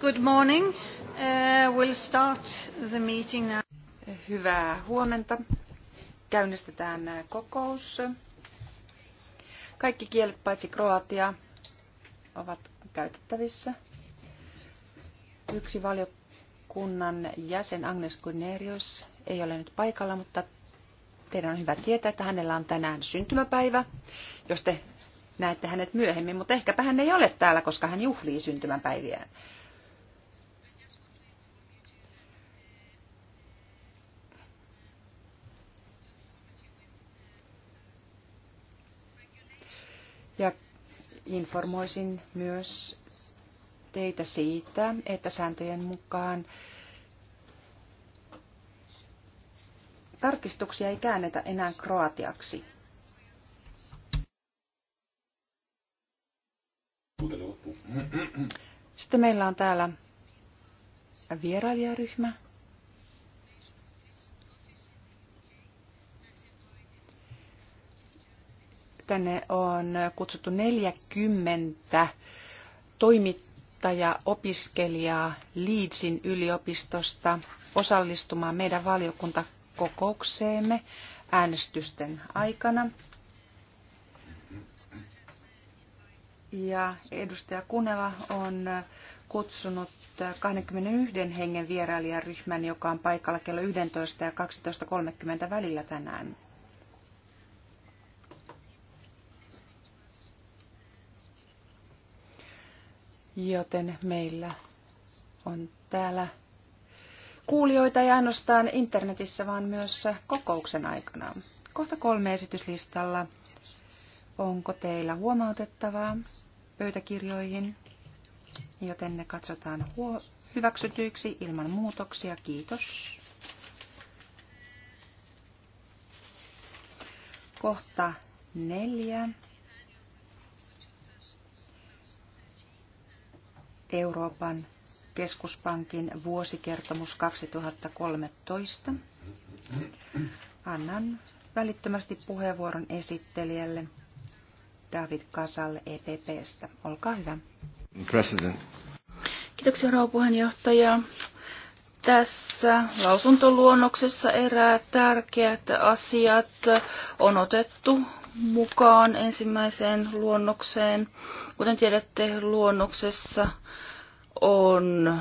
Good morning. Uh, we'll start the meeting now. Hyvää huomenta. Käynnistetään uh, kokous. Kaikki kielet paitsi kroatia ovat käytettävissä. Yksi valiokunnan jäsen Agnes Gunnerius ei ole nyt paikalla, mutta teidän on hyvä tietää, että hänellä on tänään syntymäpäivä. Jos te näette hänet myöhemmin, mutta ehkäpä hän ei ole täällä, koska hän juhlii syntymäpäiviään. Ja informoisin myös teitä siitä, että sääntöjen mukaan tarkistuksia ei käännetä enää kroatiaksi. Sitten meillä on täällä vierailijaryhmä. tänne on kutsuttu 40 toimittajaopiskelijaa Leedsin yliopistosta osallistumaan meidän valiokuntakokoukseemme äänestysten aikana. Ja edustaja Kuneva on kutsunut 21 hengen vierailijaryhmän, joka on paikalla kello 11 ja 12.30 välillä tänään. joten meillä on täällä kuulijoita ei ainoastaan internetissä, vaan myös kokouksen aikana. Kohta kolme esityslistalla. Onko teillä huomautettavaa pöytäkirjoihin? Joten ne katsotaan hyväksytyiksi ilman muutoksia. Kiitos. Kohta neljä. Euroopan keskuspankin vuosikertomus 2013. Annan välittömästi puheenvuoron esittelijälle David Kasalle EPPstä. Olkaa hyvä. President. Kiitoksia rouva puheenjohtaja. Tässä lausuntoluonnoksessa erää tärkeät asiat on otettu mukaan ensimmäiseen luonnokseen. Kuten tiedätte, luonnoksessa on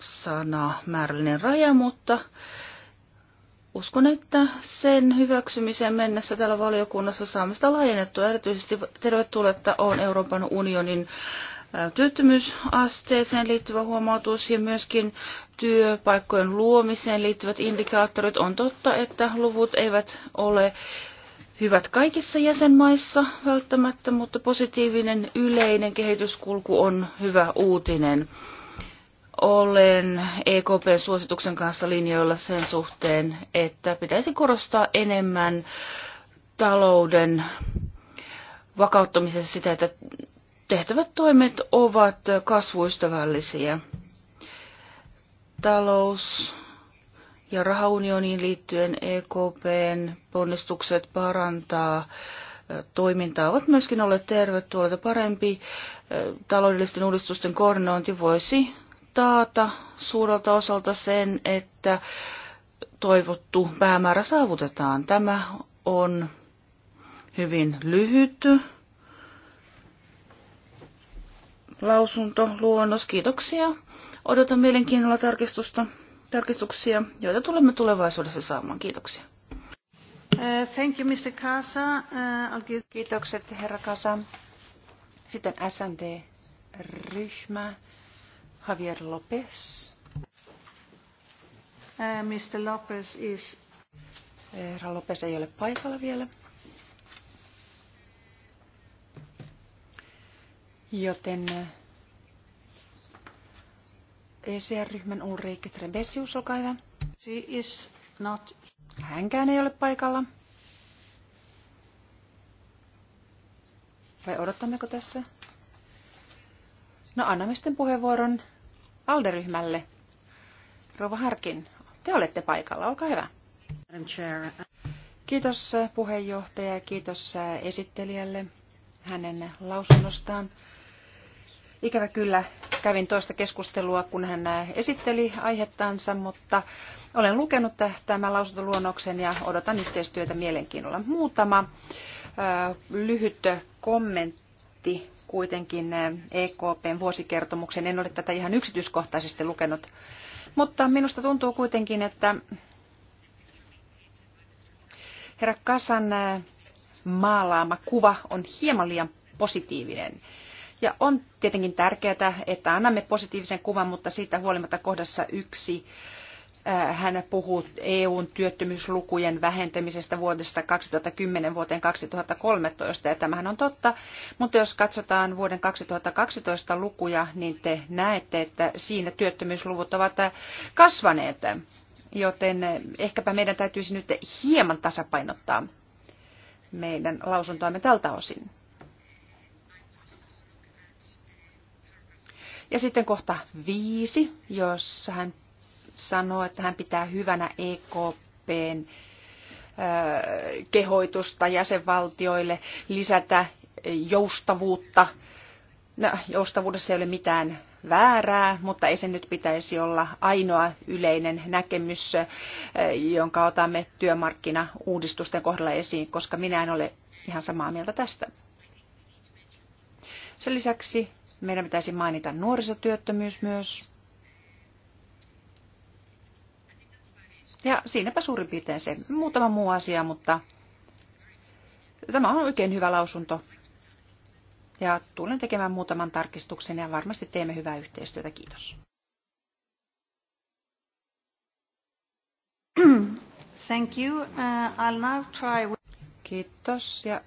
sana määrällinen raja, mutta uskon, että sen hyväksymiseen mennessä täällä valiokunnassa saamme sitä laajennettua. Erityisesti tervetulletta on Euroopan unionin työttömyysasteeseen liittyvä huomautus ja myöskin työpaikkojen luomiseen liittyvät indikaattorit. On totta, että luvut eivät ole hyvät kaikissa jäsenmaissa välttämättä, mutta positiivinen yleinen kehityskulku on hyvä uutinen. Olen EKPn suosituksen kanssa linjoilla sen suhteen, että pitäisi korostaa enemmän talouden vakauttamisessa sitä, että tehtävät toimet ovat kasvuystävällisiä. Talous ja rahaunioniin liittyen EKPn ponnistukset parantaa toimintaa ovat myöskin olleet tervetulleita. Parempi taloudellisten uudistusten koordinointi voisi taata suurelta osalta sen, että toivottu päämäärä saavutetaan. Tämä on hyvin lyhyt lausunto, luonnos. Kiitoksia. Odotan mielenkiinnolla tarkistusta tarkistuksia, joita tulemme tulevaisuudessa saamaan. Kiitoksia. Uh, thank you, Mr. Kasa. Uh, Kiitokset, herra Kasa. Sitten SND-ryhmä. Javier Lopez. Uh, Mr. Lopez is... Herra Lopez ei ole paikalla vielä. Joten ECR-ryhmän Ulrike Trebesius, olkaa hyvä. She is not... Hänkään ei ole paikalla. Vai odottammeko tässä? No annamme sitten puheenvuoron Alderyhmälle. Rova Harkin, te olette paikalla, olkaa hyvä. Uh- kiitos äh, puheenjohtaja ja kiitos äh, esittelijälle hänen lausunnostaan. Ikävä kyllä kävin toista keskustelua, kun hän esitteli aihettansa, mutta olen lukenut tämän lausuntoluonnoksen ja odotan yhteistyötä mielenkiinnolla. Muutama lyhyt kommentti kuitenkin EKPn vuosikertomuksen. En ole tätä ihan yksityiskohtaisesti lukenut, mutta minusta tuntuu kuitenkin, että herra Kasan maalaama kuva on hieman liian positiivinen. Ja on tietenkin tärkeää, että annamme positiivisen kuvan, mutta siitä huolimatta kohdassa yksi äh, hän puhuu EUn työttömyyslukujen vähentämisestä vuodesta 2010 vuoteen 2013, ja tämähän on totta, mutta jos katsotaan vuoden 2012 lukuja, niin te näette, että siinä työttömyysluvut ovat äh, kasvaneet, joten äh, ehkäpä meidän täytyisi nyt hieman tasapainottaa meidän lausuntoamme tältä osin. Ja sitten kohta viisi, jossa hän sanoo, että hän pitää hyvänä EKPn kehoitusta jäsenvaltioille lisätä joustavuutta. No, joustavuudessa ei ole mitään väärää, mutta ei se nyt pitäisi olla ainoa yleinen näkemys, jonka otamme työmarkkinauudistusten kohdalla esiin, koska minä en ole ihan samaa mieltä tästä. Sen lisäksi meidän pitäisi mainita nuorisotyöttömyys myös. Ja siinäpä suurin piirtein se. Muutama muu asia, mutta tämä on oikein hyvä lausunto. Ja tulen tekemään muutaman tarkistuksen ja varmasti teemme hyvää yhteistyötä. Kiitos. Thank you. Uh, I'll now try... Kiitos ja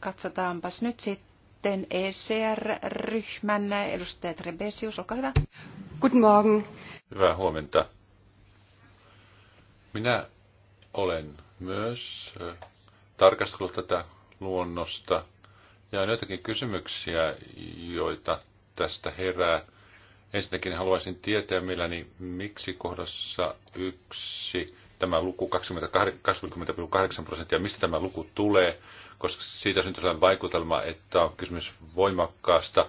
katsotaanpas nyt sitten sitten ECR-ryhmän edustaja Trebesius, olkaa hyvä. Hyvää huomenta. Minä olen myös tarkastellut tätä luonnosta ja on joitakin kysymyksiä, joita tästä herää. Ensinnäkin haluaisin tietää mielelläni, miksi kohdassa yksi tämä luku 20,8 prosenttia, mistä tämä luku tulee, koska siitä syntyy sellainen vaikutelma, että on kysymys voimakkaasta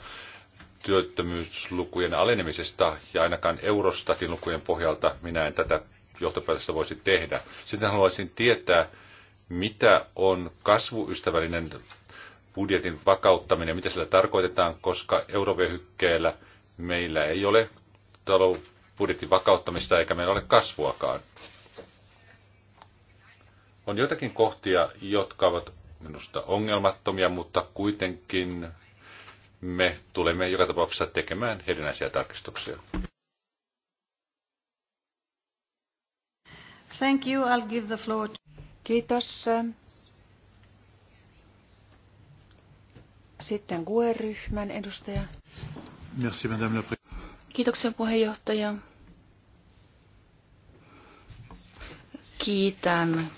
työttömyyslukujen alenemisesta ja ainakaan eurostakin lukujen pohjalta minä en tätä johtopäätöstä voisi tehdä. Sitten haluaisin tietää, mitä on kasvuystävällinen budjetin vakauttaminen, mitä sillä tarkoitetaan, koska Eurovehykkeellä meillä ei ole budjetin vakauttamista eikä meillä ole kasvuakaan. On jotakin kohtia, jotka ovat minusta ongelmattomia, mutta kuitenkin me tulemme joka tapauksessa tekemään erinäisiä tarkistuksia. Thank you. I'll give the floor. Kiitos. Sitten GUE-ryhmän edustaja. Merci, madame la Kiitoksia puheenjohtaja. Kiitän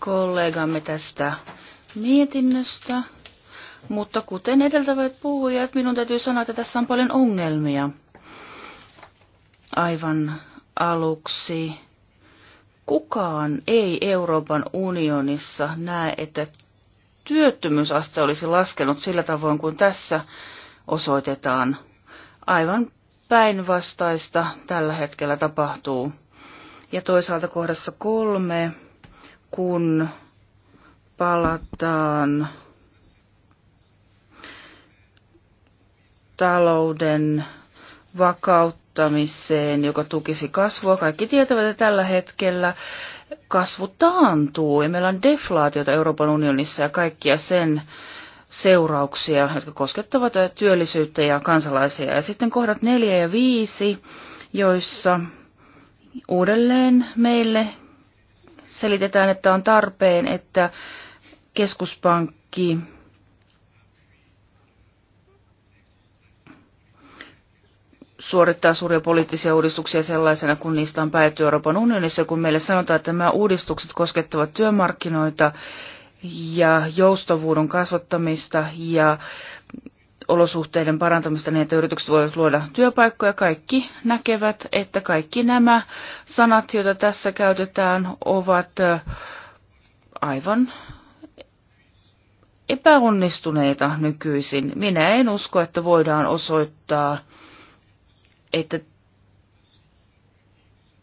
kollegamme tästä mietinnöstä. Mutta kuten edeltävät puhujat, minun täytyy sanoa, että tässä on paljon ongelmia. Aivan aluksi. Kukaan ei Euroopan unionissa näe, että työttömyysaste olisi laskenut sillä tavoin kuin tässä osoitetaan. Aivan päinvastaista tällä hetkellä tapahtuu. Ja toisaalta kohdassa kolme, kun palataan talouden vakauttamiseen, joka tukisi kasvua. Kaikki tietävät, että tällä hetkellä kasvu taantuu ja meillä on deflaatiota Euroopan unionissa ja kaikkia sen seurauksia, jotka koskettavat työllisyyttä ja kansalaisia. Ja sitten kohdat neljä ja viisi, joissa uudelleen meille selitetään, että on tarpeen, että keskuspankki suorittaa suuria poliittisia uudistuksia sellaisena, kun niistä on päätty Euroopan unionissa, kun meille sanotaan, että nämä uudistukset koskettavat työmarkkinoita ja joustavuuden kasvattamista ja olosuhteiden parantamista niin, että yritykset voivat luoda työpaikkoja. Kaikki näkevät, että kaikki nämä sanat, joita tässä käytetään, ovat äh, aivan epäonnistuneita nykyisin. Minä en usko, että voidaan osoittaa, että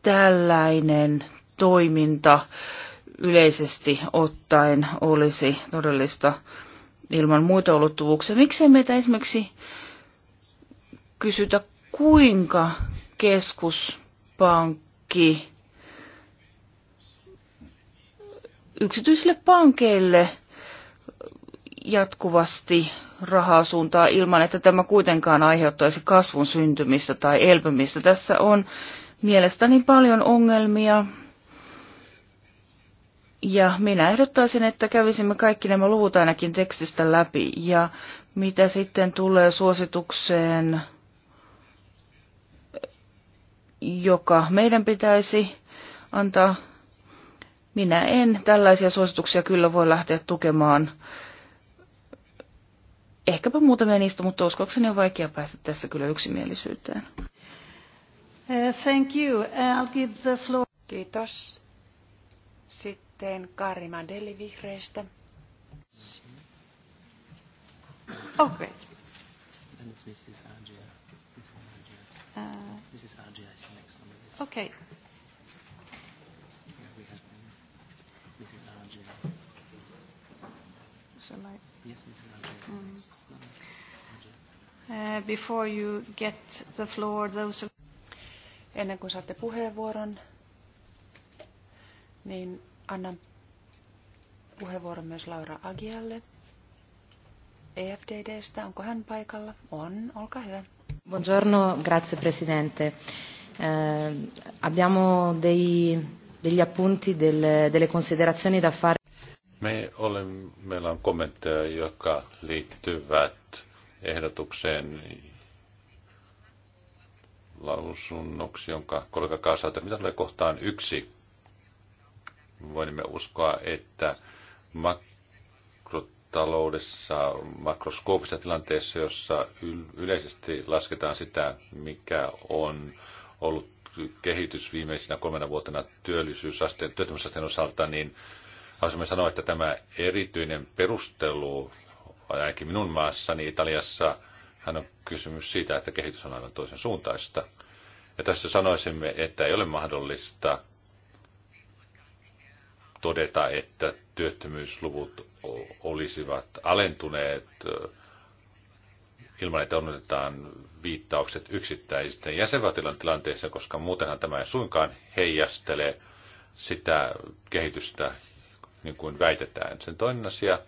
tällainen toiminta yleisesti ottaen olisi todellista ilman muita ulottuvuuksia. Miksei meitä esimerkiksi kysytä, kuinka keskuspankki yksityisille pankeille – jatkuvasti rahaa suuntaa ilman, että tämä kuitenkaan aiheuttaisi kasvun syntymistä tai elpymistä. Tässä on mielestäni paljon ongelmia. Ja minä ehdottaisin, että kävisimme kaikki nämä luvut ainakin tekstistä läpi. Ja mitä sitten tulee suositukseen, joka meidän pitäisi antaa, minä en tällaisia suosituksia kyllä voi lähteä tukemaan ehkäpä muutamia niistä, mutta uskoakseni on vaikea päästä tässä kyllä yksimielisyyteen. Eh, thank you. Eh, I'll give the floor. Kiitos. Sitten Kari Mandeli vihreistä. Oh, great. And it's Mrs. Mrs. Uh, Mrs. is next on the list. Okay. Yeah, we have Mrs. Shall I? Yes, Mrs. is mm. Uh, before you get the floor, those... Ennen kuin saatte puheenvuoron, niin annan puheenvuoron myös Laura Agialle EFDDstä. Onko hän paikalla? On, olkaa hyvä. Buongiorno, grazie Presidente. Eh, abbiamo dei, degli appunti del, delle considerazioni da fare. Me olemme, meillä on kommentteja, jotka liittyvät ehdotukseen lausunnoksi, jonka kollega kanssa, että mitä tulee kohtaan yksi. Voimme uskoa, että makrotaloudessa, makroskoopisessa tilanteessa, jossa yleisesti lasketaan sitä, mikä on ollut kehitys viimeisinä kolmena vuotena työllisyysasteen, työttömyysasteen osalta, niin Haluaisimme sanoa, että tämä erityinen perustelu, ainakin minun maassani Italiassa, hän on kysymys siitä, että kehitys on aivan toisen suuntaista. Ja tässä sanoisimme, että ei ole mahdollista todeta, että työttömyysluvut olisivat alentuneet ilman, että onnetetaan viittaukset yksittäisten jäsenvaltion tilanteeseen, koska muutenhan tämä ei suinkaan heijastele sitä kehitystä, niin kuin väitetään. Sen toinen asia,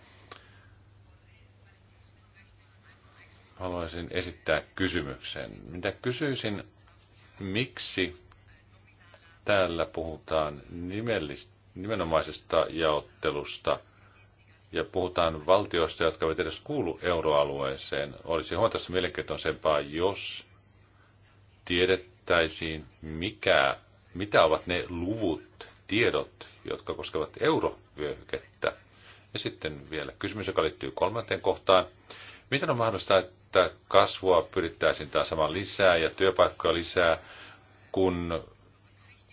haluaisin esittää kysymyksen. Mitä kysyisin, miksi täällä puhutaan nimenomaisesta jaottelusta ja puhutaan valtioista, jotka eivät edes kuulu euroalueeseen. Olisi huomattavasti mielenkiintoisempaa, jos tiedettäisiin, mikä, mitä ovat ne luvut, tiedot, jotka koskevat eurovyöhykettä. Ja sitten vielä kysymys, joka liittyy kolmanteen kohtaan. Miten on mahdollista, että kasvua pyrittäisiin taas saman lisää ja työpaikkoja lisää, kun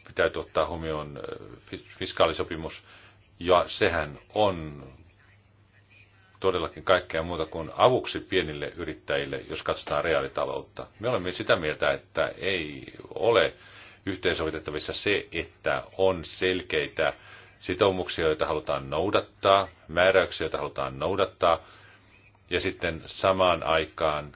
pitää ottaa huomioon äh, fiskaalisopimus, ja sehän on todellakin kaikkea muuta kuin avuksi pienille yrittäjille, jos katsotaan reaalitaloutta. Me olemme sitä mieltä, että ei ole yhteensovitettavissa se, että on selkeitä sitoumuksia, joita halutaan noudattaa, määräyksiä, joita halutaan noudattaa, ja sitten samaan aikaan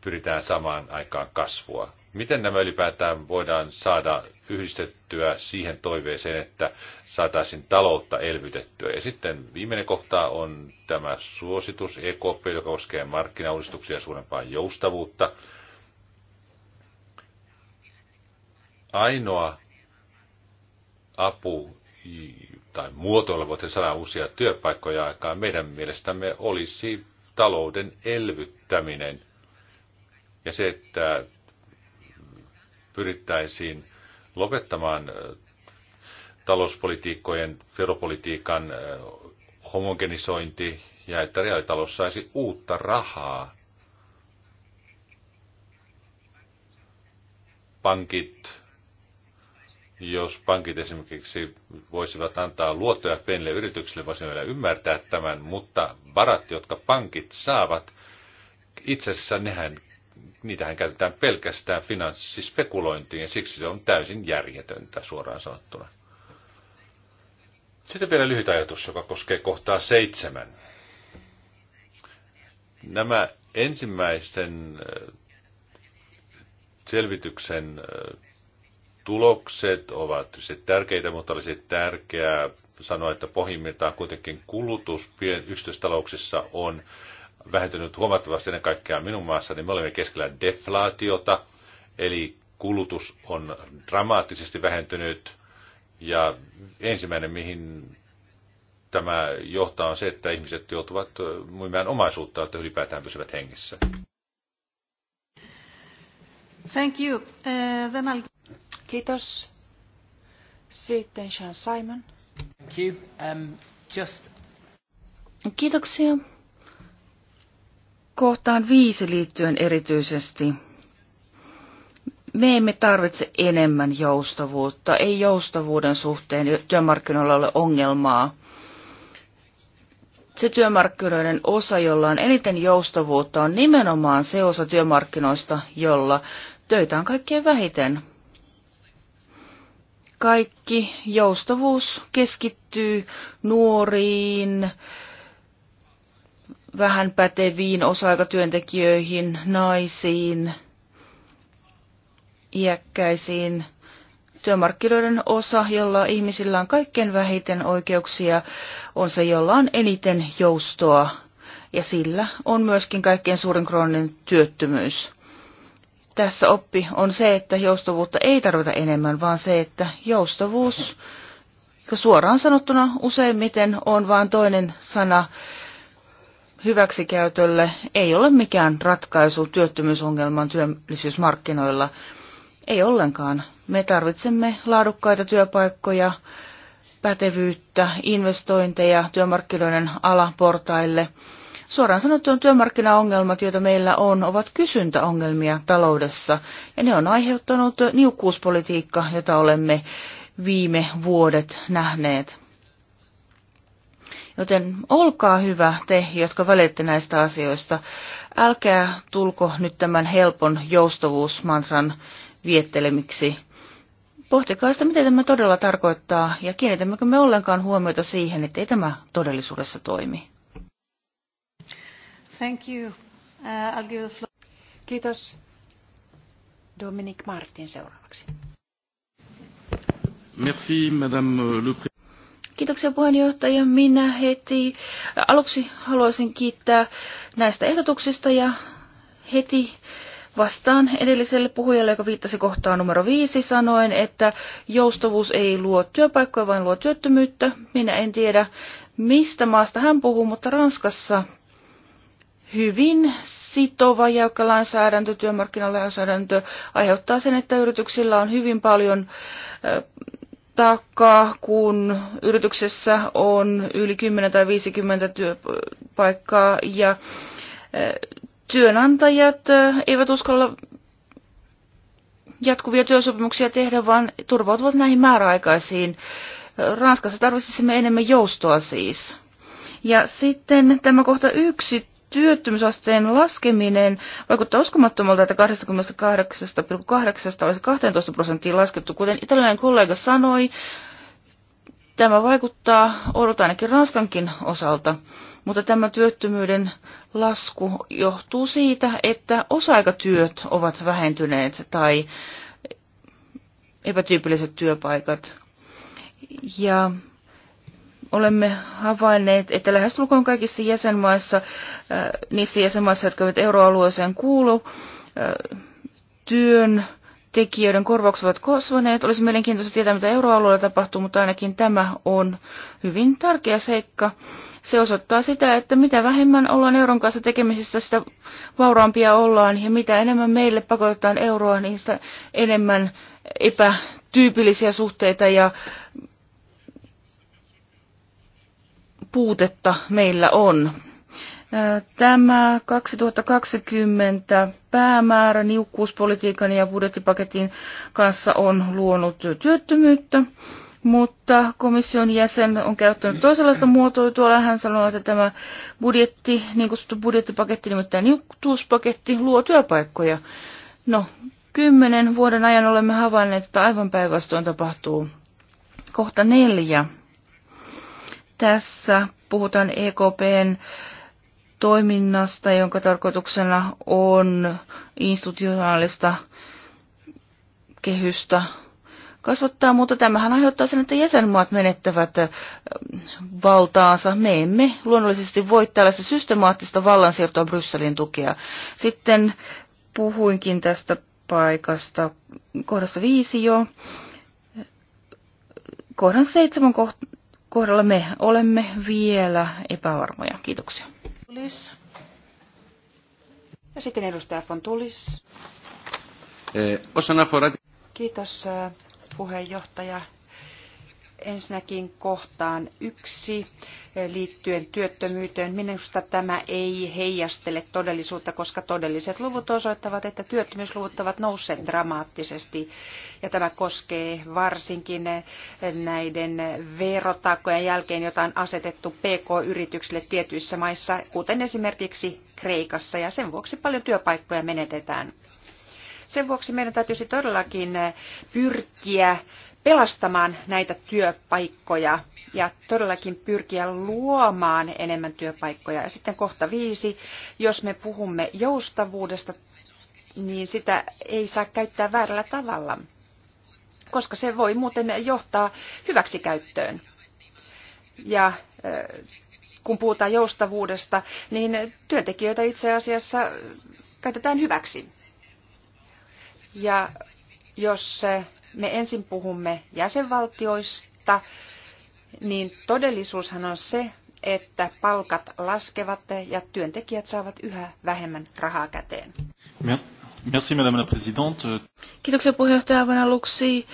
pyritään samaan aikaan kasvua. Miten nämä ylipäätään voidaan saada yhdistettyä siihen toiveeseen, että saataisiin taloutta elvytettyä? Ja sitten viimeinen kohta on tämä suositus EKP, joka koskee markkinauudistuksia ja suurempaa joustavuutta – ainoa apu tai muotoilla voitaisiin saada uusia työpaikkoja aikaan meidän mielestämme olisi talouden elvyttäminen ja se, että pyrittäisiin lopettamaan talouspolitiikkojen, veropolitiikan homogenisointi ja että reaalitalous saisi uutta rahaa. Pankit, jos pankit esimerkiksi voisivat antaa luottoja pienille yrityksille, voisimme vielä ymmärtää tämän, mutta varat, jotka pankit saavat, itse asiassa nehän, niitähän käytetään pelkästään finanssispekulointiin, ja siksi se on täysin järjetöntä suoraan sanottuna. Sitten vielä lyhyt ajatus, joka koskee kohtaa seitsemän. Nämä ensimmäisen selvityksen tulokset ovat se tärkeitä, mutta olisi tärkeää sanoa, että pohjimmiltaan kuitenkin kulutus yksityistalouksissa on vähentynyt huomattavasti ennen kaikkea minun maassa, niin me olemme keskellä deflaatiota, eli kulutus on dramaattisesti vähentynyt. Ja ensimmäinen, mihin tämä johtaa, on se, että ihmiset joutuvat myymään omaisuutta, että ylipäätään pysyvät hengissä. Thank you. Uh, then I'll... Kiitos. Sitten Sean Simon. Thank you. Um, just... Kiitoksia. Kohtaan viisi liittyen erityisesti. Me emme tarvitse enemmän joustavuutta. Ei joustavuuden suhteen työmarkkinoilla ole ongelmaa. Se työmarkkinoiden osa, jolla on eniten joustavuutta, on nimenomaan se osa työmarkkinoista, jolla töitä on kaikkein vähiten kaikki joustavuus keskittyy nuoriin, vähän päteviin osa-aikatyöntekijöihin, naisiin, iäkkäisiin työmarkkinoiden osa, jolla ihmisillä on kaikkein vähiten oikeuksia, on se, jolla on eniten joustoa, ja sillä on myöskin kaikkein suurin krooninen työttömyys tässä oppi on se, että joustavuutta ei tarvita enemmän, vaan se, että joustavuus, suoraan sanottuna useimmiten on vain toinen sana hyväksikäytölle, ei ole mikään ratkaisu työttömyysongelmaan työllisyysmarkkinoilla. Ei ollenkaan. Me tarvitsemme laadukkaita työpaikkoja, pätevyyttä, investointeja työmarkkinoiden alaportaille – Suoraan sanottuna työmarkkinaongelmat, joita meillä on, ovat kysyntäongelmia taloudessa, ja ne on aiheuttanut niukkuuspolitiikka, jota olemme viime vuodet nähneet. Joten olkaa hyvä te, jotka välitte näistä asioista. Älkää tulko nyt tämän helpon joustavuusmantran viettelemiksi. Pohtikaa sitä, mitä tämä todella tarkoittaa, ja kiinnitämmekö me ollenkaan huomiota siihen, että ei tämä todellisuudessa toimi. Thank you. Uh, I'll give the floor. Kiitos. Dominic Martin seuraavaksi. Merci, Madame euh, le Kiitoksia puheenjohtaja. Minä heti äh, aluksi haluaisin kiittää näistä ehdotuksista ja heti vastaan edelliselle puhujalle, joka viittasi kohtaan numero viisi, sanoen, että joustavuus ei luo työpaikkoja, vaan luo työttömyyttä. Minä en tiedä, mistä maasta hän puhuu, mutta Ranskassa hyvin sitova jäykkä lainsäädäntö, työmarkkinalainsäädäntö aiheuttaa sen, että yrityksillä on hyvin paljon taakkaa, kun yrityksessä on yli 10 tai 50 työpaikkaa ja työnantajat eivät uskalla jatkuvia työsopimuksia tehdä, vaan turvautuvat näihin määräaikaisiin. Ranskassa tarvitsisimme enemmän joustoa siis. Ja sitten tämä kohta yksi työttömyysasteen laskeminen vaikuttaa uskomattomalta, että 28,8 olisi 12 prosenttiin laskettu. Kuten italialainen kollega sanoi, tämä vaikuttaa odota ainakin Ranskankin osalta, mutta tämä työttömyyden lasku johtuu siitä, että osa-aikatyöt ovat vähentyneet tai epätyypilliset työpaikat. Ja olemme havainneet, että lähestulkoon kaikissa jäsenmaissa, äh, niissä jäsenmaissa, jotka ovat euroalueeseen kuulu, äh, työn tekijöiden korvaukset ovat kasvaneet. Olisi mielenkiintoista tietää, mitä euroalueella tapahtuu, mutta ainakin tämä on hyvin tärkeä seikka. Se osoittaa sitä, että mitä vähemmän ollaan euron kanssa tekemisissä, sitä vauraampia ollaan. Ja mitä enemmän meille pakotetaan euroa, niin sitä enemmän epätyypillisiä suhteita ja puutetta meillä on. Tämä 2020 päämäärä niukkuuspolitiikan ja budjettipaketin kanssa on luonut työttömyyttä, mutta komission jäsen on käyttänyt toisenlaista muotoilua. Hän sanoo, että tämä budjetti, niin kutsuttu budjettipaketti, nimittäin niukkuuspaketti, luo työpaikkoja. No, kymmenen vuoden ajan olemme havainneet, että aivan päinvastoin tapahtuu. Kohta neljä tässä puhutaan EKPn toiminnasta, jonka tarkoituksena on institutionaalista kehystä kasvattaa, mutta tämähän aiheuttaa sen, että jäsenmaat menettävät valtaansa. Me emme luonnollisesti voi tällaista systemaattista vallansiirtoa Brysselin tukea. Sitten puhuinkin tästä paikasta kohdassa viisi jo. Kohdan seitsemän kohdalla me olemme vielä epävarmoja. Kiitoksia. Tulis. Ja sitten edustaja Fontulis. Eh, Kiitos eh, puheenjohtaja ensinnäkin kohtaan yksi eh, liittyen työttömyyteen. Minusta tämä ei heijastele todellisuutta, koska todelliset luvut osoittavat, että työttömyysluvut ovat nousseet dramaattisesti. Ja tämä koskee varsinkin eh, näiden verotaakkojen jälkeen, jota on asetettu PK-yrityksille tietyissä maissa, kuten esimerkiksi Kreikassa, ja sen vuoksi paljon työpaikkoja menetetään. Sen vuoksi meidän täytyisi todellakin eh, pyrkiä pelastamaan näitä työpaikkoja ja todellakin pyrkiä luomaan enemmän työpaikkoja. Ja sitten kohta viisi, jos me puhumme joustavuudesta, niin sitä ei saa käyttää väärällä tavalla, koska se voi muuten johtaa hyväksikäyttöön. Ja kun puhutaan joustavuudesta, niin työntekijöitä itse asiassa käytetään hyväksi. Ja jos me ensin puhumme jäsenvaltioista, niin todellisuushan on se, että palkat laskevat ja työntekijät saavat yhä vähemmän rahaa käteen. Merci, madame la présidente. Kiitoksia puheenjohtaja aivan aluksi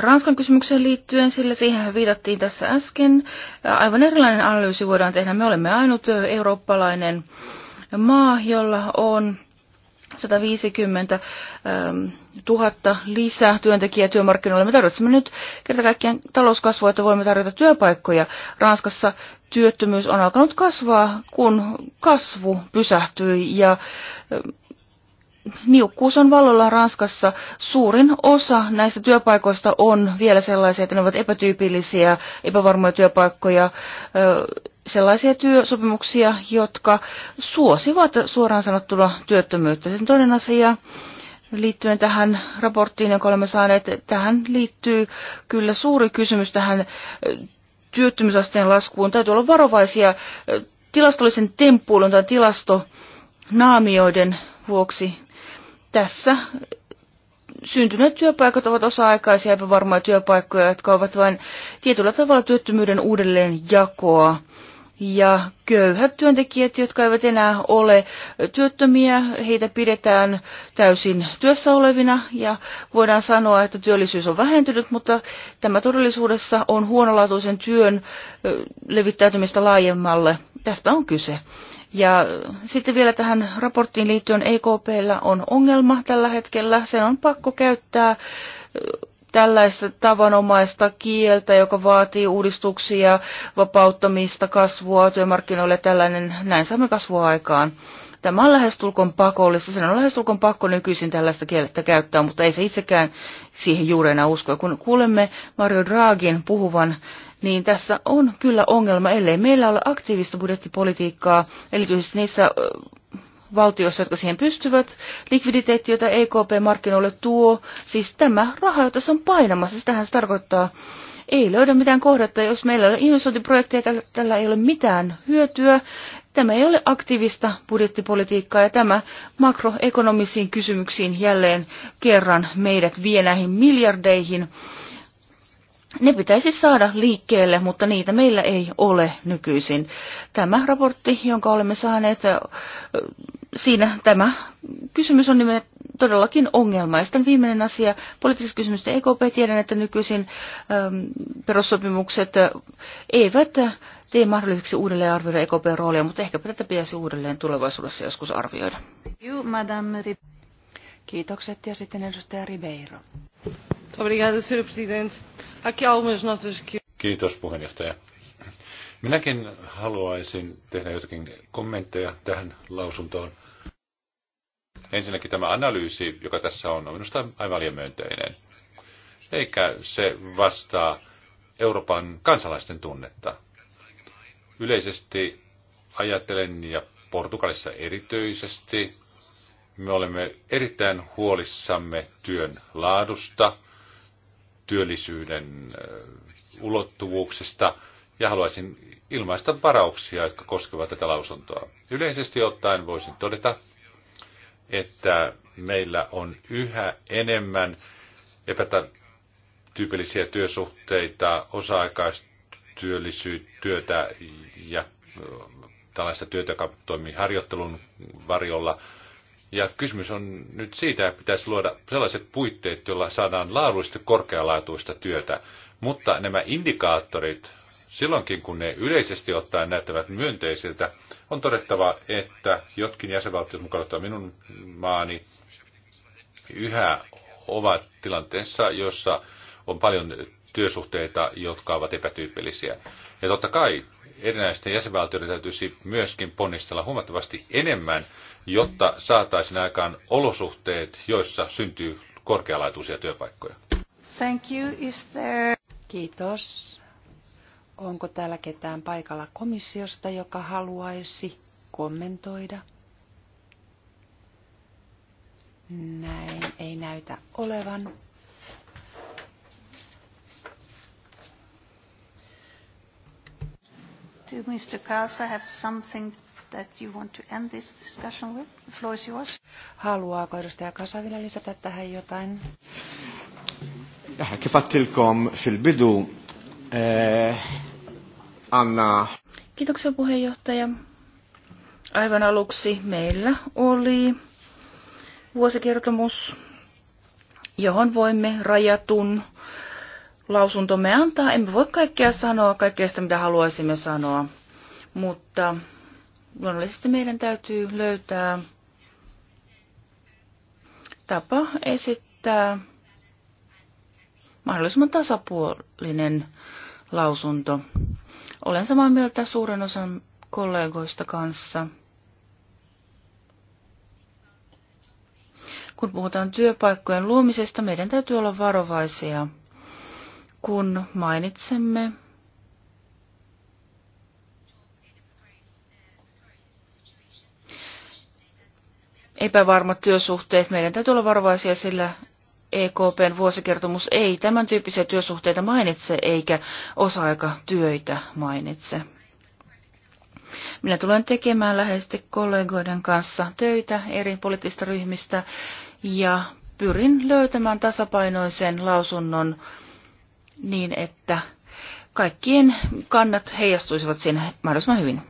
Ranskan kysymykseen liittyen, sillä siihen viitattiin tässä äsken. Aivan erilainen analyysi voidaan tehdä. Me olemme ainut eurooppalainen maa, jolla on 150 000 ähm, lisää työntekijää työmarkkinoille. Me tarvitsemme nyt kerta kaikkiaan talouskasvua, että voimme tarjota työpaikkoja. Ranskassa työttömyys on alkanut kasvaa, kun kasvu pysähtyi ja ähm, niukkuus on vallolla Ranskassa. Suurin osa näistä työpaikoista on vielä sellaisia, että ne ovat epätyypillisiä, epävarmoja työpaikkoja, sellaisia työsopimuksia, jotka suosivat suoraan sanottuna työttömyyttä. Sen toinen asia liittyen tähän raporttiin, jonka olemme saaneet, tähän liittyy kyllä suuri kysymys tähän työttömyysasteen laskuun. Täytyy olla varovaisia tilastollisen temppuilun tai tilastonaamioiden vuoksi tässä syntyneet työpaikat ovat osa-aikaisia epävarmoja työpaikkoja, jotka ovat vain tietyllä tavalla työttömyyden uudelleenjakoa. Ja köyhät työntekijät, jotka eivät enää ole työttömiä, heitä pidetään täysin työssä olevina ja voidaan sanoa, että työllisyys on vähentynyt, mutta tämä todellisuudessa on huonolaatuisen työn levittäytymistä laajemmalle. Tästä on kyse. Ja sitten vielä tähän raporttiin liittyen EKPllä on ongelma tällä hetkellä. Sen on pakko käyttää tällaista tavanomaista kieltä, joka vaatii uudistuksia, vapauttamista, kasvua työmarkkinoille, tällainen, näin saamme kasvua aikaan. Tämä on lähestulkoon pakollista, sen on lähestulkoon pakko nykyisin tällaista kieltä käyttää, mutta ei se itsekään siihen juurena usko. Kun kuulemme Mario Dragin puhuvan niin tässä on kyllä ongelma, ellei meillä ole aktiivista budjettipolitiikkaa, erityisesti niissä valtioissa, jotka siihen pystyvät, likviditeetti, jota EKP-markkinoille tuo, siis tämä raha, jota se on painamassa, sitähän se tarkoittaa, ei löydä mitään kohdetta, jos meillä ei ole investointiprojekteja, tällä ei ole mitään hyötyä, Tämä ei ole aktiivista budjettipolitiikkaa ja tämä makroekonomisiin kysymyksiin jälleen kerran meidät vie näihin miljardeihin ne pitäisi saada liikkeelle, mutta niitä meillä ei ole nykyisin. Tämä raportti, jonka olemme saaneet, siinä tämä kysymys on nimenomaan todellakin ongelma. Ja sitten viimeinen asia, poliittisista kysymyksistä EKP, tiedän, että nykyisin äm, perussopimukset eivät tee mahdolliseksi uudelleen arvioida EKPn roolia, mutta ehkä tätä pitäisi uudelleen tulevaisuudessa joskus arvioida. Kiitokset ja sitten edustaja Ribeiro. Obrigada, senhor presidente Kiitos puheenjohtaja. Minäkin haluaisin tehdä jotakin kommentteja tähän lausuntoon. Ensinnäkin tämä analyysi, joka tässä on, on minusta aivan liian myönteinen. Eikä se vastaa Euroopan kansalaisten tunnetta. Yleisesti ajattelen, ja Portugalissa erityisesti, me olemme erittäin huolissamme työn laadusta, työllisyyden äh, ulottuvuuksista ja haluaisin ilmaista varauksia, jotka koskevat tätä lausuntoa. Yleisesti ottaen voisin todeta, että meillä on yhä enemmän epätyypillisiä työsuhteita, osa-aikaistyötä ja äh, tällaista työtä, joka toimii harjoittelun varjolla – ja kysymys on nyt siitä, että pitäisi luoda sellaiset puitteet, joilla saadaan laadullisesti korkealaatuista työtä. Mutta nämä indikaattorit, silloinkin kun ne yleisesti ottaen näyttävät myönteisiltä, on todettava, että jotkin jäsenvaltiot, mukaan minun maani, yhä ovat tilanteessa, jossa on paljon työsuhteita, jotka ovat epätyypillisiä. Ja totta kai erinäisten jäsenvaltioiden täytyisi myöskin ponnistella huomattavasti enemmän, jotta saataisiin aikaan olosuhteet, joissa syntyy korkealaatuisia työpaikkoja. Thank you. Esther. Kiitos. Onko täällä ketään paikalla komissiosta, joka haluaisi kommentoida? Näin ei näytä olevan. you, Mr. Kaasa, have something that you want to end this discussion with? The floor is yours. Haluaako edustaja Kasa vielä lisätä tähän jotain? Kif għattilkom eh, Anna. Kiitoksia puheenjohtaja. Aivan aluksi meillä oli vuosikertomus, johon voimme rajatun lausuntomme antaa. Emme voi kaikkea sanoa, kaikkea sitä mitä haluaisimme sanoa, mutta luonnollisesti meidän täytyy löytää tapa esittää mahdollisimman tasapuolinen lausunto. Olen samaa mieltä suuren osan kollegoista kanssa. Kun puhutaan työpaikkojen luomisesta, meidän täytyy olla varovaisia – kun mainitsemme epävarmat työsuhteet, meidän täytyy olla varovaisia, sillä EKPn vuosikertomus ei tämän tyyppisiä työsuhteita mainitse eikä osa-aikatyöitä mainitse. Minä tulen tekemään läheisesti kollegoiden kanssa töitä eri poliittisista ryhmistä ja pyrin löytämään tasapainoisen lausunnon niin, että kaikkien kannat heijastuisivat siinä mahdollisimman hyvin.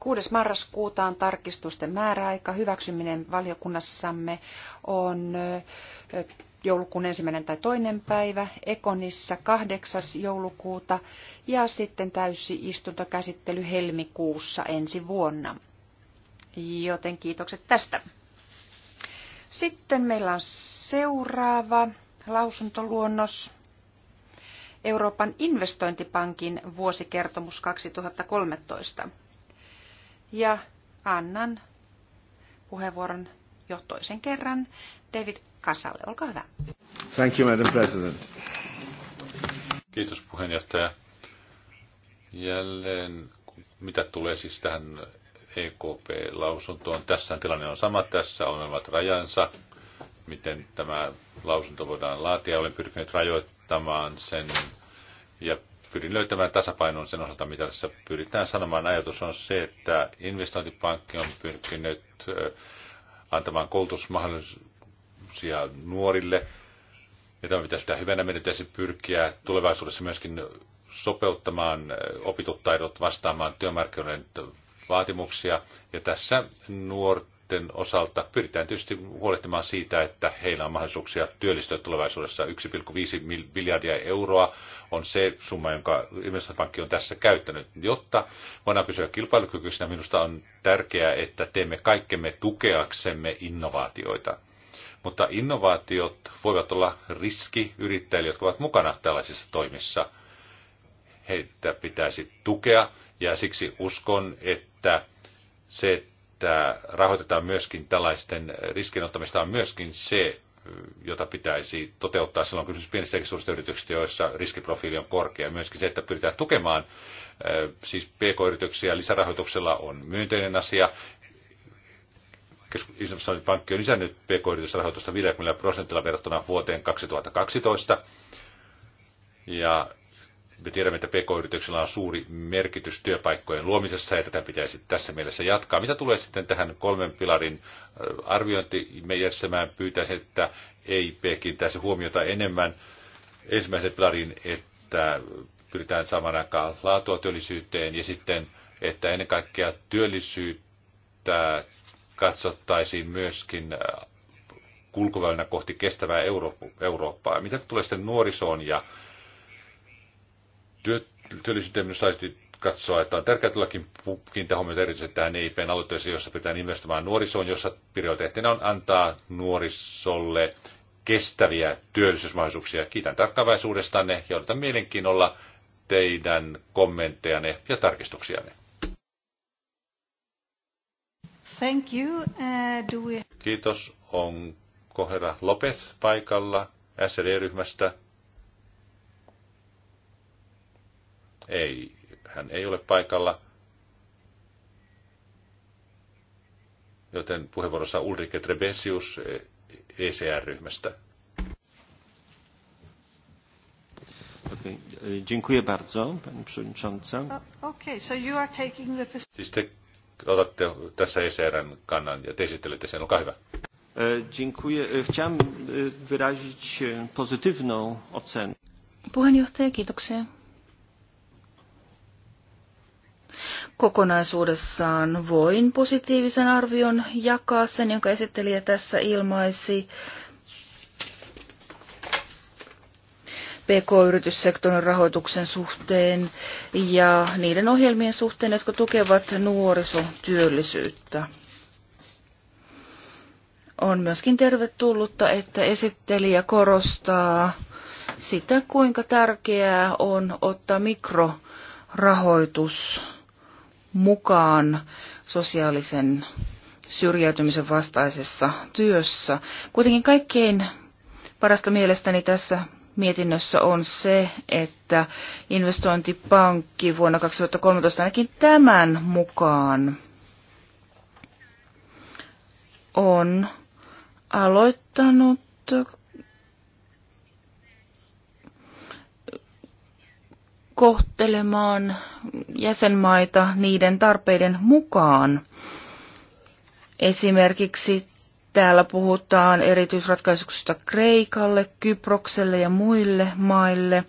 6. marraskuuta on tarkistusten määräaika. Hyväksyminen valiokunnassamme on joulukuun ensimmäinen tai toinen päivä, Ekonissa 8. joulukuuta ja sitten täysi istuntokäsittely helmikuussa ensi vuonna. Joten kiitokset tästä. Sitten meillä on seuraava lausuntoluonnos. Euroopan investointipankin vuosikertomus 2013. Ja annan puheenvuoron jo toisen kerran David Kasalle. Olkaa hyvä. Thank you, Madam President. Kiitos puheenjohtaja. Jälleen, mitä tulee siis tähän EKP-lausuntoon, tässä tilanne on sama, tässä on rajansa, miten tämä lausunto voidaan laatia. Olen pyrkinyt rajoittamaan sen ja pyrin löytämään tasapainon sen osalta, mitä tässä pyritään sanomaan. Ajatus on se, että investointipankki on pyrkinyt antamaan koulutusmahdollisuuksia nuorille, ja tämä pitäisi pitää hyvänä. Meidän pitäisi pyrkiä tulevaisuudessa myöskin sopeuttamaan opitut taidot vastaamaan työmarkkinoiden vaatimuksia. Ja tässä nuorten nuorten osalta pyritään tietysti huolehtimaan siitä, että heillä on mahdollisuuksia työllistyä tulevaisuudessa. 1,5 miljardia euroa on se summa, jonka investointipankki on tässä käyttänyt. Jotta voidaan pysyä kilpailukykyisenä, minusta on tärkeää, että teemme kaikkemme tukeaksemme innovaatioita. Mutta innovaatiot voivat olla riski yrittäjille, jotka ovat mukana tällaisissa toimissa. Heitä pitäisi tukea ja siksi uskon, että se, että rahoitetaan myöskin tällaisten riskinottamista on myöskin se, jota pitäisi toteuttaa silloin kysymys pienistä ja suurista yrityksistä, joissa riskiprofiili on korkea. Myöskin se, että pyritään tukemaan siis pk-yrityksiä lisärahoituksella on myönteinen asia. Islannin pankki on lisännyt pk-yritysrahoitusta 50 prosentilla verrattuna vuoteen 2012. Ja me tiedämme, että pk yrityksellä on suuri merkitys työpaikkojen luomisessa ja tätä pitäisi tässä mielessä jatkaa. Mitä tulee sitten tähän kolmen pilarin arviointijärjestelmään, pyytäisin, että ei kiinnittäisi huomiota enemmän ensimmäisen pilarin, että pyritään saamaan aikaan laatua työllisyyteen ja sitten, että ennen kaikkea työllisyyttä katsottaisiin myöskin kulkuväylänä kohti kestävää Eurooppaa. Mitä tulee sitten nuorisoon ja työllisyyteen minusta katsoa, että on tärkeää tullakin kiinnittää huomiota erityisesti tähän EIPn aloitteeseen, jossa pitää investoimaan nuorisoon, jossa prioriteettina on antaa nuorisolle kestäviä työllisyysmahdollisuuksia. Kiitän tarkkaavaisuudestanne ja odotan mielenkiinnolla teidän kommenttejanne ja tarkistuksianne. Thank you. Uh, do we... Kiitos. Onko herra Lopez paikalla SED-ryhmästä? Ei, hän ei ole paikalla. Joten puheenvuorossa Ulrike Trebesius ECR-ryhmästä. Eh, e okay. E, dziękuję bardzo, Okay, so you are taking the... Siis te otatte tässä ECRn kannan ja te esittelette sen, olkaa hyvä. E, dziękuję. wyrazić pozytywną Puheenjohtaja, kiitoksia. kokonaisuudessaan voin positiivisen arvion jakaa sen, jonka esittelijä tässä ilmaisi. PK-yrityssektorin rahoituksen suhteen ja niiden ohjelmien suhteen, jotka tukevat nuorisotyöllisyyttä. On myöskin tervetullutta, että esittelijä korostaa sitä, kuinka tärkeää on ottaa mikrorahoitus mukaan sosiaalisen syrjäytymisen vastaisessa työssä. Kuitenkin kaikkein parasta mielestäni tässä mietinnössä on se, että investointipankki vuonna 2013 ainakin tämän mukaan on aloittanut kohtelemaan jäsenmaita niiden tarpeiden mukaan. Esimerkiksi täällä puhutaan erityisratkaisuksista Kreikalle, Kyprokselle ja muille maille,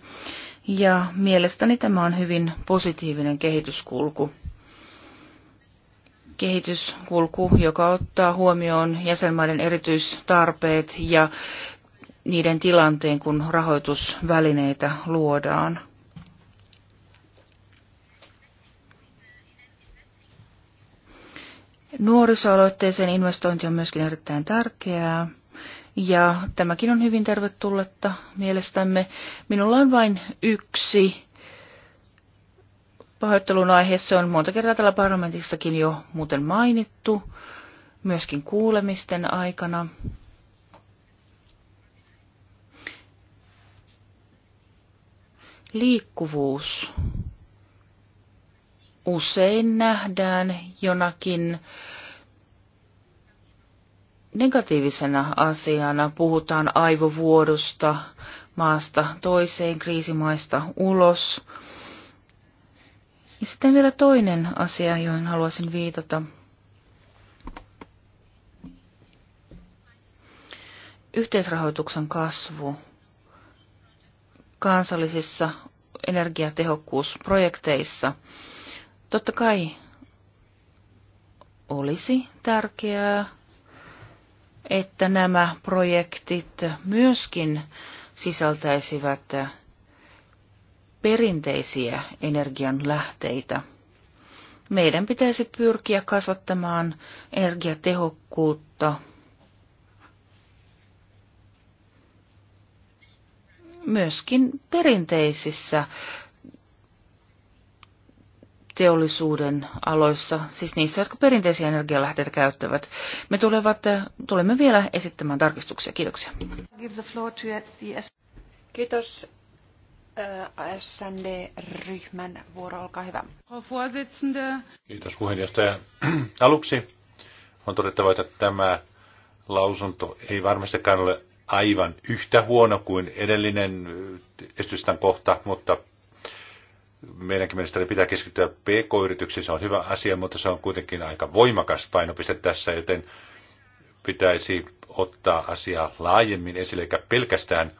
ja mielestäni tämä on hyvin positiivinen kehityskulku. Kehityskulku, joka ottaa huomioon jäsenmaiden erityistarpeet ja niiden tilanteen, kun rahoitusvälineitä luodaan. Nuorisoaloitteeseen investointi on myöskin erittäin tärkeää. Ja tämäkin on hyvin tervetulletta mielestämme. Minulla on vain yksi pahoittelun aihe. Se on monta kertaa täällä parlamentissakin jo muuten mainittu, myöskin kuulemisten aikana. Liikkuvuus usein nähdään jonakin negatiivisena asiana. Puhutaan aivovuodosta maasta toiseen, kriisimaista ulos. Ja sitten vielä toinen asia, johon haluaisin viitata. Yhteisrahoituksen kasvu kansallisissa energiatehokkuusprojekteissa – Totta kai olisi tärkeää, että nämä projektit myöskin sisältäisivät perinteisiä energianlähteitä. Meidän pitäisi pyrkiä kasvattamaan energiatehokkuutta. Myöskin perinteisissä teollisuuden aloissa, siis niissä, jotka perinteisiä energialähteitä käyttävät. Me tulevat, tulemme vielä esittämään tarkistuksia. Kiitoksia. Kiitos. Äh, SND-ryhmän vuoro, olkaa hyvä. Kiitos puheenjohtaja. Aluksi on todettava, että tämä lausunto ei varmastikaan ole aivan yhtä huono kuin edellinen äh, esitystän kohta, mutta meidänkin mielestäni pitää keskittyä PK-yrityksiin, se on hyvä asia, mutta se on kuitenkin aika voimakas painopiste tässä, joten pitäisi ottaa asiaa laajemmin esille, eikä pelkästään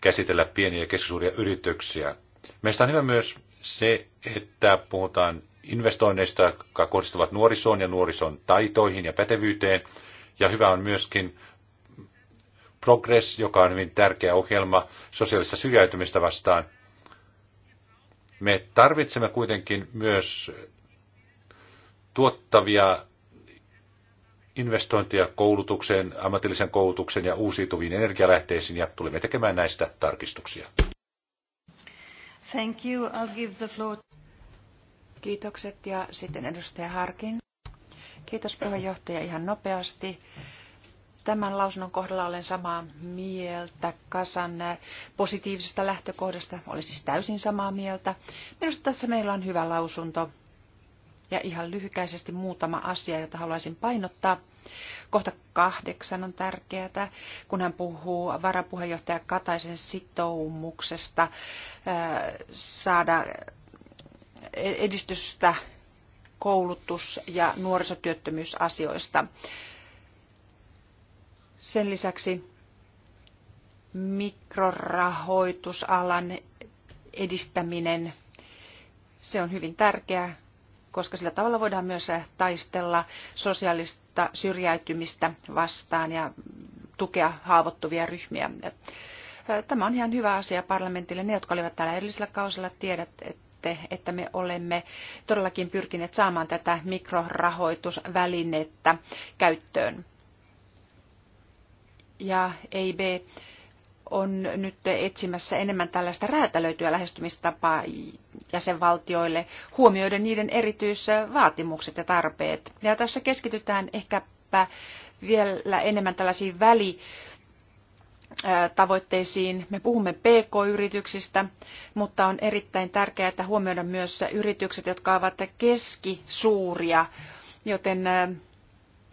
käsitellä pieniä ja keskisuuria yrityksiä. Meistä on hyvä myös se, että puhutaan investoinneista, jotka kohdistuvat nuorisoon ja nuorison taitoihin ja pätevyyteen. Ja hyvä on myöskin Progress, joka on hyvin tärkeä ohjelma sosiaalista syrjäytymistä vastaan – me tarvitsemme kuitenkin myös tuottavia investointeja koulutukseen, ammatillisen koulutuksen ja uusiutuviin energialähteisiin ja tulemme tekemään näistä tarkistuksia. Thank you. I'll give the floor. Kiitokset ja sitten edustaja Harkin. Kiitos puheenjohtaja ihan nopeasti. Tämän lausunnon kohdalla olen samaa mieltä Kasan positiivisesta lähtökohdasta. Olen siis täysin samaa mieltä. Minusta tässä meillä on hyvä lausunto. Ja ihan lyhykäisesti muutama asia, jota haluaisin painottaa. Kohta kahdeksan on tärkeää, kun hän puhuu varapuheenjohtaja Kataisen sitoumuksesta saada e-, edistystä koulutus- ja nuorisotyöttömyysasioista. Sen lisäksi mikrorahoitusalan edistäminen, se on hyvin tärkeää, koska sillä tavalla voidaan myös taistella sosiaalista syrjäytymistä vastaan ja tukea haavoittuvia ryhmiä. Tämä on ihan hyvä asia parlamentille. Ne, jotka olivat täällä edellisellä kausilla, tiedät, että, että me olemme todellakin pyrkineet saamaan tätä mikrorahoitusvälinettä käyttöön ja EIB on nyt etsimässä enemmän tällaista räätälöityä lähestymistapaa jäsenvaltioille huomioiden niiden erityisvaatimukset ja tarpeet. Ja tässä keskitytään ehkäpä vielä enemmän tällaisiin väli tavoitteisiin. Me puhumme PK-yrityksistä, mutta on erittäin tärkeää, että huomioida myös yritykset, jotka ovat keskisuuria, joten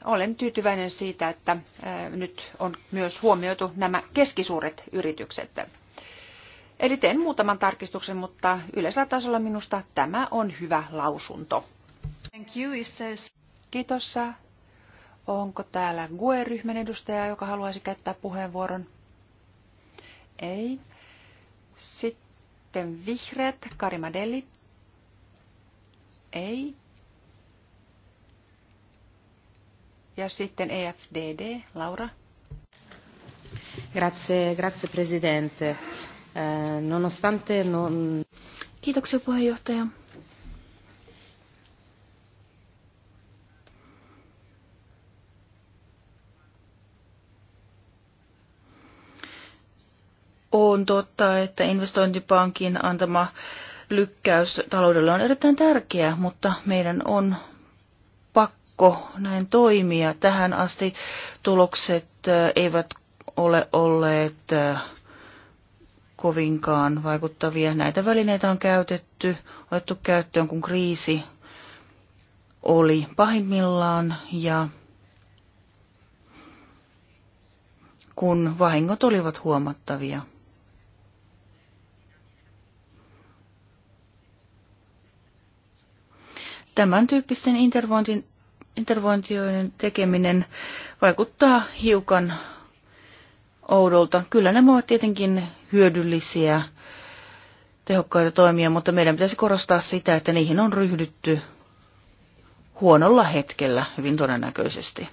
olen tyytyväinen siitä, että äh, nyt on myös huomioitu nämä keskisuuret yritykset. Eli teen muutaman tarkistuksen, mutta yleisellä tasolla minusta tämä on hyvä lausunto. Thank you. Kiitos. Onko täällä GUE-ryhmän edustaja, joka haluaisi käyttää puheenvuoron? Ei. Sitten vihreät, Karimadelli. Ei. Ja sitten EFDD, Laura. Grazie, grazie presidente. Eh, nonostante non... Kiitoksia puheenjohtaja. On totta, että investointipankin antama lykkäys taloudelle on erittäin tärkeä, mutta meidän on pakko näin toimia. Tähän asti tulokset eivät ole olleet kovinkaan vaikuttavia. Näitä välineitä on käytetty, otettu käyttöön, kun kriisi oli pahimmillaan ja kun vahingot olivat huomattavia. Tämän tyyppisten intervointin intervointioiden tekeminen vaikuttaa hiukan oudolta. Kyllä nämä ovat tietenkin hyödyllisiä, tehokkaita toimia, mutta meidän pitäisi korostaa sitä, että niihin on ryhdytty huonolla hetkellä hyvin todennäköisesti.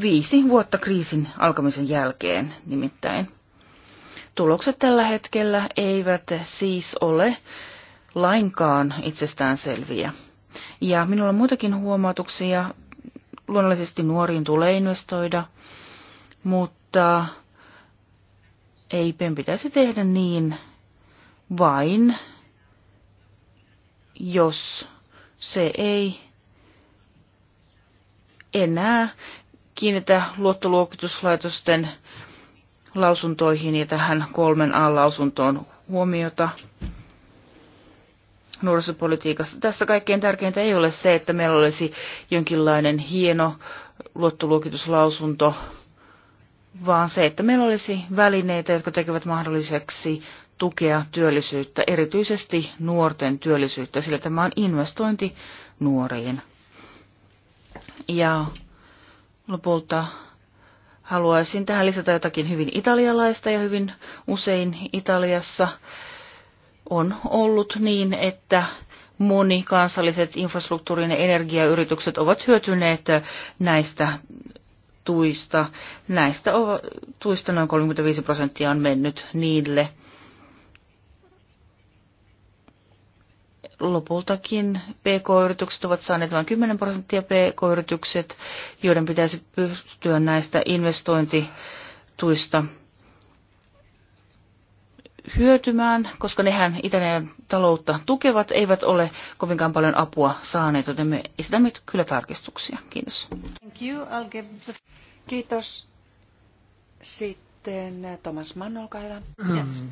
Viisi vuotta kriisin alkamisen jälkeen nimittäin. Tulokset tällä hetkellä eivät siis ole lainkaan itsestäänselviä. Ja minulla on muitakin huomautuksia. Luonnollisesti nuoriin tulee investoida, mutta ei pen pitäisi tehdä niin vain, jos se ei enää kiinnitä luottoluokituslaitosten lausuntoihin ja tähän kolmen A-lausuntoon huomiota nuorisopolitiikassa. Tässä kaikkein tärkeintä ei ole se, että meillä olisi jonkinlainen hieno luottoluokituslausunto, vaan se, että meillä olisi välineitä, jotka tekevät mahdolliseksi tukea työllisyyttä, erityisesti nuorten työllisyyttä, sillä tämä on investointi nuoriin. Ja lopulta haluaisin tähän lisätä jotakin hyvin italialaista ja hyvin usein Italiassa on ollut niin, että monikansalliset infrastruktuurin ja energiayritykset ovat hyötyneet näistä tuista. Näistä tuista noin 35 prosenttia on mennyt niille. Lopultakin PK-yritykset ovat saaneet vain 10 prosenttia PK-yritykset, joiden pitäisi pystyä näistä investointituista hyötymään, koska nehän Itäneiden taloutta tukevat, eivät ole kovinkaan paljon apua saaneet, joten me esitämme kyllä tarkistuksia. Kiitos. Thank you. I'll give the... Kiitos. Sitten äh, Thomas Mann, olkaa hyvä. Yes.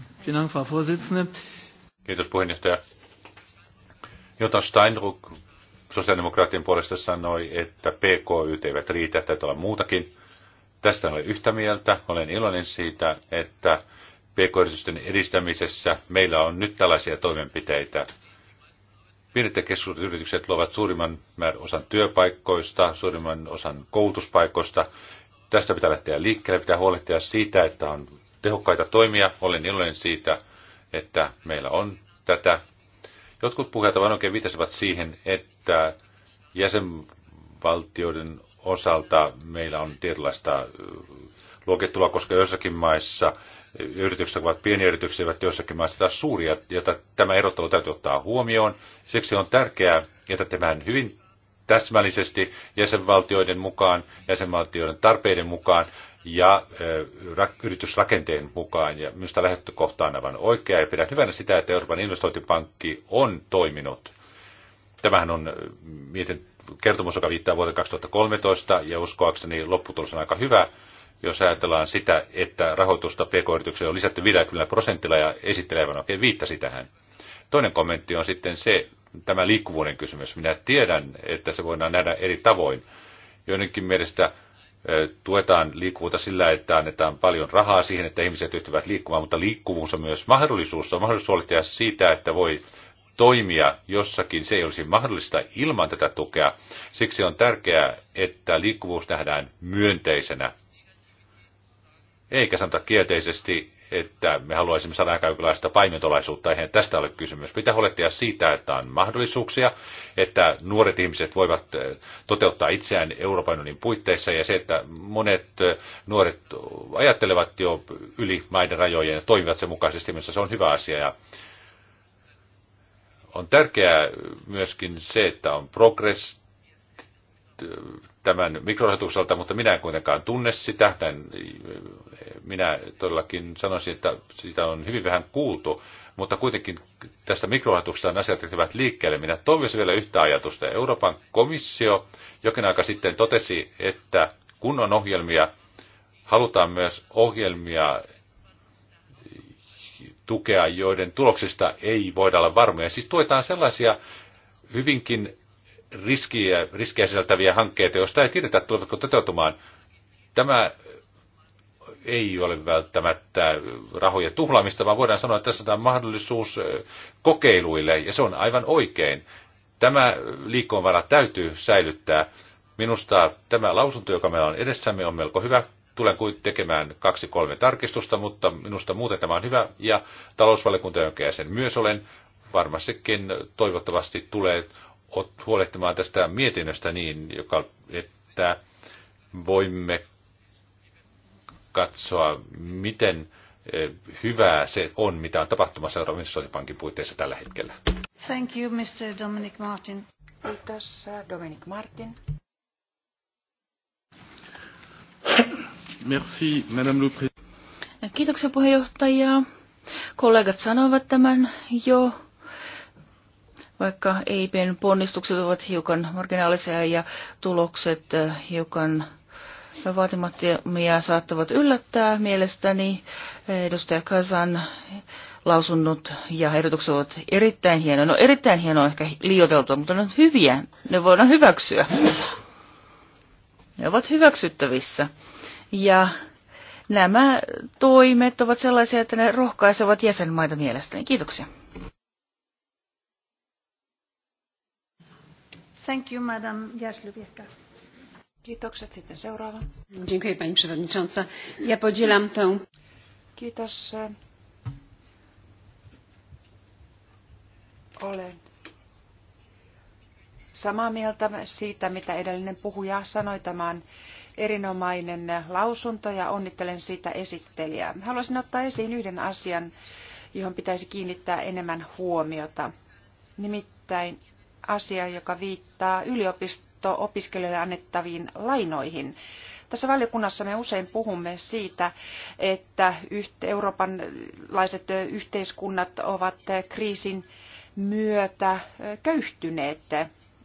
Kiitos puheenjohtaja. Jota Steinruck sosiaalidemokraattien puolesta sanoi, että PKYT eivät riitä, täytyy olla muutakin. Tästä olen yhtä mieltä. Olen iloinen siitä, että pk-yritysten edistämisessä. Meillä on nyt tällaisia toimenpiteitä. Pienet ja keskuudet yritykset luovat suurimman määrän osan työpaikkoista, suurimman osan koulutuspaikoista. Tästä pitää lähteä liikkeelle, pitää huolehtia siitä, että on tehokkaita toimia. Olen iloinen siitä, että meillä on tätä. Jotkut puheet ovat oikein viitasivat siihen, että jäsenvaltioiden osalta meillä on tietynlaista luokittelua, koska joissakin maissa yritykset ovat pieniä yrityksiä, eivät joissakin maissa taas suuria, ja tämä erottelu täytyy ottaa huomioon. Siksi on tärkeää, että tämän hyvin täsmällisesti jäsenvaltioiden mukaan, jäsenvaltioiden tarpeiden mukaan ja yritysrakenteen mukaan. Ja minusta lähtökohta on aivan oikea ja pidän hyvänä sitä, että Euroopan investointipankki on toiminut. Tämähän on mietin, kertomus, joka viittaa vuoteen 2013 ja uskoakseni lopputulos on aika hyvä jos ajatellaan sitä, että rahoitusta pk on lisätty 50 prosentilla ja esittelevän oikein viittasi tähän. Toinen kommentti on sitten se, tämä liikkuvuuden kysymys. Minä tiedän, että se voidaan nähdä eri tavoin. Joidenkin mielestä tuetaan liikkuvuutta sillä, että annetaan paljon rahaa siihen, että ihmiset yhtyvät liikkumaan, mutta liikkuvuus on myös mahdollisuus. On mahdollisuus huolehtia siitä, että voi toimia jossakin. Se ei olisi mahdollista ilman tätä tukea. Siksi on tärkeää, että liikkuvuus nähdään myönteisenä eikä sanota kielteisesti, että me haluaisimme saada aika jonkinlaista paimentolaisuutta. Eihän tästä ole kysymys. Pitää huolehtia siitä, että on mahdollisuuksia, että nuoret ihmiset voivat eh, toteuttaa itseään Euroopan unionin puitteissa ja se, että monet eh, nuoret ajattelevat jo yli maiden rajojen ja toimivat sen mukaisesti, missä se on hyvä asia. Ja on tärkeää myöskin se, että on progress tämän mikrorahoitukselta, mutta minä en kuitenkaan tunne sitä. Minä todellakin sanoisin, että sitä on hyvin vähän kuultu, mutta kuitenkin tästä mikrorahoituksesta on asiat tehtävät liikkeelle. Minä toivoisin vielä yhtä ajatusta. Euroopan komissio jokin aika sitten totesi, että kun on ohjelmia, halutaan myös ohjelmia tukea, joiden tuloksista ei voida olla varmoja. Siis tuetaan sellaisia hyvinkin riskiä, riskejä sisältäviä hankkeita, joista ei tiedetä, tulevatko toteutumaan. Tämä ei ole välttämättä rahojen tuhlaamista, vaan voidaan sanoa, että tässä on mahdollisuus kokeiluille, ja se on aivan oikein. Tämä liikkuvara täytyy säilyttää. Minusta tämä lausunto, joka meillä on edessämme, on melko hyvä. Tulen kuin tekemään kaksi-kolme tarkistusta, mutta minusta muuten tämä on hyvä, ja talousvaliokunta, jonka jäsen myös olen, varmastikin toivottavasti tulee huolehtimaan tästä mietinnöstä niin, joka, että voimme katsoa, miten e, hyvää se on, mitä on tapahtumassa Euroopan investointipankin puitteissa tällä hetkellä. Thank you, Mr. Dominic Martin. Kiitos, Dominic Martin. Merci, Madame le Président. Kiitoksia puheenjohtaja. Kollegat sanoivat tämän jo vaikka EIPn ponnistukset ovat hiukan marginaalisia ja tulokset eh, hiukan vaatimattomia saattavat yllättää mielestäni. Edustaja Kazan lausunnot ja ehdotukset ovat erittäin hienoja. No erittäin hienoa ehkä liioteltua, mutta ne ovat hyviä. Ne voidaan hyväksyä. Ne ovat hyväksyttävissä. Ja nämä toimet ovat sellaisia, että ne rohkaisevat jäsenmaita mielestäni. Kiitoksia. Thank you, Madam Kiitokset sitten seuraava. Dziękuję Pani Przewodnicząca. Ja podzielam tę... Kiitos. E, olen samaa mieltä siitä, mitä edellinen puhuja sanoi. Tämä on erinomainen lausunto ja onnittelen siitä esittelijää. Haluaisin ottaa esiin yhden asian, johon pitäisi kiinnittää enemmän huomiota. Nimittäin asia, joka viittaa yliopisto-opiskelijoille annettaviin lainoihin. Tässä valiokunnassa me usein puhumme siitä, että eurooppalaiset yhteiskunnat ovat kriisin myötä köyhtyneet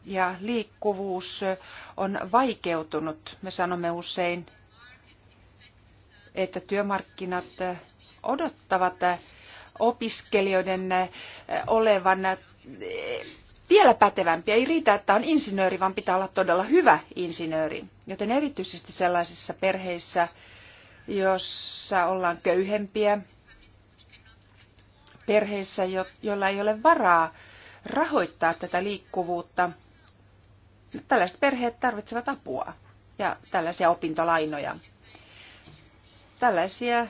ja liikkuvuus on vaikeutunut. Me sanomme usein, että työmarkkinat odottavat opiskelijoiden olevan vielä pätevämpi. Ei riitä, että on insinööri, vaan pitää olla todella hyvä insinööri. Joten erityisesti sellaisissa perheissä, jossa ollaan köyhempiä, perheissä, joilla ei ole varaa rahoittaa tätä liikkuvuutta, tällaiset perheet tarvitsevat apua ja tällaisia opintolainoja. Tällaisia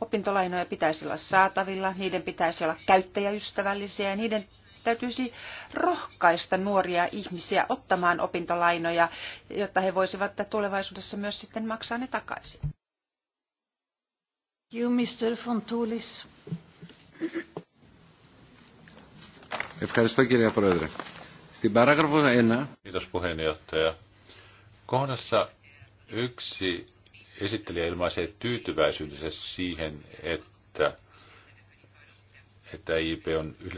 opintolainoja pitäisi olla saatavilla, niiden pitäisi olla käyttäjäystävällisiä ja niiden täytyisi rohkaista nuoria ihmisiä ottamaan opintolainoja, jotta he voisivat tulevaisuudessa myös sitten maksaa ne takaisin. You, Mr. Fontoulis. Kiitos puheenjohtaja. Kohdassa yksi esittelijä ilmaisee tyytyväisyytensä siihen, että että EIP on 9,1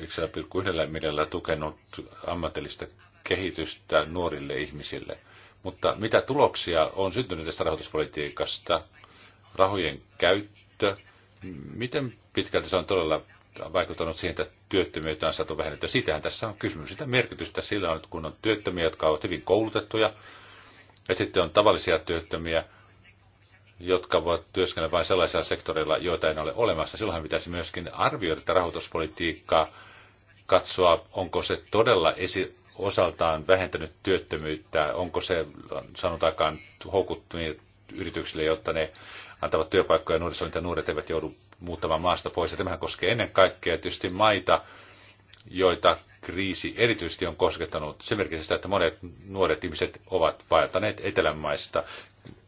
miljardilla tukenut ammatillista kehitystä nuorille ihmisille. Mutta mitä tuloksia on syntynyt tästä rahoituspolitiikasta? Rahojen käyttö, miten pitkälti se on todella vaikuttanut siihen, että työttömyyttä on saatu vähennettyä. Siitähän tässä on kysymys. Sitä merkitystä sillä on, kun on työttömiä, jotka ovat hyvin koulutettuja, ja sitten on tavallisia työttömiä, jotka voivat työskennellä vain sellaisilla sektoreilla, joita ei ole olemassa. Silloin pitäisi myöskin arvioida tätä rahoituspolitiikkaa, katsoa, onko se todella esi- osaltaan vähentänyt työttömyyttä, onko se sanotaankaan houkuttunut yrityksille, jotta ne antavat työpaikkoja nuorisolle, että nuoret eivät joudu muuttamaan maasta pois. Ja tämähän koskee ennen kaikkea tietysti maita, joita kriisi erityisesti on koskettanut. Se merkitsee sitä, että monet nuoret ihmiset ovat vaeltaneet etelämaista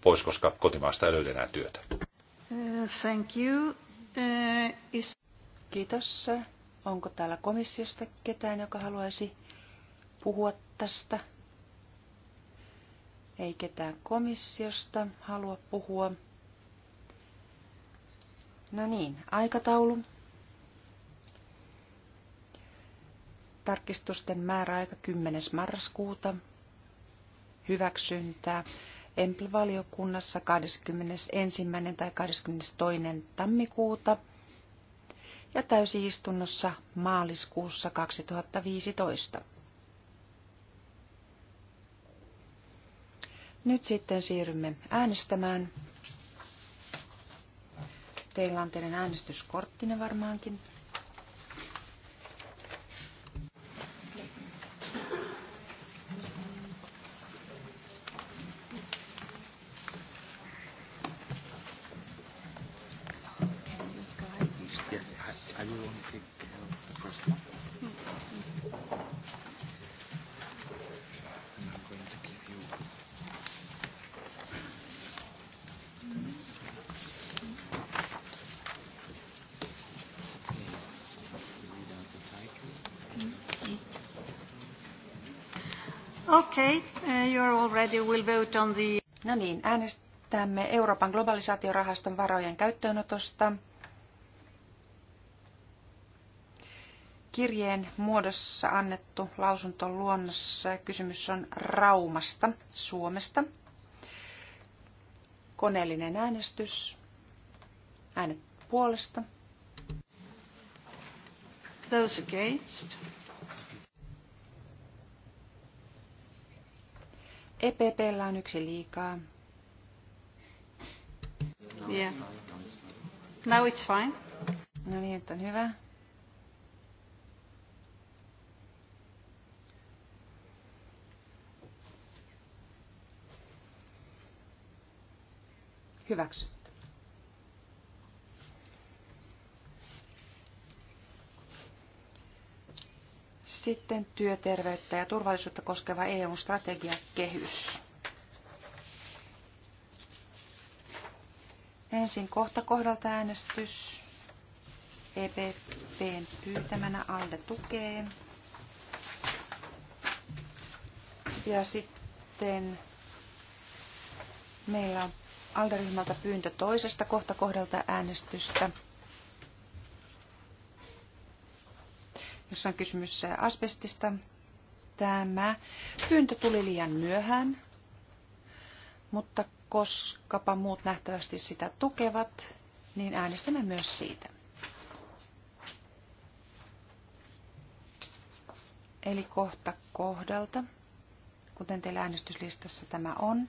pois, koska kotimaasta ei löydy enää työtä. Eh, thank you. Eh, is... Kiitos. Onko täällä komissiosta ketään, joka haluaisi puhua tästä? Ei ketään komissiosta halua puhua. No niin, aikataulu. Tarkistusten määräaika 10. marraskuuta. Hyväksyntää Empl-valiokunnassa 21. tai 22. tammikuuta ja täysistunnossa maaliskuussa 2015. Nyt sitten siirrymme äänestämään. Teillä on teidän äänestyskorttinne varmaankin. Friday we'll vote on the... No niin, äänestämme Euroopan globalisaatiorahaston varojen käyttöönotosta. Kirjeen muodossa annettu lausunto luonnossa Kysymys on Raumasta, Suomesta. Koneellinen äänestys. Äänet puolesta. Those against. EPPllä on yksi liikaa. Yeah. Now it's fine. No niin, että on hyvä. Hyväksy. Sitten työterveyttä ja turvallisuutta koskeva EU-strategiakehys. Ensin kohta kohdalta äänestys. EPPn pyytämänä alle tukee. Ja sitten meillä on alderyhmältä pyyntö toisesta kohta kohdalta äänestystä. jossa on kysymys asbestista. Tämä pyyntö tuli liian myöhään, mutta koskapa muut nähtävästi sitä tukevat, niin äänestämme myös siitä. Eli kohta kohdalta, kuten teillä äänestyslistassa tämä on,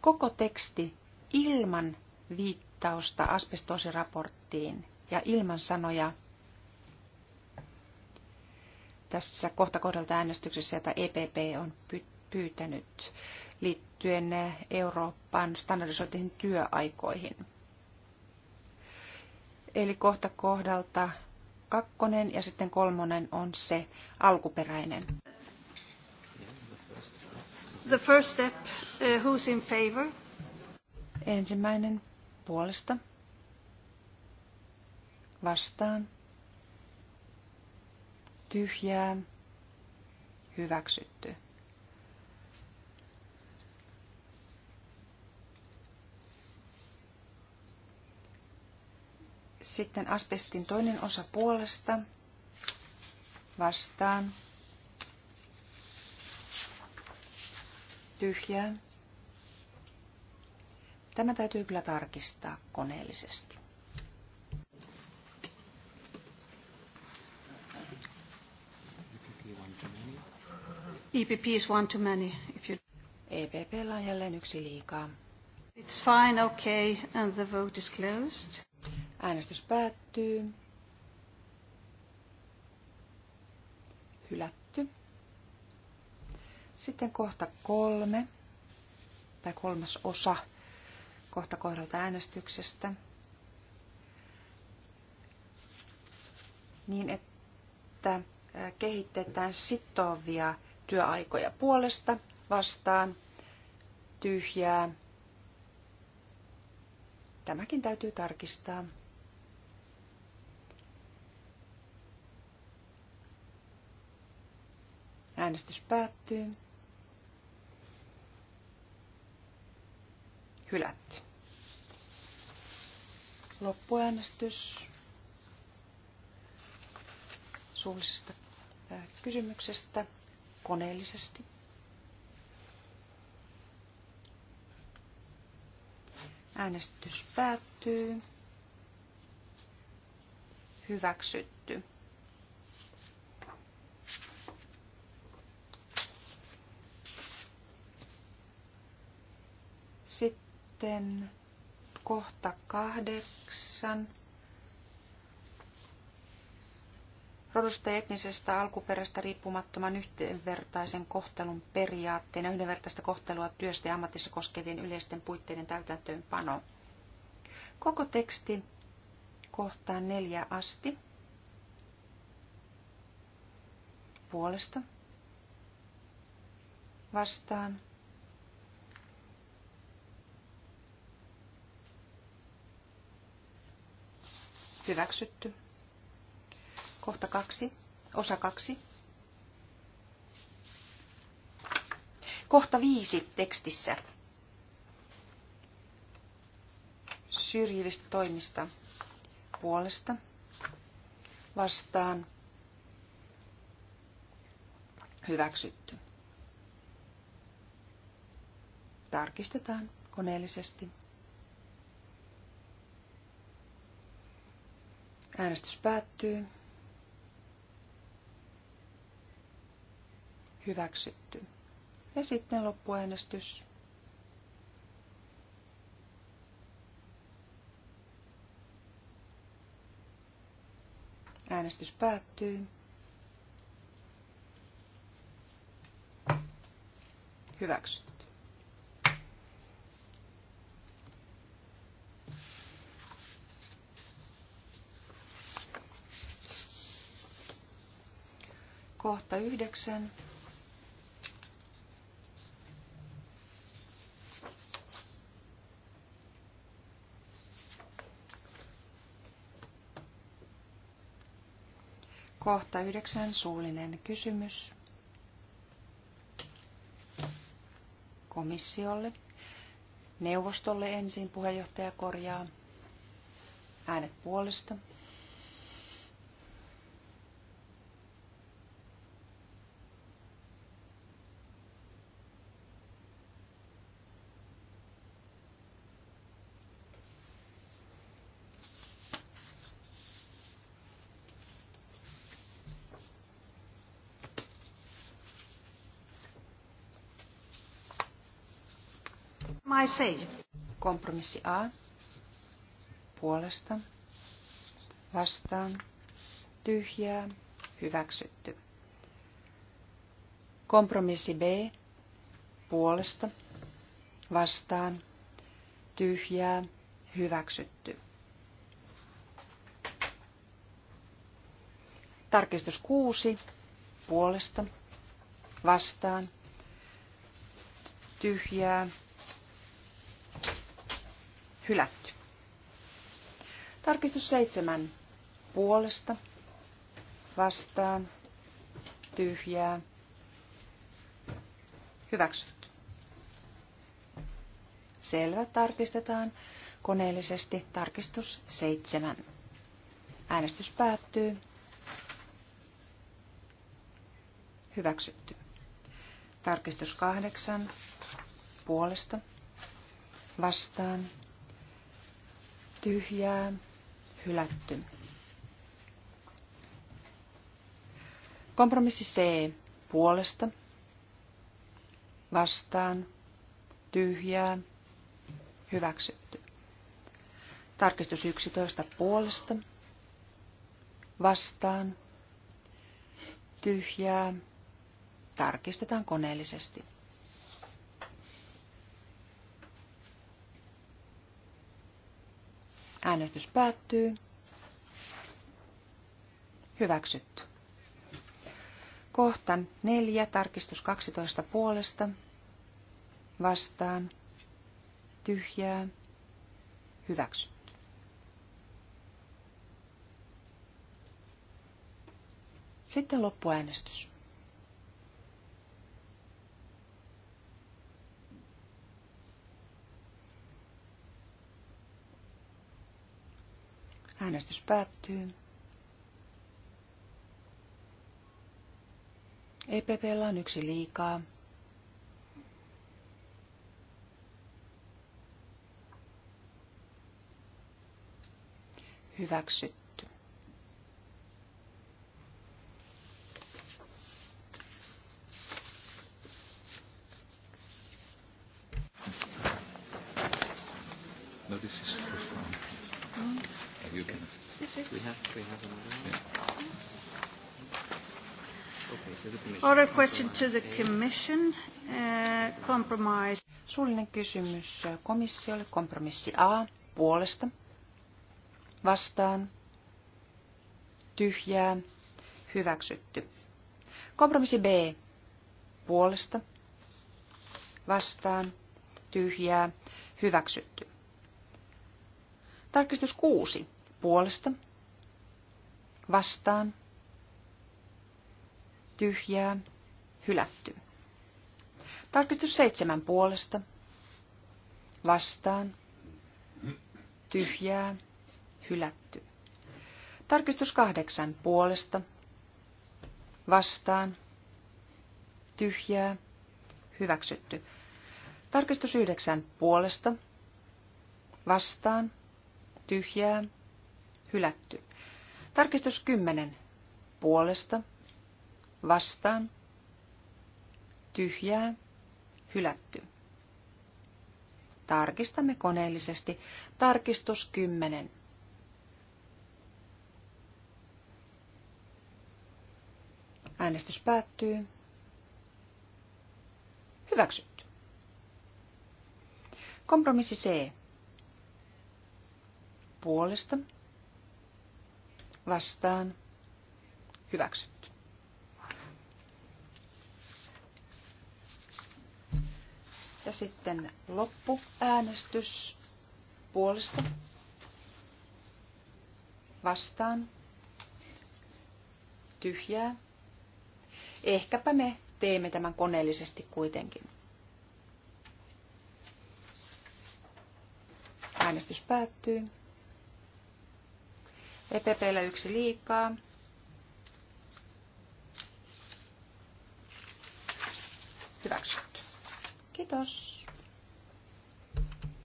koko teksti ilman viittausta asbestosiraporttiin ja ilman sanoja tässä kohtakohdalta äänestyksessä, jota EPP on pyytänyt liittyen Euroopan standardisoituihin työaikoihin. Eli kohta kohdalta kakkonen ja sitten kolmonen on se alkuperäinen. The first step, uh, who's in favor? Ensimmäinen puolesta. Vastaan tyhjää, hyväksytty. Sitten asbestin toinen osa puolesta vastaan. Tyhjää. Tämä täytyy kyllä tarkistaa koneellisesti. EPP is one too many. If you... EPPllä on jälleen yksi liikaa. It's fine, okay, and the vote is closed. Äänestys päättyy. Hylätty. Sitten kohta kolme, tai kolmas osa kohta kohdalta äänestyksestä. Niin, että kehitetään sitovia työaikoja puolesta vastaan tyhjää. Tämäkin täytyy tarkistaa. Äänestys päättyy. Hylätty. Loppuäänestys suullisesta äh, kysymyksestä koneellisesti. Äänestys päättyy. Hyväksytty. Sitten kohta kahdeksan. rodusta ja etnisestä alkuperästä riippumattoman yhdenvertaisen kohtelun periaatteen ja yhdenvertaista kohtelua työstä ja ammatissa koskevien yleisten puitteiden täytäntöönpano. Koko teksti kohtaan neljä asti puolesta vastaan hyväksytty Kohta kaksi. Osa kaksi. Kohta viisi tekstissä. Syrjivistä toimista puolesta vastaan hyväksytty. Tarkistetaan koneellisesti. Äänestys päättyy. hyväksytty. Ja sitten loppuäänestys. Äänestys päättyy. Hyväksytty. Kohta yhdeksän. Kohta yhdeksän suullinen kysymys komissiolle. Neuvostolle ensin puheenjohtaja korjaa. Äänet puolesta. Kompromissi A. Puolesta. Vastaan. Tyhjää. Hyväksytty. Kompromissi B. Puolesta. Vastaan. Tyhjää. Hyväksytty. Tarkistus 6. Puolesta. Vastaan. Tyhjää hylätty. Tarkistus seitsemän puolesta vastaan tyhjää hyväksytty. Selvä, tarkistetaan koneellisesti tarkistus seitsemän. Äänestys päättyy. Hyväksytty. Tarkistus kahdeksan. Puolesta. Vastaan tyhjää, hylätty. Kompromissi C puolesta, vastaan, tyhjää, hyväksytty. Tarkistus 11 puolesta, vastaan, tyhjää, tarkistetaan koneellisesti. Äänestys päättyy. Hyväksytty. Kohta 4, tarkistus 12 puolesta. Vastaan. Tyhjää. Hyväksytty. Sitten loppuäänestys. Äänestys päättyy. EPPllä on yksi liikaa. Hyväksyt. Oral question to the commission. Uh, compromise. Suullinen kysymys komissiolle. Kompromissi A. Puolesta. Vastaan. Tyhjää. Hyväksytty. Kompromissi B. Puolesta. Vastaan. Tyhjää. Hyväksytty. Tarkistus 6 puolesta, vastaan, tyhjää, hylätty. Tarkistus seitsemän puolesta, vastaan, tyhjää, hylätty. Tarkistus kahdeksan puolesta, vastaan, tyhjää, hyväksytty. Tarkistus yhdeksän puolesta, vastaan, tyhjää, hylätty. Tarkistus 10. Puolesta, vastaan, tyhjää, hylätty. Tarkistamme koneellisesti. Tarkistus 10. Äänestys päättyy. Hyväksytty. Kompromissi C. Puolesta vastaan hyväksytty. Ja sitten loppuäänestys puolesta vastaan tyhjää. Ehkäpä me teemme tämän koneellisesti kuitenkin. Äänestys päättyy. EPPllä yksi liikaa. Hyväksytty. Kiitos.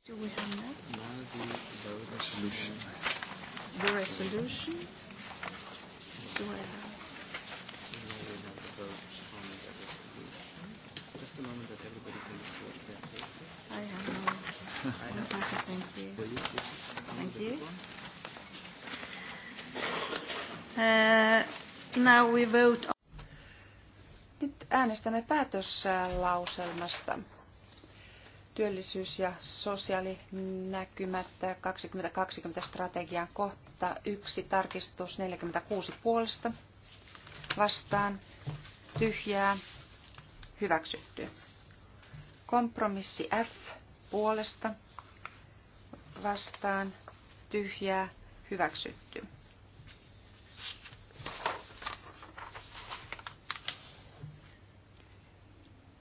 Do we have that? Now the, the resolution. The resolution? Do I have? Just a moment that everybody can their I have I thank you. Thank you. Uh, now we vote on... Nyt äänestämme päätöslauselmasta. Työllisyys- ja sosiaalinäkymät 2020 strategian kohta yksi tarkistus 46 puolesta vastaan tyhjää hyväksytty. Kompromissi F puolesta vastaan tyhjää hyväksytty.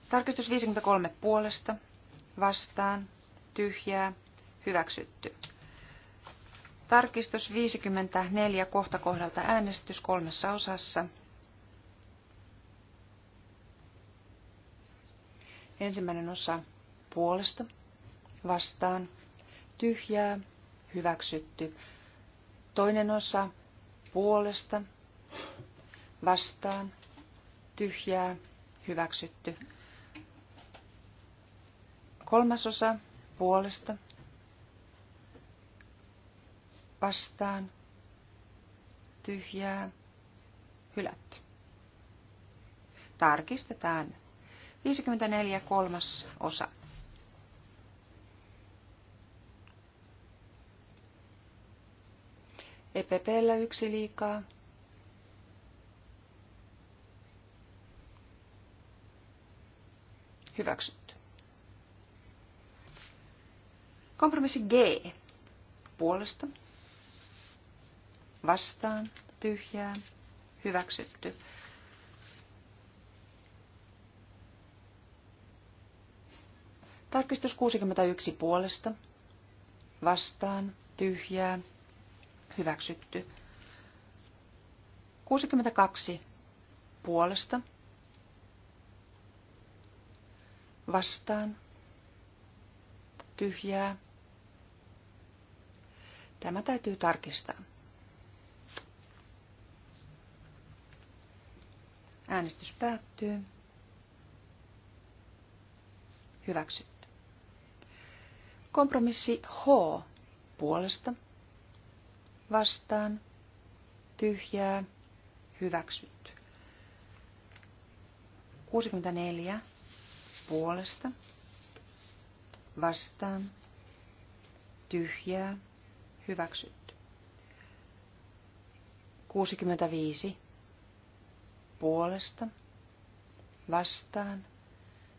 Tarkistus 53 puolesta, vastaan, tyhjää, hyväksytty. Tarkistus 54 kohta kohdalta äänestys kolmessa osassa. Ensimmäinen osa puolesta, vastaan, tyhjää, hyväksytty. Toinen osa puolesta, vastaan, tyhjää, hyväksytty. Kolmasosa puolesta vastaan tyhjää hylätty. Tarkistetaan 54 kolmas osa. EPPllä yksi liikaa. Hyväksytty. Kompromissi G puolesta vastaan tyhjää hyväksytty. Tarkistus 61 puolesta. Vastaan, tyhjää, hyväksytty. 62 puolesta. Vastaan, tyhjää, Tämä täytyy tarkistaa. Äänestys päättyy. Hyväksytty. Kompromissi H puolesta vastaan tyhjää hyväksytty. 64 puolesta vastaan tyhjää Hyväksytty. 65. Puolesta. Vastaan.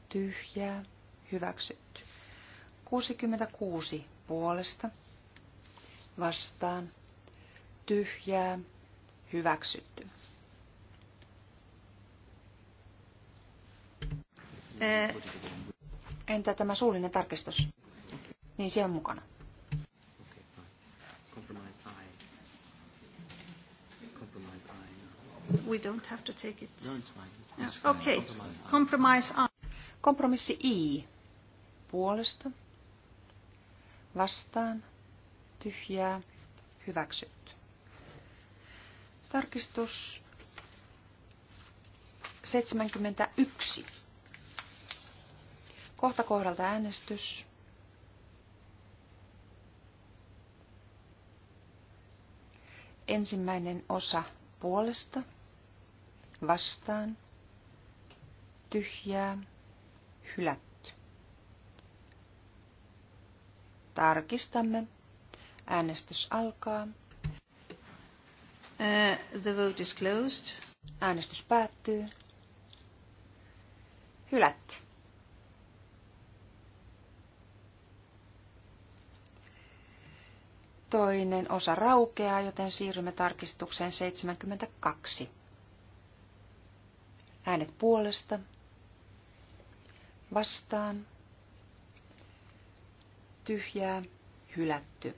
Tyhjää. Hyväksytty. 66. Puolesta. Vastaan. Tyhjää. Hyväksytty. Entä tämä suullinen tarkistus? Niin se on mukana. we don't have to take it. No, it's fine. It's, fine. Okay, compromise on. Kompromissi I. Puolesta. Vastaan. Tyhjää. hyväksyt Tarkistus 71. Kohta kohdalta äänestys. Ensimmäinen osa puolesta vastaan, tyhjää, hylätty. Tarkistamme. Äänestys alkaa. Uh, the vote is closed. Äänestys päättyy. Hylätty. Toinen osa raukeaa, joten siirrymme tarkistukseen 72. Äänet puolesta. Vastaan. Tyhjää. Hylätty.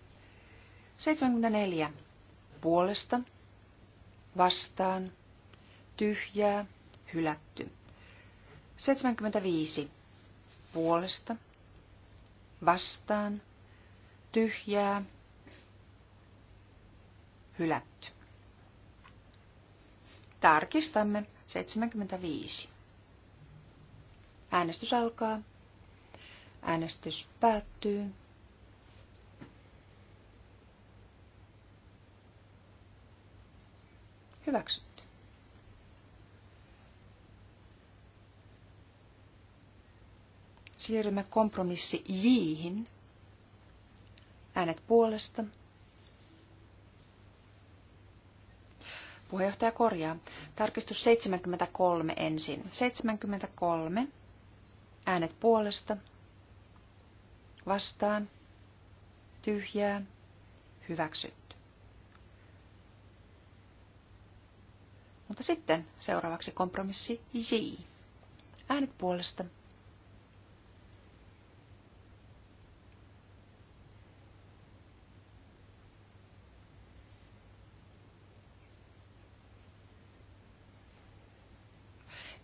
74. Puolesta. Vastaan. Tyhjää. Hylätty. 75. Puolesta. Vastaan. Tyhjää. Hylätty. Tarkistamme 75. Äänestys alkaa. Äänestys päättyy. Hyväksytty. Siirrymme kompromissi jiihin. Äänet puolesta Puheenjohtaja korjaa. Tarkistus 73 ensin. 73. Äänet puolesta. Vastaan. Tyhjää. Hyväksytty. Mutta sitten seuraavaksi kompromissi J. Äänet puolesta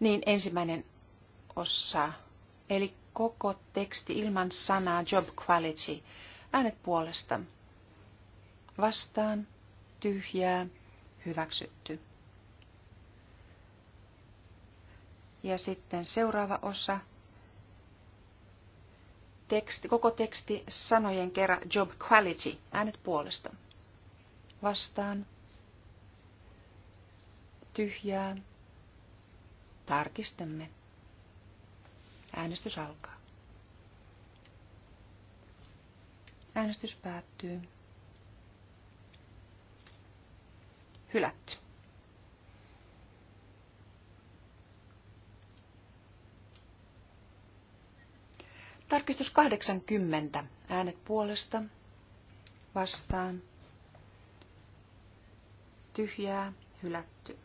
Niin ensimmäinen osa, eli koko teksti ilman sanaa job quality. Äänet puolesta. Vastaan, tyhjää, hyväksytty. Ja sitten seuraava osa. Teksti, koko teksti sanojen kerran job quality. Äänet puolesta. Vastaan. Tyhjää. Tarkistamme. Äänestys alkaa. Äänestys päättyy. Hylätty. Tarkistus 80. Äänet puolesta. Vastaan. Tyhjää. Hylätty.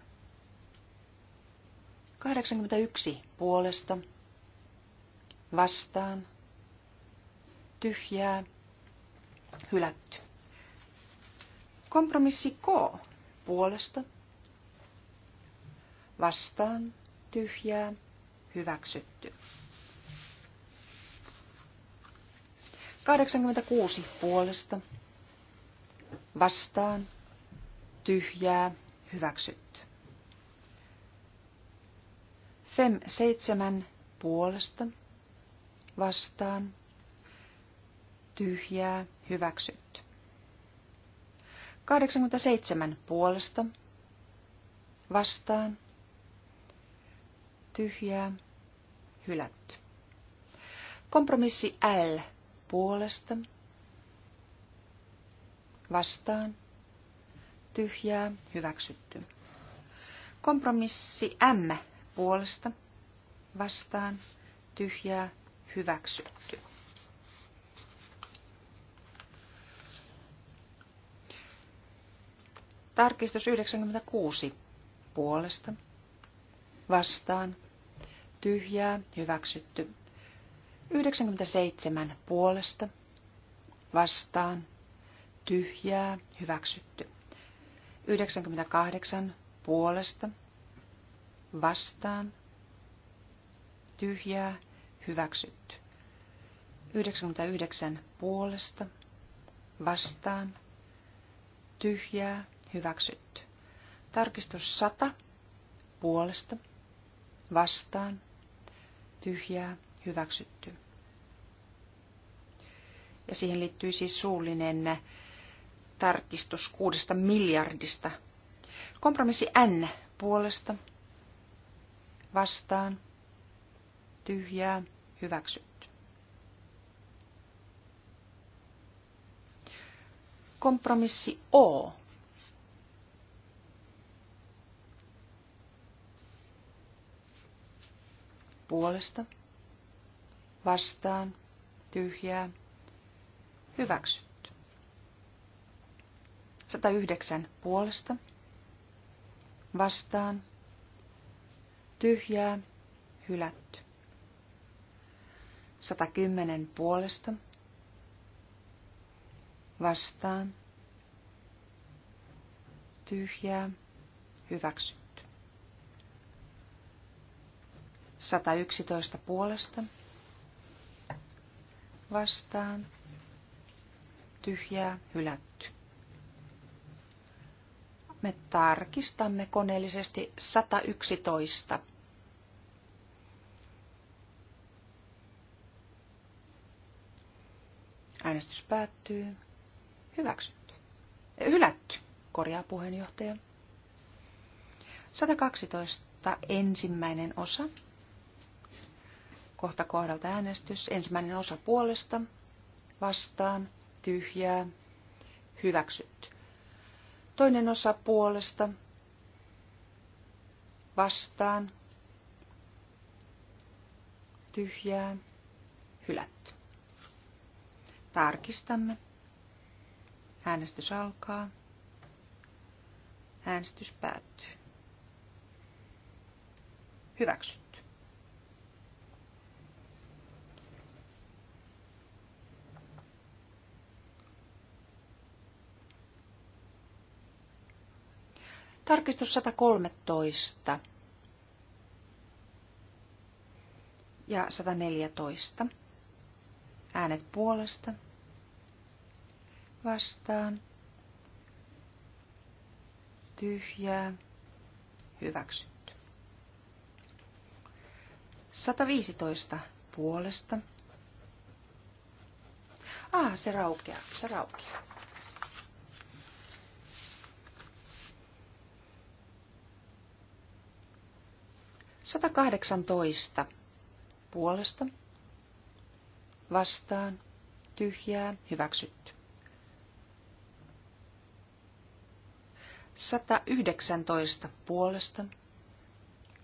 81 puolesta vastaan tyhjää hylätty. Kompromissi K puolesta vastaan tyhjää hyväksytty. 86 puolesta vastaan tyhjää hyväksytty. FEM 7 puolesta vastaan tyhjää hyväksytty. 87 puolesta vastaan tyhjää hylätty. Kompromissi L puolesta vastaan tyhjää hyväksytty. Kompromissi M puolesta vastaan tyhjää hyväksytty. Tarkistus 96 puolesta vastaan tyhjää hyväksytty. 97 puolesta vastaan tyhjää hyväksytty. 98 puolesta vastaan, tyhjää, hyväksytty. 99 puolesta, vastaan, tyhjää, hyväksytty. Tarkistus 100 puolesta, vastaan, tyhjää, hyväksytty. Ja siihen liittyy siis suullinen tarkistus kuudesta miljardista. Kompromissi N puolesta, vastaan, tyhjää, hyväksytty. Kompromissi O. Puolesta, vastaan, tyhjää, hyväksytty. 109 puolesta, vastaan, tyhjää, hylätty. 110 puolesta, vastaan, tyhjää, hyväksytty. 111 puolesta, vastaan, tyhjää, hylätty. Me tarkistamme koneellisesti 111. Äänestys päättyy. Hyväksytty. Eh, hylätty, korjaa puheenjohtaja. 112 ensimmäinen osa. Kohta kohdalta äänestys. Ensimmäinen osa puolesta. Vastaan. Tyhjää. Hyväksytty. Toinen osa puolesta. Vastaan. Tyhjää. Hylätty. Tarkistamme. Äänestys alkaa. Äänestys päättyy. Hyväksytty. Tarkistus 113 ja 114. Äänet puolesta. Vastaan. Tyhjää. Hyväksytty. 115 puolesta. Ah, se raukeaa, se raukeaa. Satakahdeksantoista puolesta vastaan, tyhjää, hyväksytty. 119 puolesta,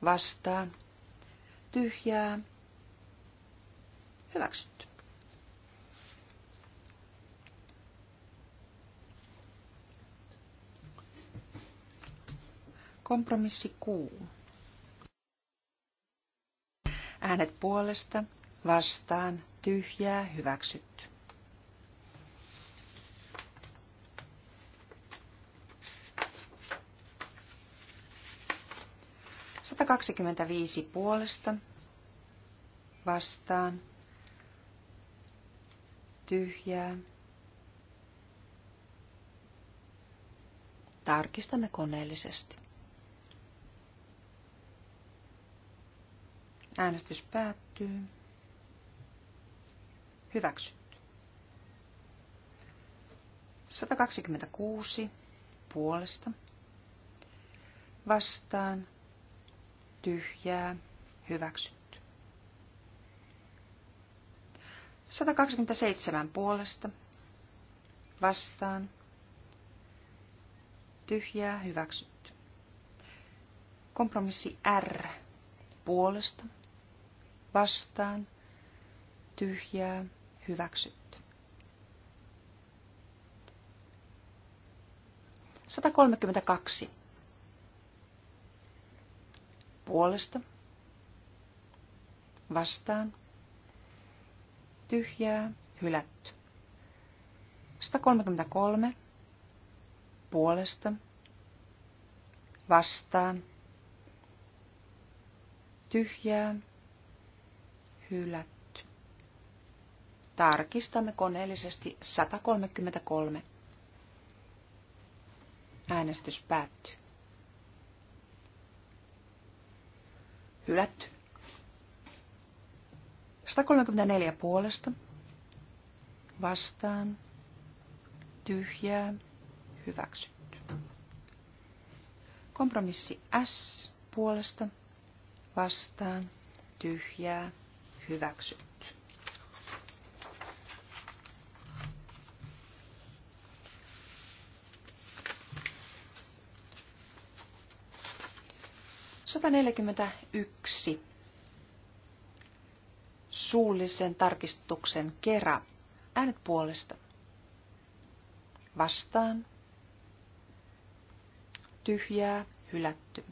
vastaan, tyhjää, hyväksytty. 6. Äänet puolesta, vastaan, tyhjää, hyväksytty. viisi puolesta vastaan tyhjää. Tarkistamme koneellisesti. Äänestys päättyy. Hyväksytty. 126 puolesta. Vastaan. Tyhjää. Hyväksytty. 127 puolesta. Vastaan. Tyhjää. Hyväksytty. Kompromissi R. Puolesta. Vastaan. Tyhjää hyväksytty. 132 puolesta, vastaan, tyhjää, hylätty. 133 puolesta, vastaan, tyhjää, hylätty. Tarkistamme koneellisesti 133. Äänestys päättyy. Hylätty. 134 puolesta. Vastaan. Tyhjää. Hyväksytty. Kompromissi S puolesta. Vastaan. Tyhjää. Hyväksytty. 141 suullisen tarkistuksen kera. Äänet puolesta. Vastaan. Tyhjää, hylätty.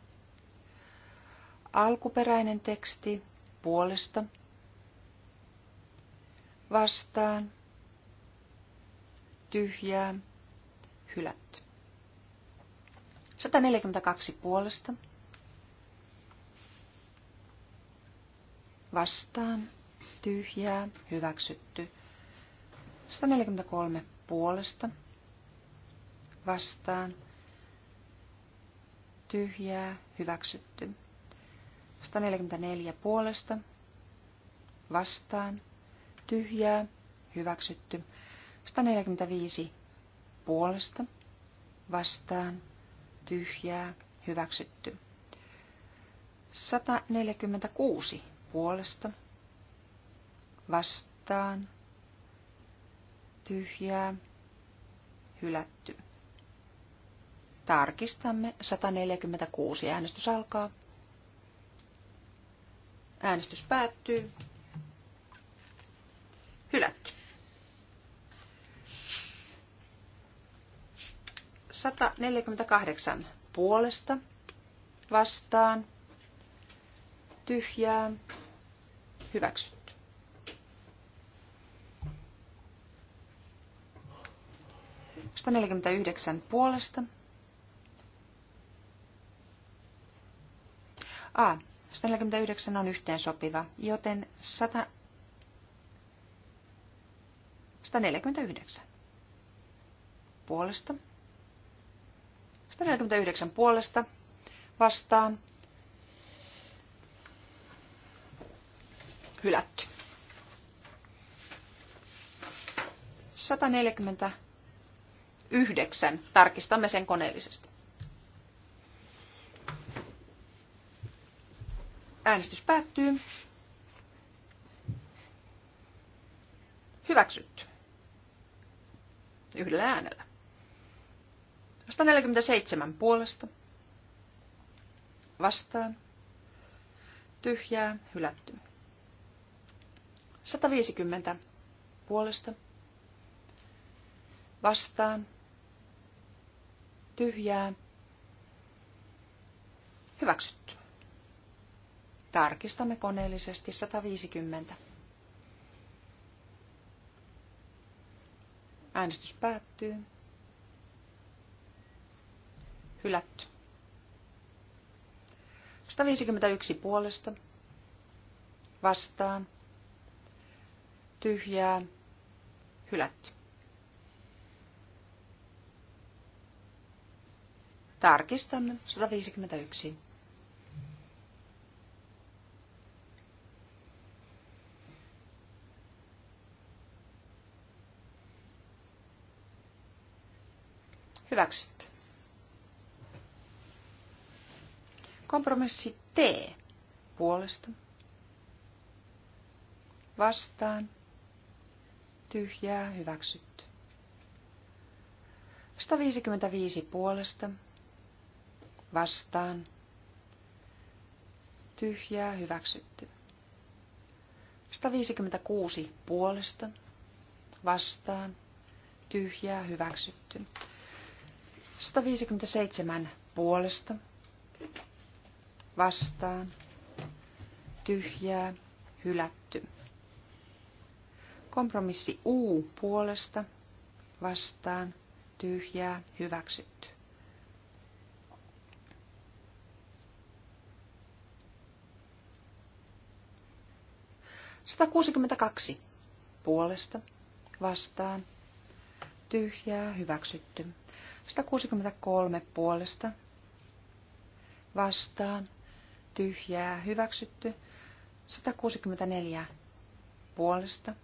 Alkuperäinen teksti puolesta. Vastaan. Tyhjää, hylätty. 142 puolesta vastaan, tyhjää, hyväksytty. 143 puolesta, vastaan, tyhjää, hyväksytty. 144 puolesta, vastaan, tyhjää, hyväksytty. 145 puolesta, vastaan, tyhjää, hyväksytty. 146 puolesta vastaan tyhjää hylätty. Tarkistamme 146. Äänestys alkaa. Äänestys päättyy. Hylätty. 148 puolesta vastaan tyhjää Hyväksytty. Sitä 49 puolesta. A. 149 on yhteen sopiva, joten 100, 149 puolesta. 149 puolesta vastaan hylätty. 149. Tarkistamme sen koneellisesti. Äänestys päättyy. Hyväksytty. Yhdellä äänellä. 147 puolesta. Vastaan. Tyhjää, hylätty. 150 puolesta. Vastaan. Tyhjää. Hyväksytty. Tarkistamme koneellisesti 150. Äänestys päättyy. Hylätty. 151 puolesta. Vastaan tyhjää, hylätty. Tarkistamme 151. Hyväksytty. Kompromissi T puolesta. Vastaan tyhjää, hyväksytty. 155 puolesta, vastaan, tyhjää, hyväksytty. 156 puolesta, vastaan, tyhjää, hyväksytty. 157 puolesta, vastaan, tyhjää, hylätty. Kompromissi U puolesta vastaan tyhjää hyväksytty. Satakuusikymmentäkaksi puolesta vastaan tyhjää hyväksytty. 163 puolesta vastaan tyhjää hyväksytty. 164 puolesta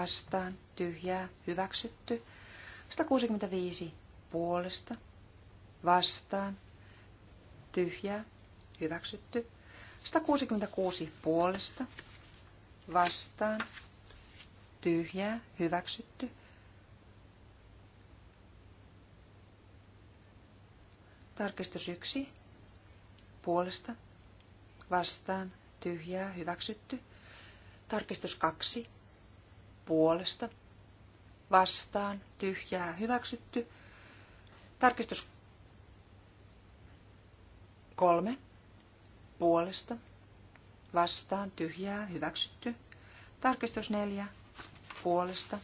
vastaan, tyhjää, hyväksytty. 165 puolesta, vastaan, tyhjää, hyväksytty. 166 puolesta, vastaan, tyhjää, hyväksytty. 1, puolesta, vastaan, tyhjää, hyväksytty. Tarkistus 2, puolesta, vastaan, tyhjää, hyväksytty. Tarkistus kolme, puolesta, vastaan, tyhjää, hyväksytty. Tarkistus neljä, puolesta,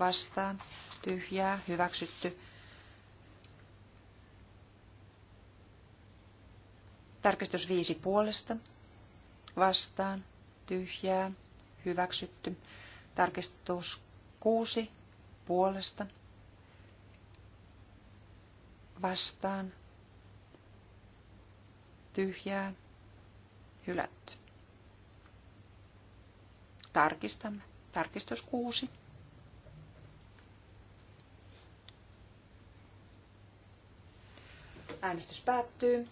vastaan, tyhjää, hyväksytty. Tarkistus viisi puolesta, vastaan, tyhjää, hyväksytty. Tarkistus 6 puolesta vastaan tyhjää hylätty. Tarkistamme. Tarkistus 6. Äänestys päättyy.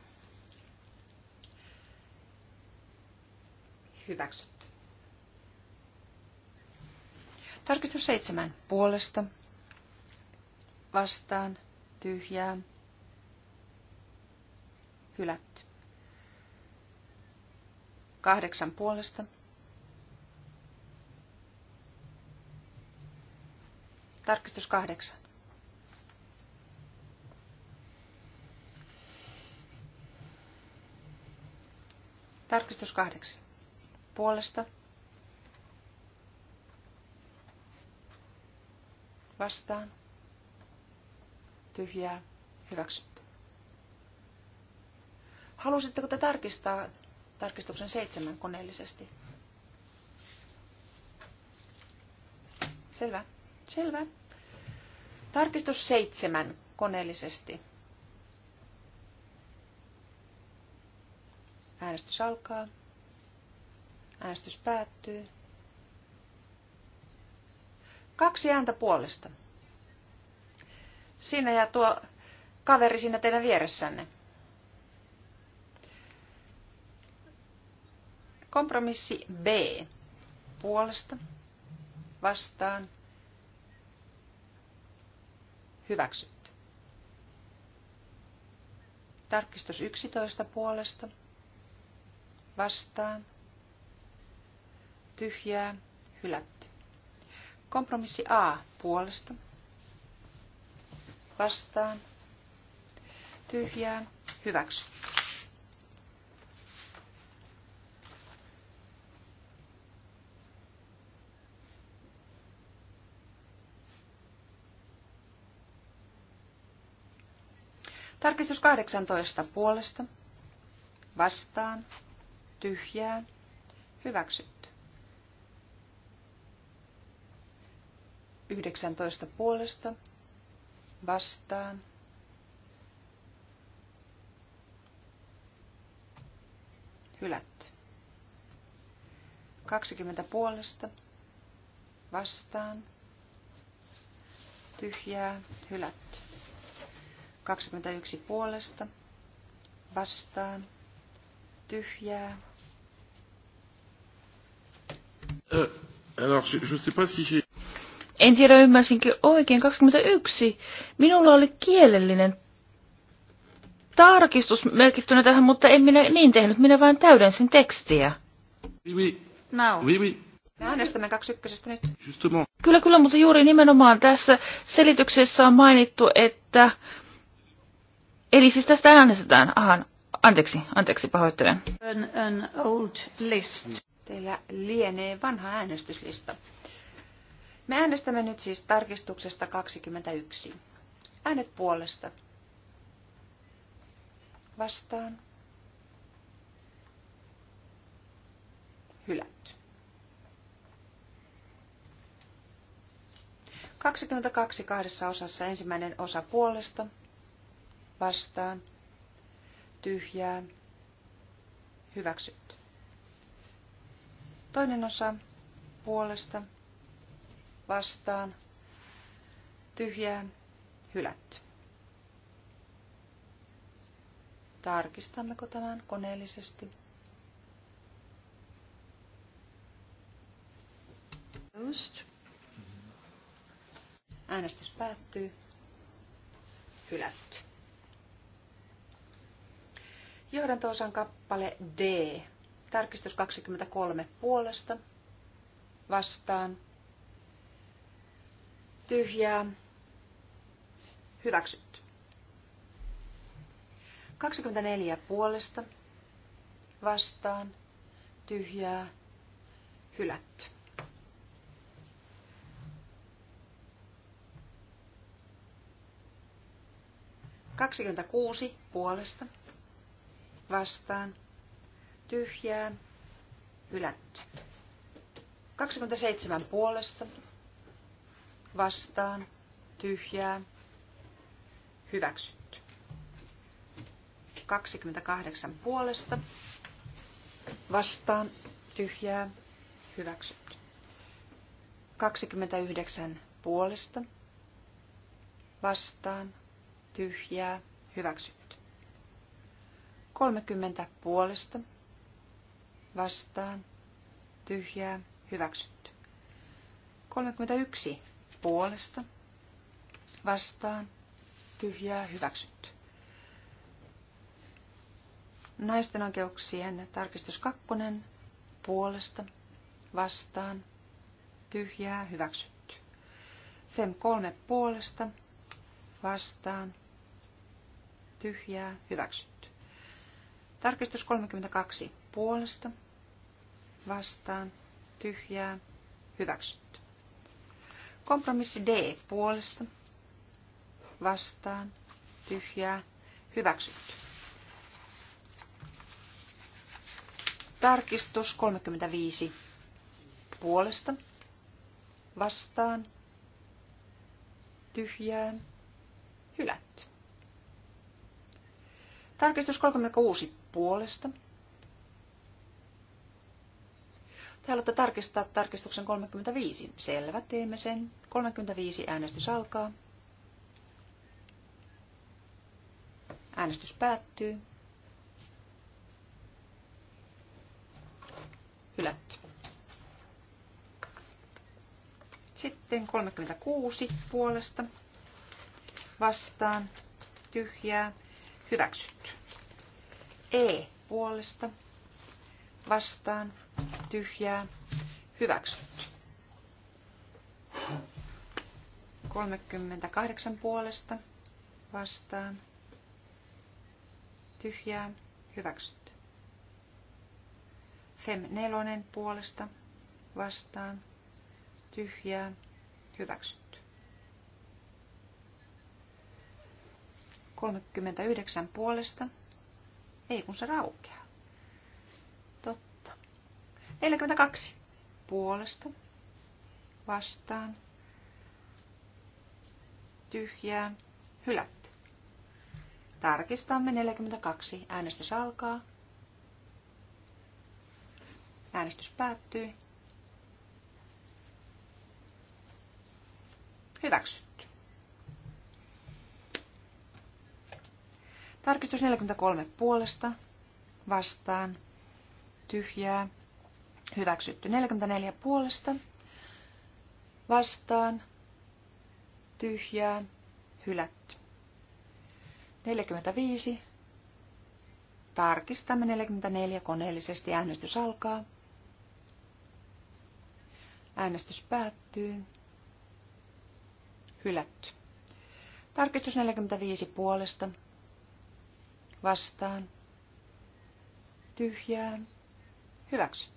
Hyväksytty. Tarkistus seitsemän puolesta. Vastaan. Tyhjää. Hylätty. Kahdeksan puolesta. Tarkistus kahdeksan. Tarkistus kahdeksan. Puolesta. vastaan, tyhjää, hyväksytty. Halusitteko te tarkistaa tarkistuksen seitsemän koneellisesti? Selvä, selvä. Tarkistus seitsemän koneellisesti. Äänestys alkaa. Äänestys päättyy. Kaksi ääntä puolesta. sinä ja tuo kaveri sinä teidän vieressänne. Kompromissi B. Puolesta. Vastaan. Hyväksytty. Tarkistus 11 puolesta. Vastaan. Tyhjää. Hylätty. Kompromissi A puolesta. Vastaan. Tyhjää. Hyväksy. Tarkistus 18 puolesta. Vastaan. Tyhjää. Hyväksytty. 19 puolesta vastaan. Hylätty. 20 puolesta vastaan. Tyhjää. Hylätty. 21 puolesta vastaan. Tyhjää. Euh, alors, je ne sais pas si j'ai... En tiedä, ymmärsinkö oikein. 21. Minulla oli kielellinen tarkistus merkittynä tähän, mutta en minä niin tehnyt. Minä vain täydensin tekstiä. Oui, oui. Now. Me äänestämme 21. nyt. Justement. Kyllä, kyllä, mutta juuri nimenomaan tässä selityksessä on mainittu, että... Eli siis tästä äänestetään. Ahan, anteeksi, anteeksi, pahoittelen. An, an old list. Teillä lienee vanha äänestyslista. Me äänestämme nyt siis tarkistuksesta 21. Äänet puolesta. Vastaan. Hylätty. 22 kahdessa osassa ensimmäinen osa puolesta. Vastaan. Tyhjää. Hyväksytty. Toinen osa puolesta vastaan, tyhjää, hylätty. Tarkistammeko tämän koneellisesti? Just. Äänestys päättyy. Hylätty. Johdantoosan kappale D. Tarkistus 23 puolesta. Vastaan tyhjää, hyväksytty. 24 puolesta, vastaan, tyhjää, hylätty. Kaksikymmentäkuusi puolesta, vastaan, tyhjää, hylätty. seitsemän puolesta, vastaan, tyhjää, hyväksytty. 28 puolesta, vastaan, tyhjää, hyväksytty. 29 puolesta, vastaan, tyhjää, hyväksytty. 30 puolesta, vastaan, tyhjää, hyväksytty. 31 puolesta vastaan tyhjää hyväksytty. Naisten oikeuksien tarkistus kakkonen puolesta vastaan tyhjää hyväksytty. Fem kolme puolesta vastaan tyhjää hyväksytty. Tarkistus 32 puolesta vastaan tyhjää hyväksytty. Kompromissi D puolesta vastaan tyhjää hyväksytty. Tarkistus 35 puolesta vastaan tyhjään hylätty. Tarkistus 36 puolesta Te haluatte tarkistaa tarkistuksen 35. Selvä, teemme sen. 35 äänestys alkaa. Äänestys päättyy. Hylätty. Sitten 36 puolesta vastaan tyhjää hyväksytty. E puolesta vastaan tyhjää, hyväksytty. 38 puolesta vastaan, tyhjää, hyväksytty. Fem nelonen puolesta vastaan, tyhjää, hyväksytty. 39 puolesta, ei kun se raukeaa. 42 puolesta vastaan tyhjää hylätty. Tarkistamme 42. Äänestys alkaa. Äänestys päättyy. Hyväksytty. Tarkistus 43 puolesta vastaan tyhjää Hyväksytty 44 puolesta. Vastaan. Tyhjää. Hylätty. 45. Tarkistamme 44 koneellisesti. Äänestys alkaa. Äänestys päättyy. Hylätty. Tarkistus 45 puolesta. Vastaan. Tyhjää. Hyväksy.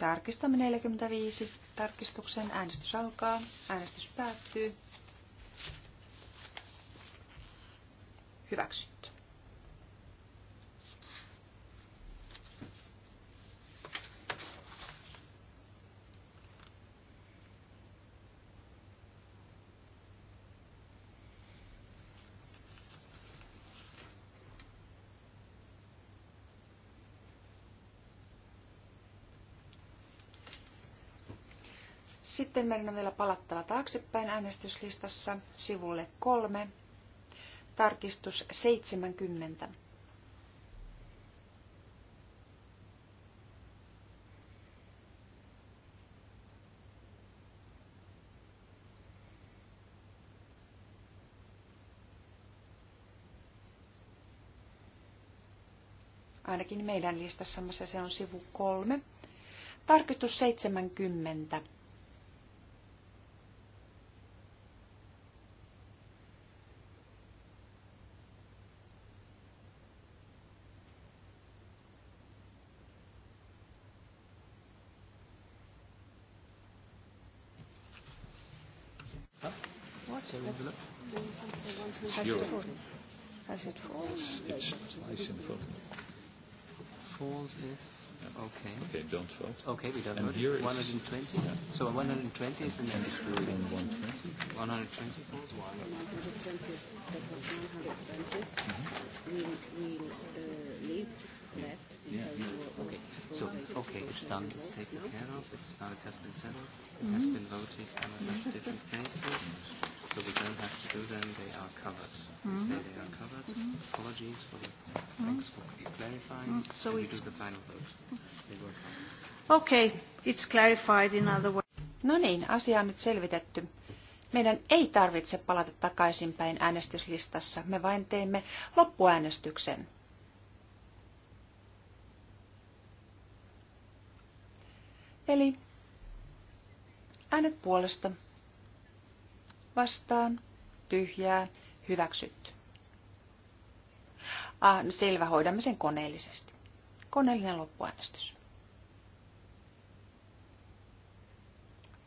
Tarkistamme 45. Tarkistuksen äänestys alkaa. Äänestys päättyy. Hyväksy. Sitten meidän on vielä palattava taaksepäin äänestyslistassa sivulle kolme, tarkistus 70. Ainakin meidän listassamme se on sivu kolme. Tarkistus 70. Has Euro. it fallen? Has it fallen? It's, it's in fallen. Falls if. Okay. Okay, don't vote. Okay, we don't and vote. 120? Yeah. So 120 is the next ruling. 120? 120 falls? Why? 120, that was 120. Mm-hmm. We'll, we'll uh, leave left yeah, yeah. Okay. So, okay, it's done. It's taken care of. It's it has been settled. It has been voted on a bunch of different cases. So we don't have to do them. They are covered. We say they are covered. Apologies for the. Thanks for clarifying. So we do the final vote. They work Okay, it's clarified in other words. No niin, asia on nyt selvitetty. Meidän ei tarvitse palata takaisinpäin äänestyslistassa, me vain teemme loppuäänestyksen. Eli äänet puolesta, vastaan, tyhjää, hyväksytty. Ah, no selvä, hoidamme sen koneellisesti. Koneellinen loppuäänestys.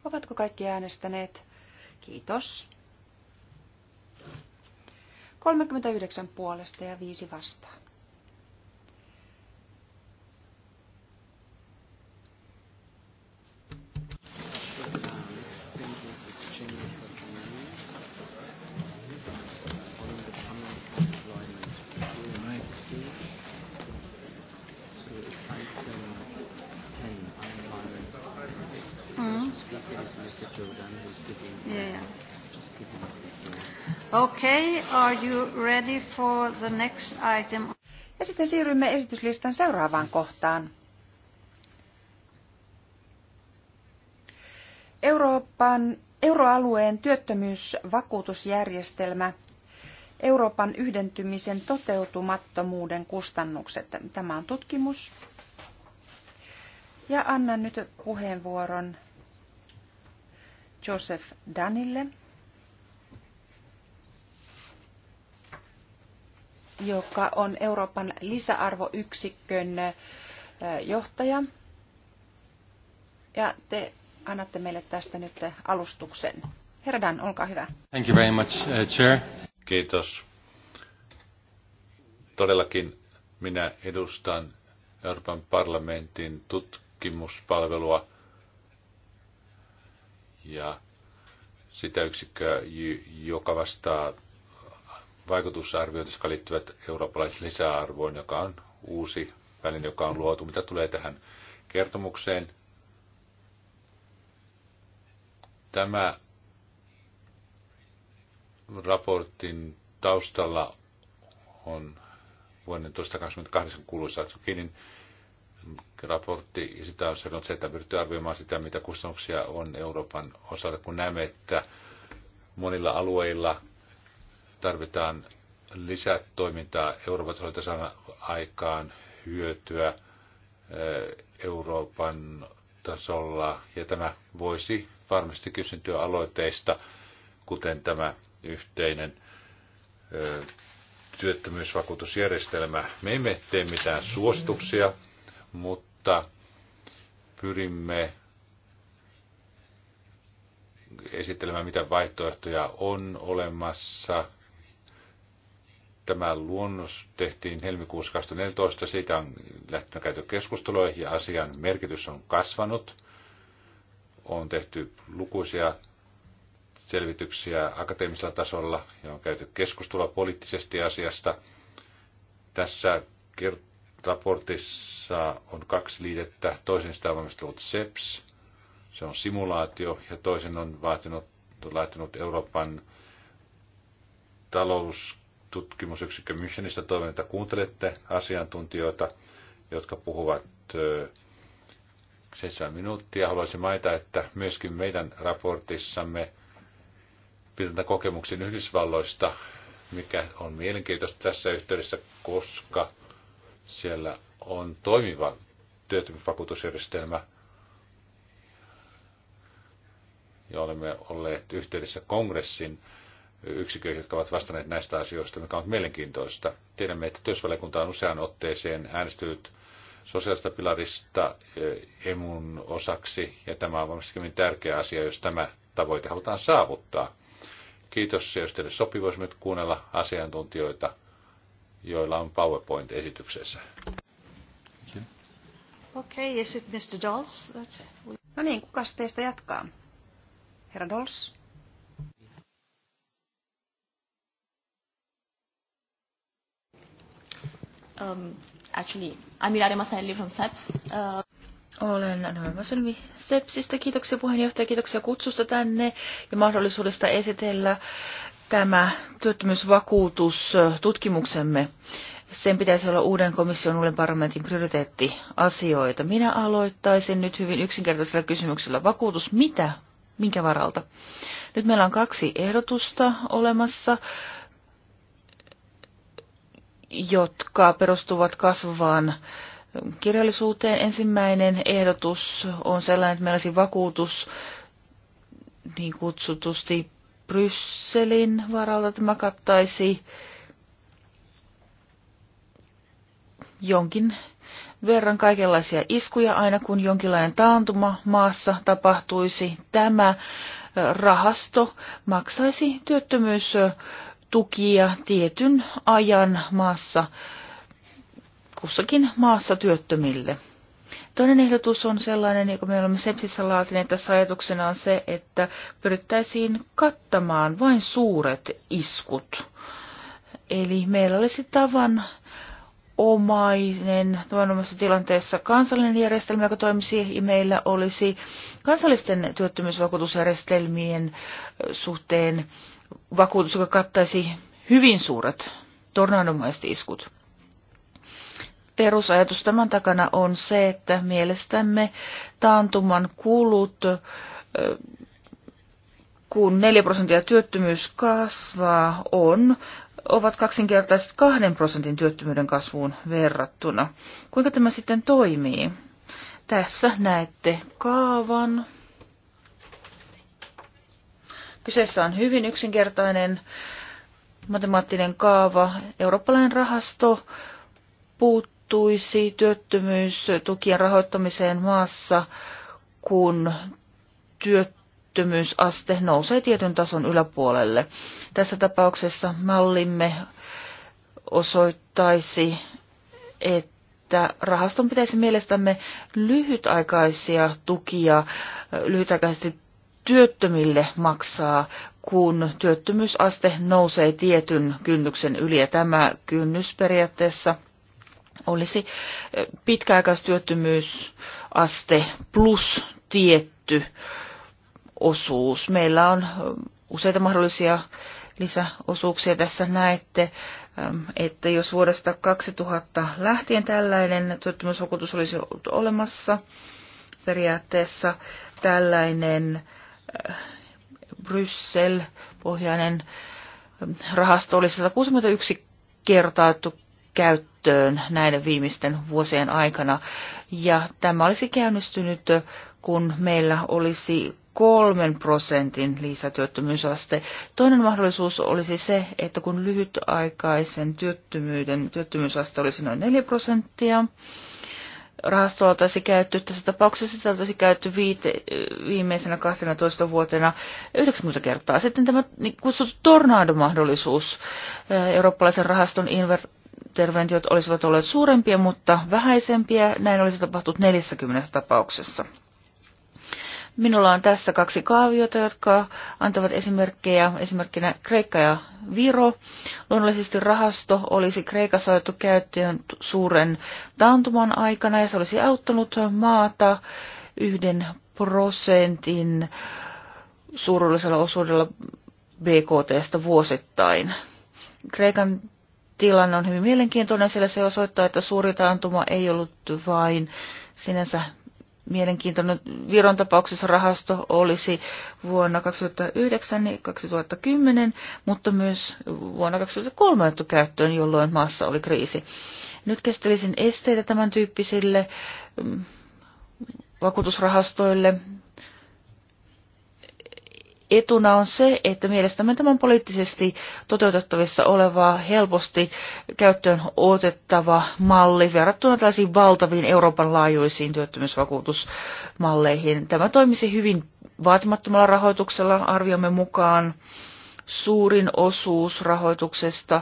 Ovatko kaikki äänestäneet? Kiitos. 39 puolesta ja 5 vastaan. you ready for the next item? Ja sitten siirrymme esityslistan seuraavaan kohtaan. Euroopan, euroalueen työttömyysvakuutusjärjestelmä, Euroopan yhdentymisen toteutumattomuuden kustannukset. Tämä on tutkimus. Ja annan nyt puheenvuoron Joseph Danille. joka on Euroopan lisäarvoyksikön johtaja. Ja te annatte meille tästä nyt alustuksen. Herra Dan, olkaa hyvä. Thank you very much, uh, Chair. Kiitos. Todellakin minä edustan Euroopan parlamentin tutkimuspalvelua ja sitä yksikköä, joka vastaa vaikutusarviot, jotka liittyvät eurooppalaisen lisäarvoon, joka on uusi väline, joka on luotu. Mitä tulee tähän kertomukseen? Tämä raportin taustalla on vuoden 1928 kuuluisa Tsukinin raportti, ja sitä on sanonut se, että pyritty arvioimaan sitä, mitä kustannuksia on Euroopan osalta, kun näemme, että monilla alueilla tarvitaan lisätoimintaa Euroopan tasolla saada aikaan hyötyä eh, Euroopan tasolla, ja tämä voisi varmasti kysyntyä aloiteista, kuten tämä yhteinen eh, työttömyysvakuutusjärjestelmä. Me emme tee mitään suosituksia, mutta pyrimme esittelemään, mitä vaihtoehtoja on olemassa Tämä luonnos tehtiin helmikuussa 2014. Siitä on lähtenyt käyty keskustelua ja asian merkitys on kasvanut. On tehty lukuisia selvityksiä akateemisella tasolla ja on käyty keskustelua poliittisesti asiasta. Tässä raportissa on kaksi liitettä. Toisen sitä on valmistellut SEPS, se on simulaatio, ja toisen on vaatinut, laatinut Euroopan talous tutkimusyksikkö Münchenistä toivon, että kuuntelette asiantuntijoita, jotka puhuvat seitsemän minuuttia. Haluaisin mainita, että myöskin meidän raportissamme pitää kokemuksen Yhdysvalloista, mikä on mielenkiintoista tässä yhteydessä, koska siellä on toimiva työttömyysvakuutusjärjestelmä, ja olemme olleet yhteydessä kongressin yksiköihin, jotka ovat vastanneet näistä asioista, mikä on mielenkiintoista. Tiedämme, että työsvaliokunta on useaan otteeseen äänestynyt sosiaalista pilarista eh, emun osaksi, ja tämä on varmasti hyvin tärkeä asia, jos tämä tavoite halutaan saavuttaa. Kiitos, ja jos teille sopii, voisimme nyt kuunnella asiantuntijoita, joilla on PowerPoint-esityksessä. Okay, is it Mr. Dolls? No niin, kuka teistä jatkaa? Herra Dolls? um, actually, I'm Ilaria Masanelli from SEPS. Uh, olen Anna Masanelli Sepsistä. Kiitoksia puheenjohtaja, kiitoksia kutsusta tänne ja mahdollisuudesta esitellä tämä työttömyysvakuutustutkimuksemme. Sen pitäisi olla uuden komission uuden parlamentin prioriteettiasioita. Minä aloittaisin nyt hyvin yksinkertaisella kysymyksellä. Vakuutus mitä? Minkä varalta? Nyt meillä on kaksi ehdotusta olemassa jotka perustuvat kasvavaan kirjallisuuteen. Ensimmäinen ehdotus on sellainen, että meillä olisi vakuutus niin kutsutusti Brysselin varalta. mä kattaisi jonkin verran kaikenlaisia iskuja aina kun jonkinlainen taantuma maassa tapahtuisi. Tämä rahasto maksaisi työttömyys tukia tietyn ajan maassa, kussakin maassa työttömille. Toinen ehdotus on sellainen, joka me olemme sepsissä laatineet. Tässä ajatuksena on se, että pyrittäisiin kattamaan vain suuret iskut. Eli meillä olisi tavan omainen tavanomaisessa tilanteessa kansallinen järjestelmä, joka toimisi, ja meillä olisi kansallisten työttömyysvakuutusjärjestelmien suhteen vakuutus, joka kattaisi hyvin suuret tornadomaiset iskut. Perusajatus tämän takana on se, että mielestämme taantuman kulut, kun 4 prosenttia työttömyys kasvaa, on ovat kaksinkertaiset kahden prosentin työttömyyden kasvuun verrattuna. Kuinka tämä sitten toimii? Tässä näette kaavan. Kyseessä on hyvin yksinkertainen matemaattinen kaava. Eurooppalainen rahasto puuttuisi työttömyystukien rahoittamiseen maassa, kun työttömyysaste nousee tietyn tason yläpuolelle. Tässä tapauksessa mallimme osoittaisi, että rahaston pitäisi mielestämme lyhytaikaisia tukia, lyhytaikaisesti työttömille maksaa, kun työttömyysaste nousee tietyn kynnyksen yli. Ja tämä kynnys periaatteessa olisi eh, pitkäaikaistyöttömyysaste plus tietty osuus. Meillä on eh, useita mahdollisia lisäosuuksia tässä näette, ehm, että jos vuodesta 2000 lähtien tällainen työttömyysvakuutus olisi ollut olemassa, periaatteessa tällainen Bryssel-pohjainen rahasto oli 161 kertaa käyttöön näiden viimeisten vuosien aikana. Ja tämä olisi käynnistynyt, kun meillä olisi kolmen prosentin lisätyöttömyysaste. Toinen mahdollisuus olisi se, että kun lyhytaikaisen työttömyyden työttömyysaste olisi noin 4 prosenttia, rahastoa oltaisi käytty, tässä tapauksessa sitä oltaisi käytty viite, viimeisenä 12 vuotena 90 kertaa. Sitten tämä niin kutsuttu tornadomahdollisuus, eurooppalaisen rahaston interventiot olisivat olleet suurempia, mutta vähäisempiä. Näin olisi tapahtunut 40 tapauksessa. Minulla on tässä kaksi kaaviota, jotka antavat esimerkkejä, esimerkkinä Kreikka ja Viro. Luonnollisesti rahasto olisi Kreikassa otettu käyttöön suuren taantuman aikana ja se olisi auttanut maata yhden prosentin suurullisella osuudella BKTstä vuosittain. Kreikan tilanne on hyvin mielenkiintoinen, sillä se osoittaa, että suuri taantuma ei ollut vain sinänsä mielenkiintoinen. Viron tapauksessa rahasto olisi vuonna 2009 ja 2010, mutta myös vuonna 2003 otettu käyttöön, jolloin maassa oli kriisi. Nyt kestelisin esteitä tämän tyyppisille mm, vakuutusrahastoille, etuna on se, että mielestämme tämä on poliittisesti toteutettavissa oleva helposti käyttöön otettava malli verrattuna tällaisiin valtaviin Euroopan laajuisiin työttömyysvakuutusmalleihin. Tämä toimisi hyvin vaatimattomalla rahoituksella arviomme mukaan. Suurin osuus rahoituksesta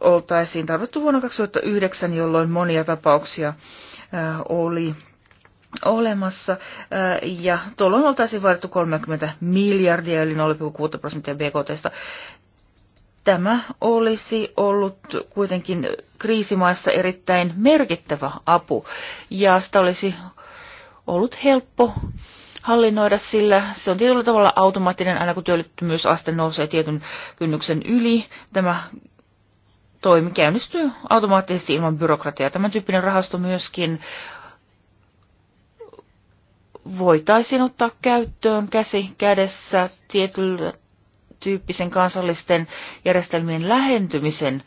oltaisiin tarvittu vuonna 2009, jolloin monia tapauksia oli olemassa, ja tuolloin oltaisiin vaadittu 30 miljardia, eli 0,6 prosenttia BKTstä. Tämä olisi ollut kuitenkin kriisimaissa erittäin merkittävä apu, ja sitä olisi ollut helppo hallinnoida, sillä se on tietyllä tavalla automaattinen, aina kun työllistymysaste nousee tietyn kynnyksen yli. Tämä toimi käynnistyy automaattisesti ilman byrokratiaa. Tämän tyyppinen rahasto myöskin voitaisiin ottaa käyttöön käsi kädessä tietyllä tyyppisen kansallisten järjestelmien lähentymisen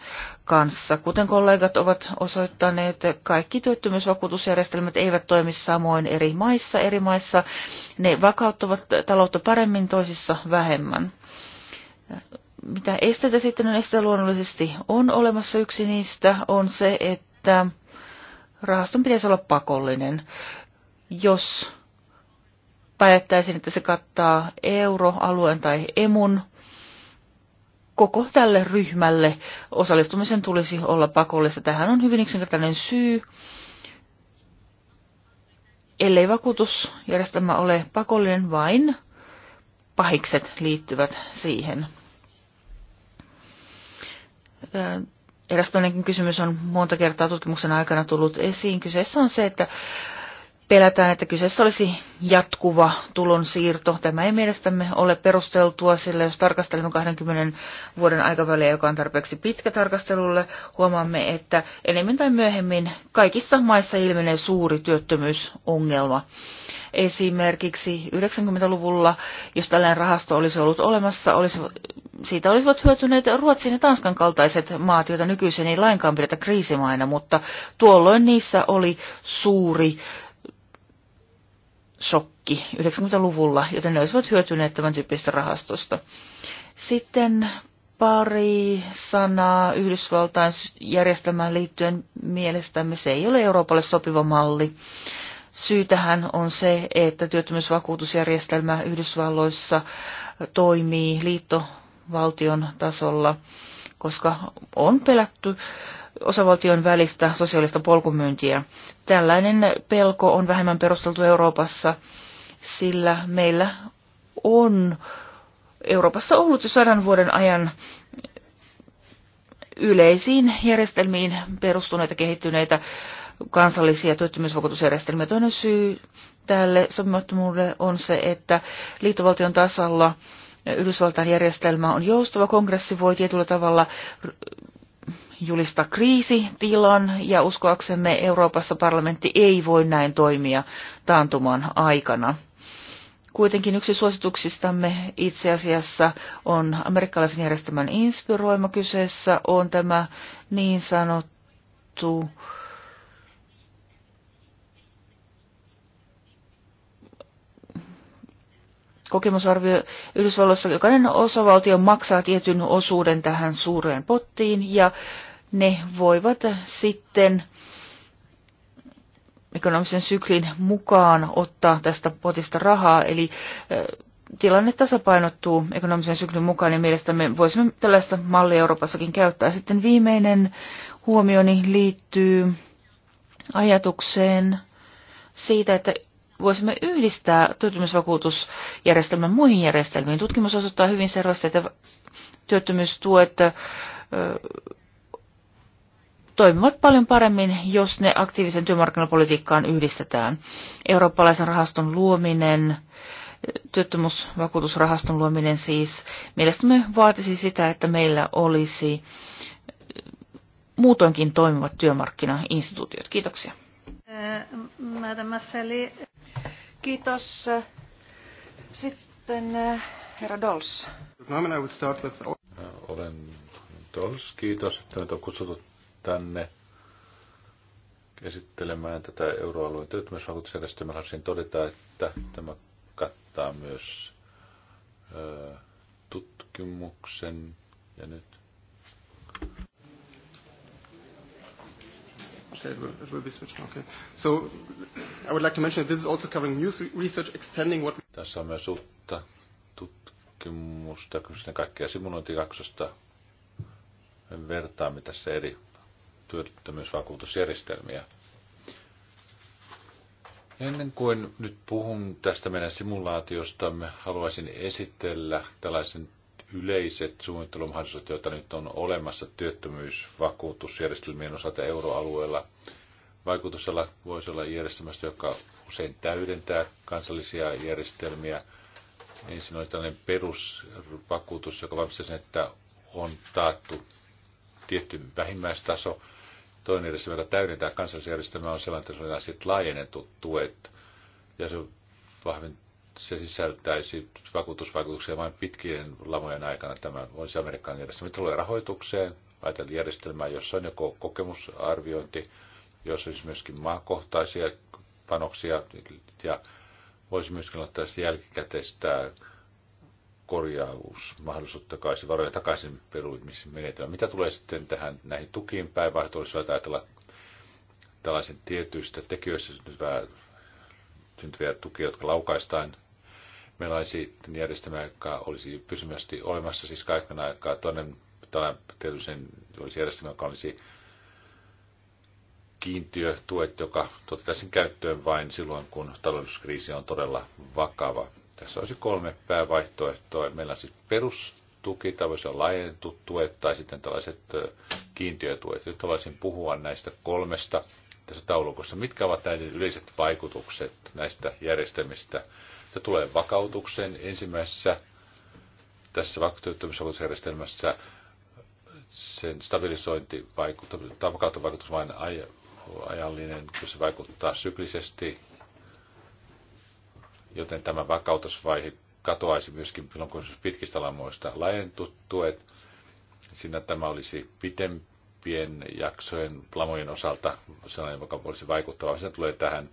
kanssa. Kuten kollegat ovat osoittaneet, kaikki työttömyysvakuutusjärjestelmät eivät toimi samoin eri maissa. Eri maissa ne vakauttavat taloutta paremmin, toisissa vähemmän. Mitä esteitä sitten on? Esteitä luonnollisesti on olemassa. Yksi niistä on se, että rahaston pitäisi olla pakollinen. Jos päättäisin, että se kattaa euroalueen tai emun. Koko tälle ryhmälle osallistumisen tulisi olla pakollista. Tähän on hyvin yksinkertainen syy. Ellei vakuutusjärjestelmä ole pakollinen, vain pahikset liittyvät siihen. Eräs toinenkin kysymys on monta kertaa tutkimuksen aikana tullut esiin. Kyseessä on se, että pelätään, että kyseessä olisi jatkuva tulonsiirto. Tämä ei mielestämme ole perusteltua, sillä jos tarkastelemme 20 vuoden aikaväliä, joka on tarpeeksi pitkä tarkastelulle, huomaamme, että enemmän tai myöhemmin kaikissa maissa ilmenee suuri työttömyysongelma. Esimerkiksi 90-luvulla, jos tällainen rahasto olisi ollut olemassa, olisi, siitä olisivat hyötyneet Ruotsin ja Tanskan kaltaiset maat, joita nykyisin ei lainkaan pidetä kriisimaina, mutta tuolloin niissä oli suuri shokki 90-luvulla, joten ne olisivat hyötyneet tämän tyyppistä rahastosta. Sitten pari sanaa Yhdysvaltain järjestelmään liittyen mielestämme se ei ole Euroopalle sopiva malli. Syytähän on se, että työttömyysvakuutusjärjestelmä Yhdysvalloissa toimii liittovaltion tasolla, koska on pelätty osavaltion välistä sosiaalista polkumyyntiä. Tällainen pelko on vähemmän perusteltu Euroopassa, sillä meillä on Euroopassa ollut jo sadan vuoden ajan yleisiin järjestelmiin perustuneita kehittyneitä kansallisia työttömyysvakuutusjärjestelmiä. Toinen syy tälle sopimattomuudelle on se, että liittovaltion tasalla Yhdysvaltain järjestelmä on joustava. Kongressi voi tietyllä tavalla julistaa kriisitilan ja uskoaksemme Euroopassa parlamentti ei voi näin toimia taantuman aikana. Kuitenkin yksi suosituksistamme itse asiassa on amerikkalaisen järjestelmän inspiroima kyseessä on tämä niin sanottu kokemusarvio Yhdysvalloissa jokainen osavaltio maksaa tietyn osuuden tähän suureen pottiin ja ne voivat sitten ekonomisen syklin mukaan ottaa tästä potista rahaa, eli tilanne tasapainottuu ekonomisen syklin mukaan, ja mielestäni me voisimme tällaista mallia Euroopassakin käyttää. Sitten viimeinen huomioni liittyy ajatukseen siitä, että voisimme yhdistää työttömyysvakuutusjärjestelmän muihin järjestelmiin. Tutkimus osoittaa hyvin selvästi, että työttömyystuet toimivat paljon paremmin, jos ne aktiivisen työmarkkinapolitiikkaan yhdistetään. Eurooppalaisen rahaston luominen, työttömyysvakuutusrahaston luominen siis, mielestäni vaatisi sitä, että meillä olisi muutoinkin toimivat työmarkkinainstituutiot. Kiitoksia. Eh, kiitos. Sitten eh, herra Dols. Olen Dols, kiitos, että olet kutsutut tänne käsittelemään tätä euroalueen työttömyysvakuutusjärjestelmää. Haluaisin todeta, että tämä kattaa myös ö, tutkimuksen ja nyt. Okay, it will, it will be switched. Okay. So I would like to mention that this is also covering news research extending what... Tässä on myös uutta tutkimusta, kaikkea simulointijaksosta vertaamme tässä eri työttömyysvakuutusjärjestelmiä. Ennen kuin nyt puhun tästä meidän simulaatiosta, haluaisin esitellä tällaisen yleiset suunnittelumahdollisuudet, joita nyt on olemassa työttömyysvakuutusjärjestelmien osalta euroalueella. Vaikutusella voisi olla järjestelmästä, joka usein täydentää kansallisia järjestelmiä. Ensin on tällainen perusvakuutus, joka varmistaa sen, että on taattu tietty vähimmäistaso, Toinen edessä vielä täydentää kansallisjärjestelmää on sellainen, että se on asiat laajennetut tuet. Ja se, vahvin, se sisältäisi vakuutusvaikutuksia vain pitkien lamojen aikana. Tämä olisi Amerikan järjestelmä. Mitä tulee rahoitukseen, ajatellaan järjestelmää, jossa on joko kokemusarviointi, jossa olisi siis myöskin maakohtaisia panoksia ja voisi myöskin olla tästä jälkikäteistä mahdollisuus takaisin, varoja takaisin menetelmä. Mitä tulee sitten tähän näihin tukiin päinvaihtoisuus, ajatella tällaisen tietyistä tekijöistä syntyviä, syntyviä tukia, jotka laukaistaan meillä olisi järjestelmä, joka olisi pysymästi olemassa, siis kaiken aikaa toinen tällainen tietysti olisi järjestelmä, joka olisi kiintiötuet, joka otettaisiin käyttöön vain silloin, kun talouskriisi on todella vakava. Tässä olisi kolme päävaihtoehtoa. Meillä on siis perustuki, tai voisi olla laajennetut tuet tai sitten tällaiset kiintiötuet. Nyt haluaisin puhua näistä kolmesta tässä taulukossa. Mitkä ovat näiden yleiset vaikutukset näistä järjestelmistä? Se tulee vakautukseen ensimmäisessä tässä vakauttamisjärjestelmässä sen stabilisointi vaikuttaa, vakauttavaikutus vain ajallinen, kun se vaikuttaa syklisesti joten tämä vakautusvaihe katoaisi myöskin silloin, kun pitkistä lamoista laajentuttu, tuet. Siinä tämä olisi pitempien jaksojen lamojen osalta sellainen, joka olisi vaikuttava. Se tulee tähän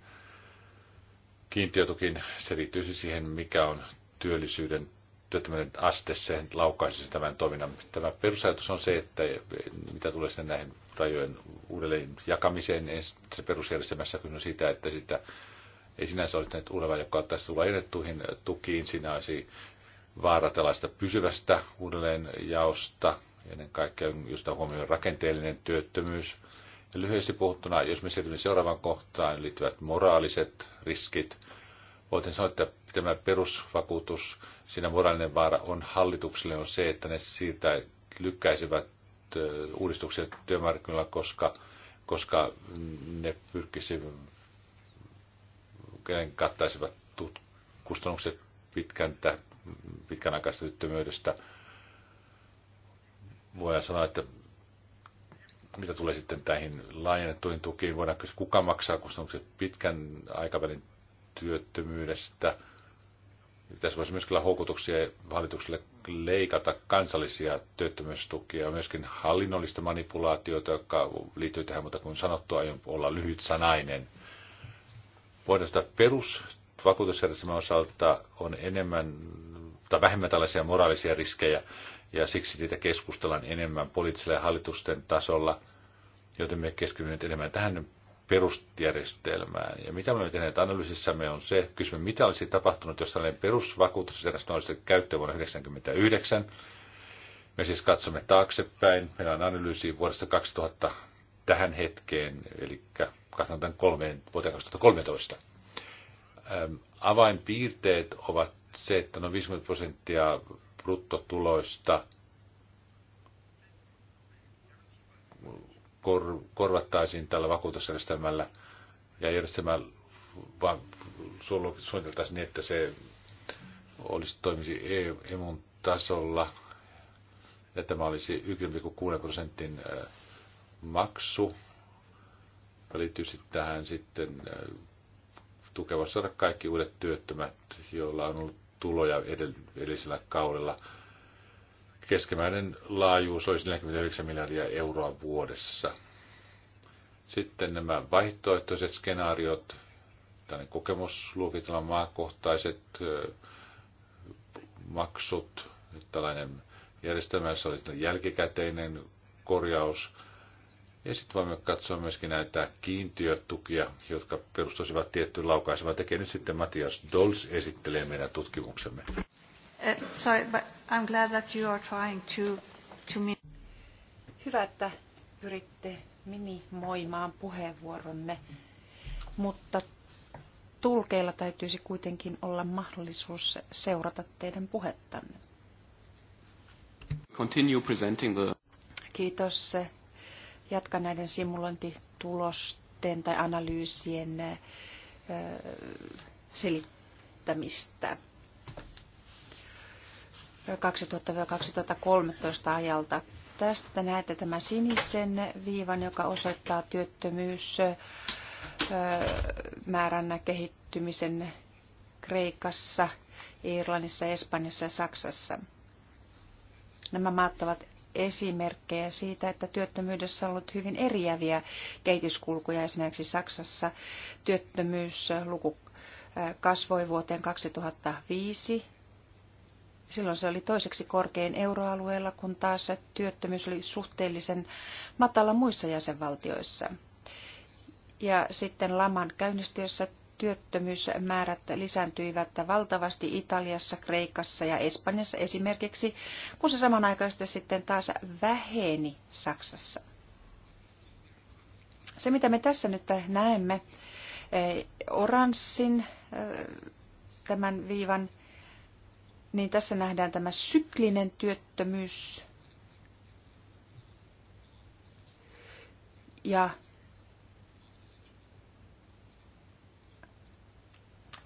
kiintiötukin. Se liittyisi siihen, mikä on työllisyyden työttömyyden aste, se laukaisi tämän toiminnan. Tämä perusajatus on se, että mitä tulee sitten näihin rajojen uudelleen jakamiseen se perusjärjestelmässä, kun on siitä, että sitä ei sinänsä olisi nyt uudella, joka ottaisi tulla ennettuihin tukiin. Siinä olisi vaara tällaista pysyvästä uudelleenjaosta, ennen kaikkea just huomioon rakenteellinen työttömyys. Ja lyhyesti puhuttuna, jos me siirrymme seuraavaan kohtaan, liittyvät moraaliset riskit. Voitin sanoa, että tämä perusvakuutus, siinä moraalinen vaara on hallitukselle on se, että ne siitä lykkäisivät uudistukset työmarkkinoilla, koska, koska ne pyrkisivät Kenen kattaisivat kustannukset pitkän, pitkän aikaista työttömyydestä. Voidaan sanoa, että mitä tulee sitten näihin laajennettuihin tukiin, voidaan kysyä, kuka maksaa kustannukset pitkän aikavälin työttömyydestä. Tässä voisi myöskin olla houkutuksia hallitukselle leikata kansallisia työttömyystukia, myöskin hallinnollista manipulaatiota, joka liittyy tähän, mutta kun sanottu aion olla lyhyt sanainen. Voidaan sanoa, perusvakuutusjärjestelmän osalta on enemmän tai vähemmän tällaisia moraalisia riskejä, ja siksi niitä keskustellaan enemmän poliittisella ja hallitusten tasolla, joten me keskitymme enemmän tähän perusjärjestelmään. Ja mitä me olemme tehneet analyysissämme on se, kysymme mitä olisi tapahtunut, jos tällainen perusvakuutusjärjestelmä olisi käyttöön vuonna 1999. Me siis katsomme taaksepäin. Meillä on analyysi vuodesta 2000 tähän hetkeen, eli 2003, vuoteen 2013. Avainpiirteet ovat se, että noin 50 prosenttia bruttotuloista kor, korvattaisiin tällä vakuutusjärjestelmällä ja järjestelmä suunniteltaisiin niin, että se olisi toimisi EUn tasolla ja tämä olisi 1,6 prosentin maksu joka liittyy sitten tähän sitten äh, tukevat saada kaikki uudet työttömät, joilla on ollut tuloja edellisellä kaudella. keskimäinen laajuus olisi 49 miljardia euroa vuodessa. Sitten nämä vaihtoehtoiset skenaariot, tällainen kokemusluokitella maakohtaiset äh, maksut, tällainen järjestelmä, jossa oli jälkikäteinen korjaus, ja sitten voimme katsoa myöskin näitä kiintiötukia, jotka perustuisivat tiettyyn laukaisemaan. Tekee nyt sitten Matias Dols esittelee meidän tutkimuksemme. Eh, Hyvä, että pyritte minimoimaan puheenvuoronne, mutta tulkeilla täytyisi kuitenkin olla mahdollisuus seurata teidän puhettanne. Continue presenting the... Kiitos Jatkan näiden simulointitulosten tai analyysien selittämistä 2000-2013 ajalta. Tästä te näette tämän sinisen viivan, joka osoittaa työttömyysmäärän kehittymisen Kreikassa, Irlannissa, Espanjassa ja Saksassa. Nämä maat ovat esimerkkejä siitä, että työttömyydessä on ollut hyvin eriäviä kehityskulkuja. Esimerkiksi Saksassa työttömyysluku kasvoi vuoteen 2005. Silloin se oli toiseksi korkein euroalueella, kun taas työttömyys oli suhteellisen matala muissa jäsenvaltioissa. Ja sitten laman käynnistyessä työttömyysmäärät lisääntyivät valtavasti Italiassa, Kreikassa ja Espanjassa esimerkiksi, kun se samanaikaisesti sitten taas väheni Saksassa. Se, mitä me tässä nyt näemme, eh, oranssin eh, tämän viivan, niin tässä nähdään tämä syklinen työttömyys. Ja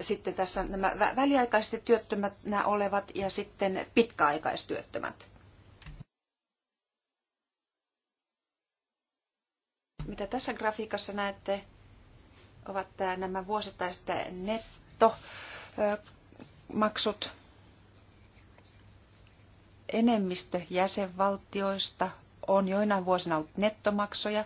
sitten tässä nämä väliaikaisesti työttömänä olevat ja sitten pitkäaikaistyöttömät. Mitä tässä grafiikassa näette, ovat äh, nämä vuosittaiset äh, nettomaksut äh, enemmistö jäsenvaltioista on joinain vuosina ollut nettomaksoja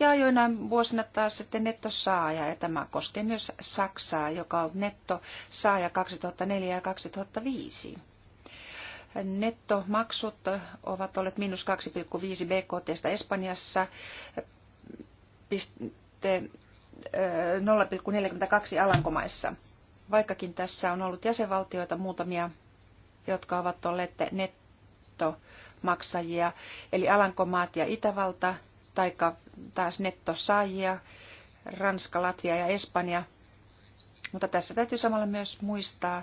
ja joinain vuosina taas sitten nettosaaja. Ja tämä koskee myös Saksaa, joka on nettosaaja 2004 ja 2005. Nettomaksut ovat olleet miinus 2,5 BKT Espanjassa, 0,42 Alankomaissa. Vaikkakin tässä on ollut jäsenvaltioita muutamia, jotka ovat olleet netto maksajia, eli Alankomaat ja Itävalta, tai taas nettosaajia, Ranska, Latvia ja Espanja. Mutta tässä täytyy samalla myös muistaa,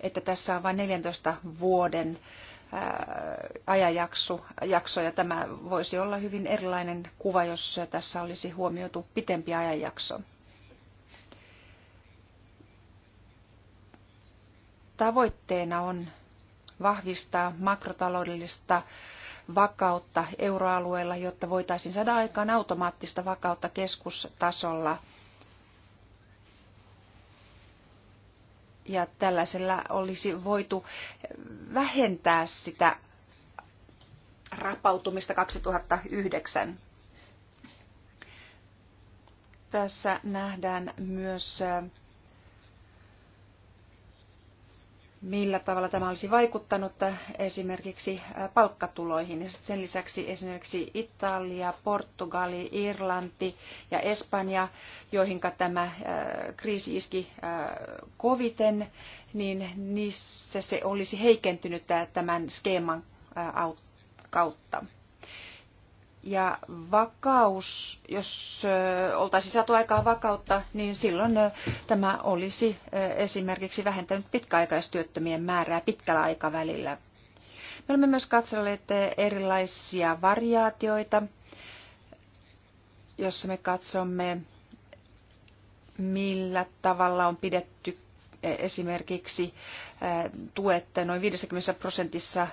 että tässä on vain 14 vuoden ajanjakso, ja tämä voisi olla hyvin erilainen kuva, jos tässä olisi huomioitu pitempi ajanjakso. Tavoitteena on vahvistaa makrotaloudellista vakautta euroalueella, jotta voitaisiin saada aikaan automaattista vakautta keskustasolla. Ja tällaisella olisi voitu vähentää sitä rapautumista 2009. Tässä nähdään myös millä tavalla tämä olisi vaikuttanut esimerkiksi palkkatuloihin. Sen lisäksi esimerkiksi Italia, Portugali, Irlanti ja Espanja, joihin tämä äh, kriisi iski äh, koviten, niin niissä se olisi heikentynyt äh, tämän skeeman kautta. Ja vakaus, jos oltaisiin saatu aikaa vakautta, niin silloin tämä olisi esimerkiksi vähentänyt pitkäaikaistyöttömien määrää pitkällä aikavälillä. Me olemme myös katselleet erilaisia variaatioita, jossa me katsomme, millä tavalla on pidetty esimerkiksi tuette noin 50 prosentissa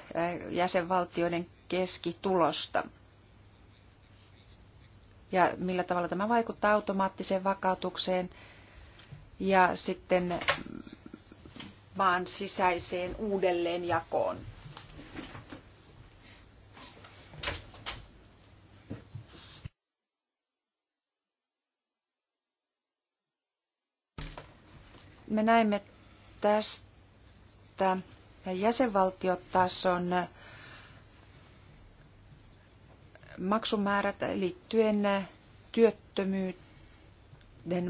jäsenvaltioiden keskitulosta ja millä tavalla tämä vaikuttaa automaattiseen vakautukseen ja sitten maan sisäiseen uudelleenjakoon. Me näemme tästä jäsenvaltiotason maksumäärät liittyen työttömyyden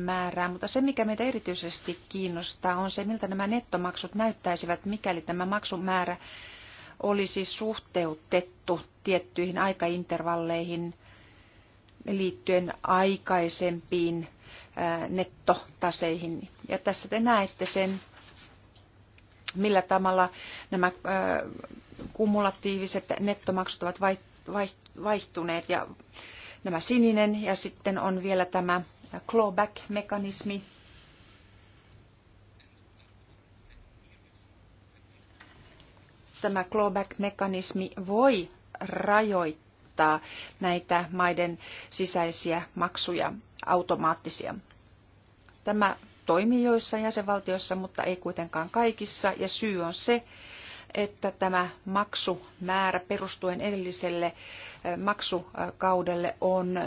määrään, mutta se mikä meitä erityisesti kiinnostaa on se, miltä nämä nettomaksut näyttäisivät, mikäli tämä maksumäärä olisi suhteutettu tiettyihin aikaintervalleihin liittyen aikaisempiin nettotaseihin. Ja tässä te näette sen, millä tavalla nämä kumulatiiviset nettomaksut ovat vaihtuneet ja nämä sininen ja sitten on vielä tämä clawback-mekanismi. Tämä clawback-mekanismi voi rajoittaa näitä maiden sisäisiä maksuja automaattisia. Tämä toimii joissain jäsenvaltioissa, mutta ei kuitenkaan kaikissa, ja syy on se, että tämä maksumäärä perustuen edelliselle maksukaudelle on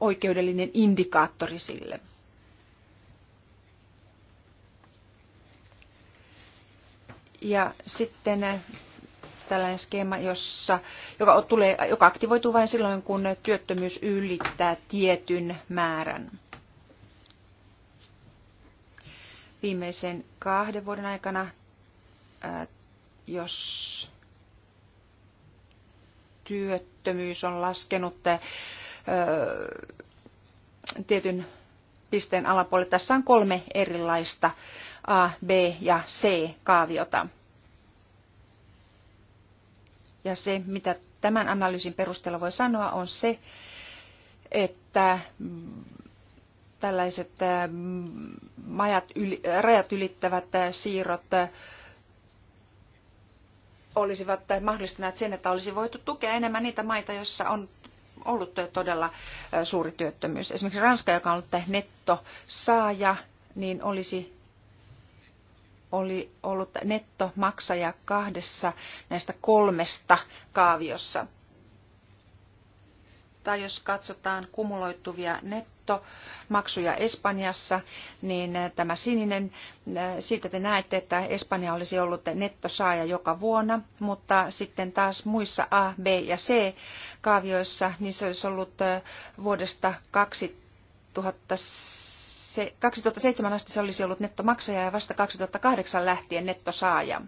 oikeudellinen indikaattori sille. Ja sitten tällainen skeema, jossa, joka, tulee, joka aktivoituu vain silloin, kun työttömyys ylittää tietyn määrän. Viimeisen kahden vuoden aikana Äh, jos työttömyys on laskenut äh, tietyn pisteen alapuolelle. Tässä on kolme erilaista A, B ja C kaaviota. Ja se, mitä tämän analyysin perusteella voi sanoa, on se, että tällaiset äh, majat, rajat ylittävät siirrot olisivat mahdollistaneet sen, että olisi voitu tukea enemmän niitä maita, joissa on ollut todella suuri työttömyys. Esimerkiksi Ranska, joka on ollut nettosaaja, niin olisi oli ollut nettomaksaja kahdessa näistä kolmesta kaaviossa. Tai jos katsotaan kumuloituvia netto nettomaksuja Espanjassa, niin eh, tämä sininen, eh, siitä te näette, että Espanja olisi ollut nettosaaja joka vuonna, mutta sitten taas muissa A, B ja C kaavioissa, niin se olisi ollut eh, vuodesta 2007 asti se olisi ollut nettomaksaja ja vasta 2008 lähtien nettosaaja.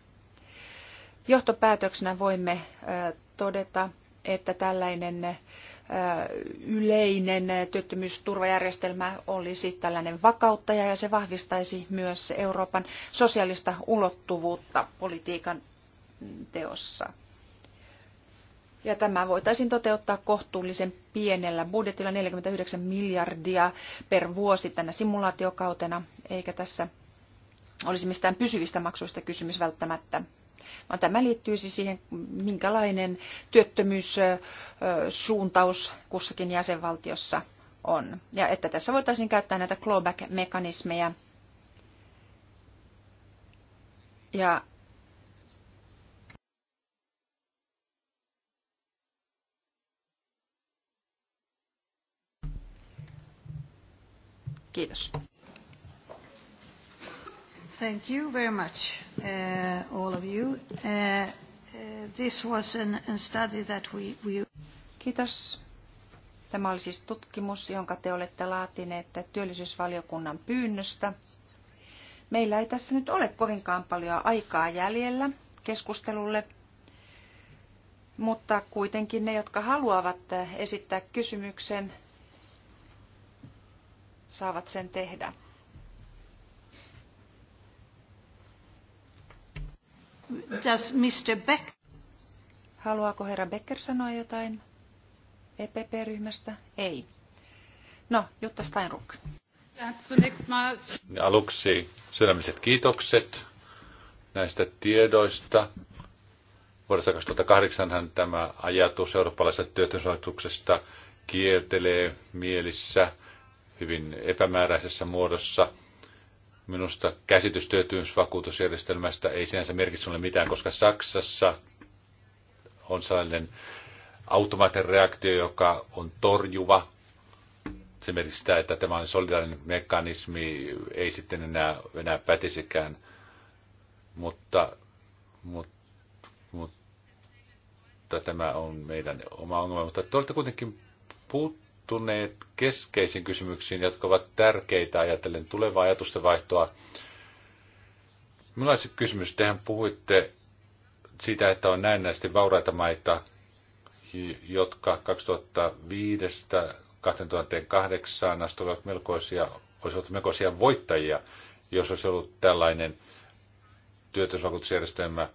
Johtopäätöksenä voimme todeta, että tällainen yleinen työttömyysturvajärjestelmä olisi tällainen vakauttaja ja se vahvistaisi myös Euroopan sosiaalista ulottuvuutta politiikan teossa. Ja tämä voitaisiin toteuttaa kohtuullisen pienellä budjetilla 49 miljardia per vuosi tänä simulaatiokautena, eikä tässä olisi mistään pysyvistä maksuista kysymys välttämättä vaan tämä liittyy siihen, minkälainen työttömyyssuuntaus kussakin jäsenvaltiossa on. Ja että tässä voitaisiin käyttää näitä clawback-mekanismeja. Ja Kiitos. Thank you very much, uh, all of you. Uh, uh, this was an, a study that we, we... Kiitos. Tämä oli siis tutkimus, jonka te olette laatineet työllisyysvaliokunnan pyynnöstä. Meillä ei tässä nyt ole kovinkaan paljon aikaa jäljellä keskustelulle, mutta kuitenkin ne, jotka haluavat esittää kysymyksen, saavat sen tehdä. Does Mr. Beck... Haluaako herra Becker sanoa jotain EPP-ryhmästä? Ei. No, Jutta Steinruck. Aluksi sydämiset kiitokset näistä tiedoista. Vuodessa 2008 tämä ajatus eurooppalaisesta työttömyysvaikutuksesta kiertelee mielissä hyvin epämääräisessä muodossa. Minusta käsitys työtymysvakuutusjärjestelmästä ei sinänsä merkitse sinulle mitään, koska Saksassa on sellainen automaattinen reaktio, joka on torjuva. Se merkitsee sitä, että tämä on solidaarinen mekanismi, ei sitten enää, enää pätisikään. Mutta, mutta, mutta tämä on meidän oma ongelma. Mutta te olette kuitenkin puuttuneet puuttuneet keskeisiin kysymyksiin, jotka ovat tärkeitä ajatellen tulevaa ajatusten vaihtoa. Millaiset kysymys? Tehän puhuitte siitä, että on näennäisesti vauraita maita, jotka 2005-2008 asti olivat melkoisia, olisivat melkoisia voittajia, jos olisi ollut tällainen työtysvakuutusjärjestelmä.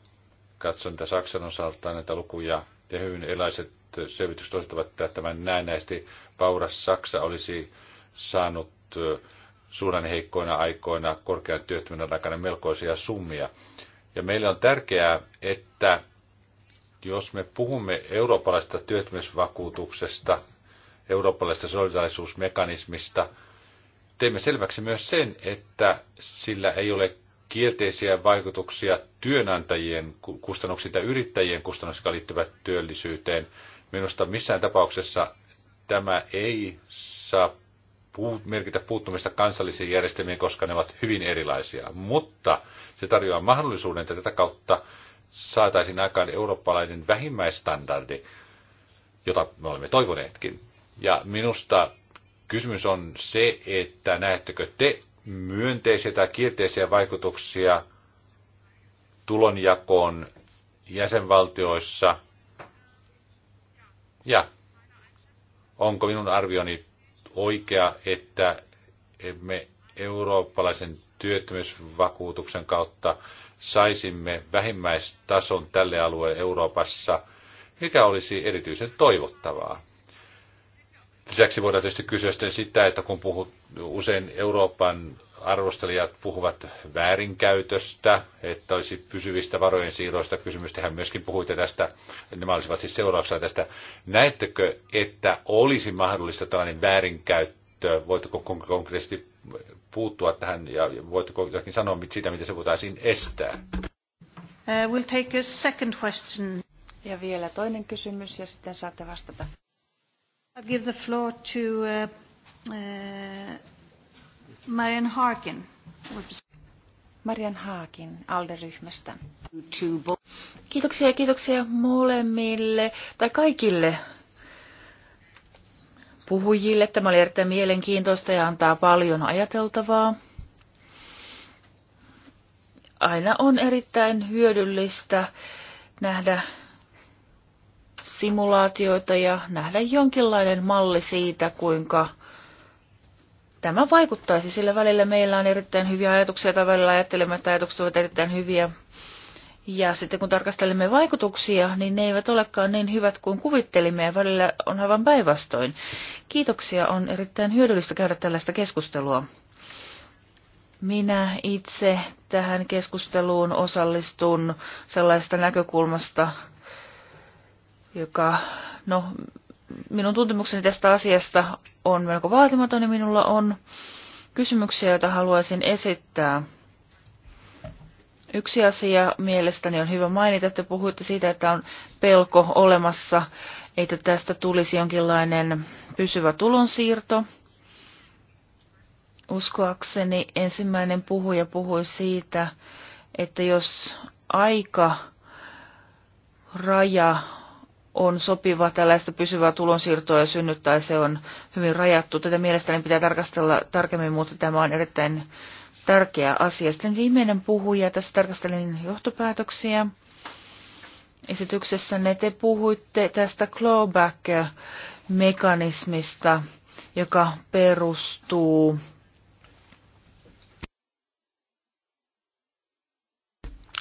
Katson, että Saksan osalta näitä lukuja ja hyvin erilaiset selvitykset osoittavat, että tämän näennäisesti vauras Saksa olisi saanut suhdanneheikkoina aikoina korkean työttömyyden aikana melkoisia summia. Ja meille on tärkeää, että jos me puhumme eurooppalaisesta työttömyysvakuutuksesta, eurooppalaisesta solidaarisuusmekanismista, teemme selväksi myös sen, että sillä ei ole kielteisiä vaikutuksia työnantajien kustannuksiin tai yrittäjien kustannuksiin, jotka liittyvät työllisyyteen, Minusta missään tapauksessa tämä ei saa puut, merkitä puuttumista kansallisiin järjestelmiin, koska ne ovat hyvin erilaisia. Mutta se tarjoaa mahdollisuuden, että tätä kautta saataisiin aikaan eurooppalainen vähimmäistandardi, jota me olemme toivoneetkin. Ja minusta kysymys on se, että näettekö te myönteisiä tai kielteisiä vaikutuksia tulonjakoon jäsenvaltioissa – ja onko minun arvioni oikea, että me eurooppalaisen työttömyysvakuutuksen kautta saisimme vähimmäistason tälle alueelle Euroopassa, mikä olisi erityisen toivottavaa. Lisäksi voidaan tietysti kysyä sitä, että kun puhut usein Euroopan arvostelijat puhuvat väärinkäytöstä, että olisi pysyvistä varojen siirroista kysymystä. Hän myöskin puhuitte tästä, nämä olisivat siis seurauksena tästä. Näettekö, että olisi mahdollista tällainen väärinkäyttö? Voitteko konkreettisesti puuttua tähän ja voitteko jotakin sanoa siitä, miten se voitaisiin estää? Uh, we'll take a second question. Ja vielä toinen kysymys ja sitten saatte vastata. I'll give the floor to uh, uh, Marian Harkin. Marian Haakin ALDE-ryhmästä. Kiitoksia ja kiitoksia molemmille tai kaikille puhujille. Tämä oli erittäin mielenkiintoista ja antaa paljon ajateltavaa. Aina on erittäin hyödyllistä nähdä simulaatioita ja nähdä jonkinlainen malli siitä, kuinka tämä vaikuttaisi, sillä välillä meillä on erittäin hyviä ajatuksia tai välillä ajattelemme, että ajatukset ovat erittäin hyviä. Ja sitten kun tarkastelemme vaikutuksia, niin ne eivät olekaan niin hyvät kuin kuvittelimme ja välillä on aivan päinvastoin. Kiitoksia, on erittäin hyödyllistä käydä tällaista keskustelua. Minä itse tähän keskusteluun osallistun sellaisesta näkökulmasta, joka, no, minun tuntemukseni tästä asiasta on melko vaatimaton ja minulla on kysymyksiä, joita haluaisin esittää. Yksi asia mielestäni on hyvä mainita, että puhuitte siitä, että on pelko olemassa, että tästä tulisi jonkinlainen pysyvä tulonsiirto. Uskoakseni ensimmäinen puhuja puhui siitä, että jos aika raja on sopiva tällaista pysyvää tulonsiirtoa ja synnyttää, se on hyvin rajattu. Tätä mielestäni pitää tarkastella tarkemmin, mutta tämä on erittäin tärkeä asia. Sitten viimeinen puhuja, tässä tarkastelin johtopäätöksiä. Esityksessänne te puhuitte tästä clawback-mekanismista, joka perustuu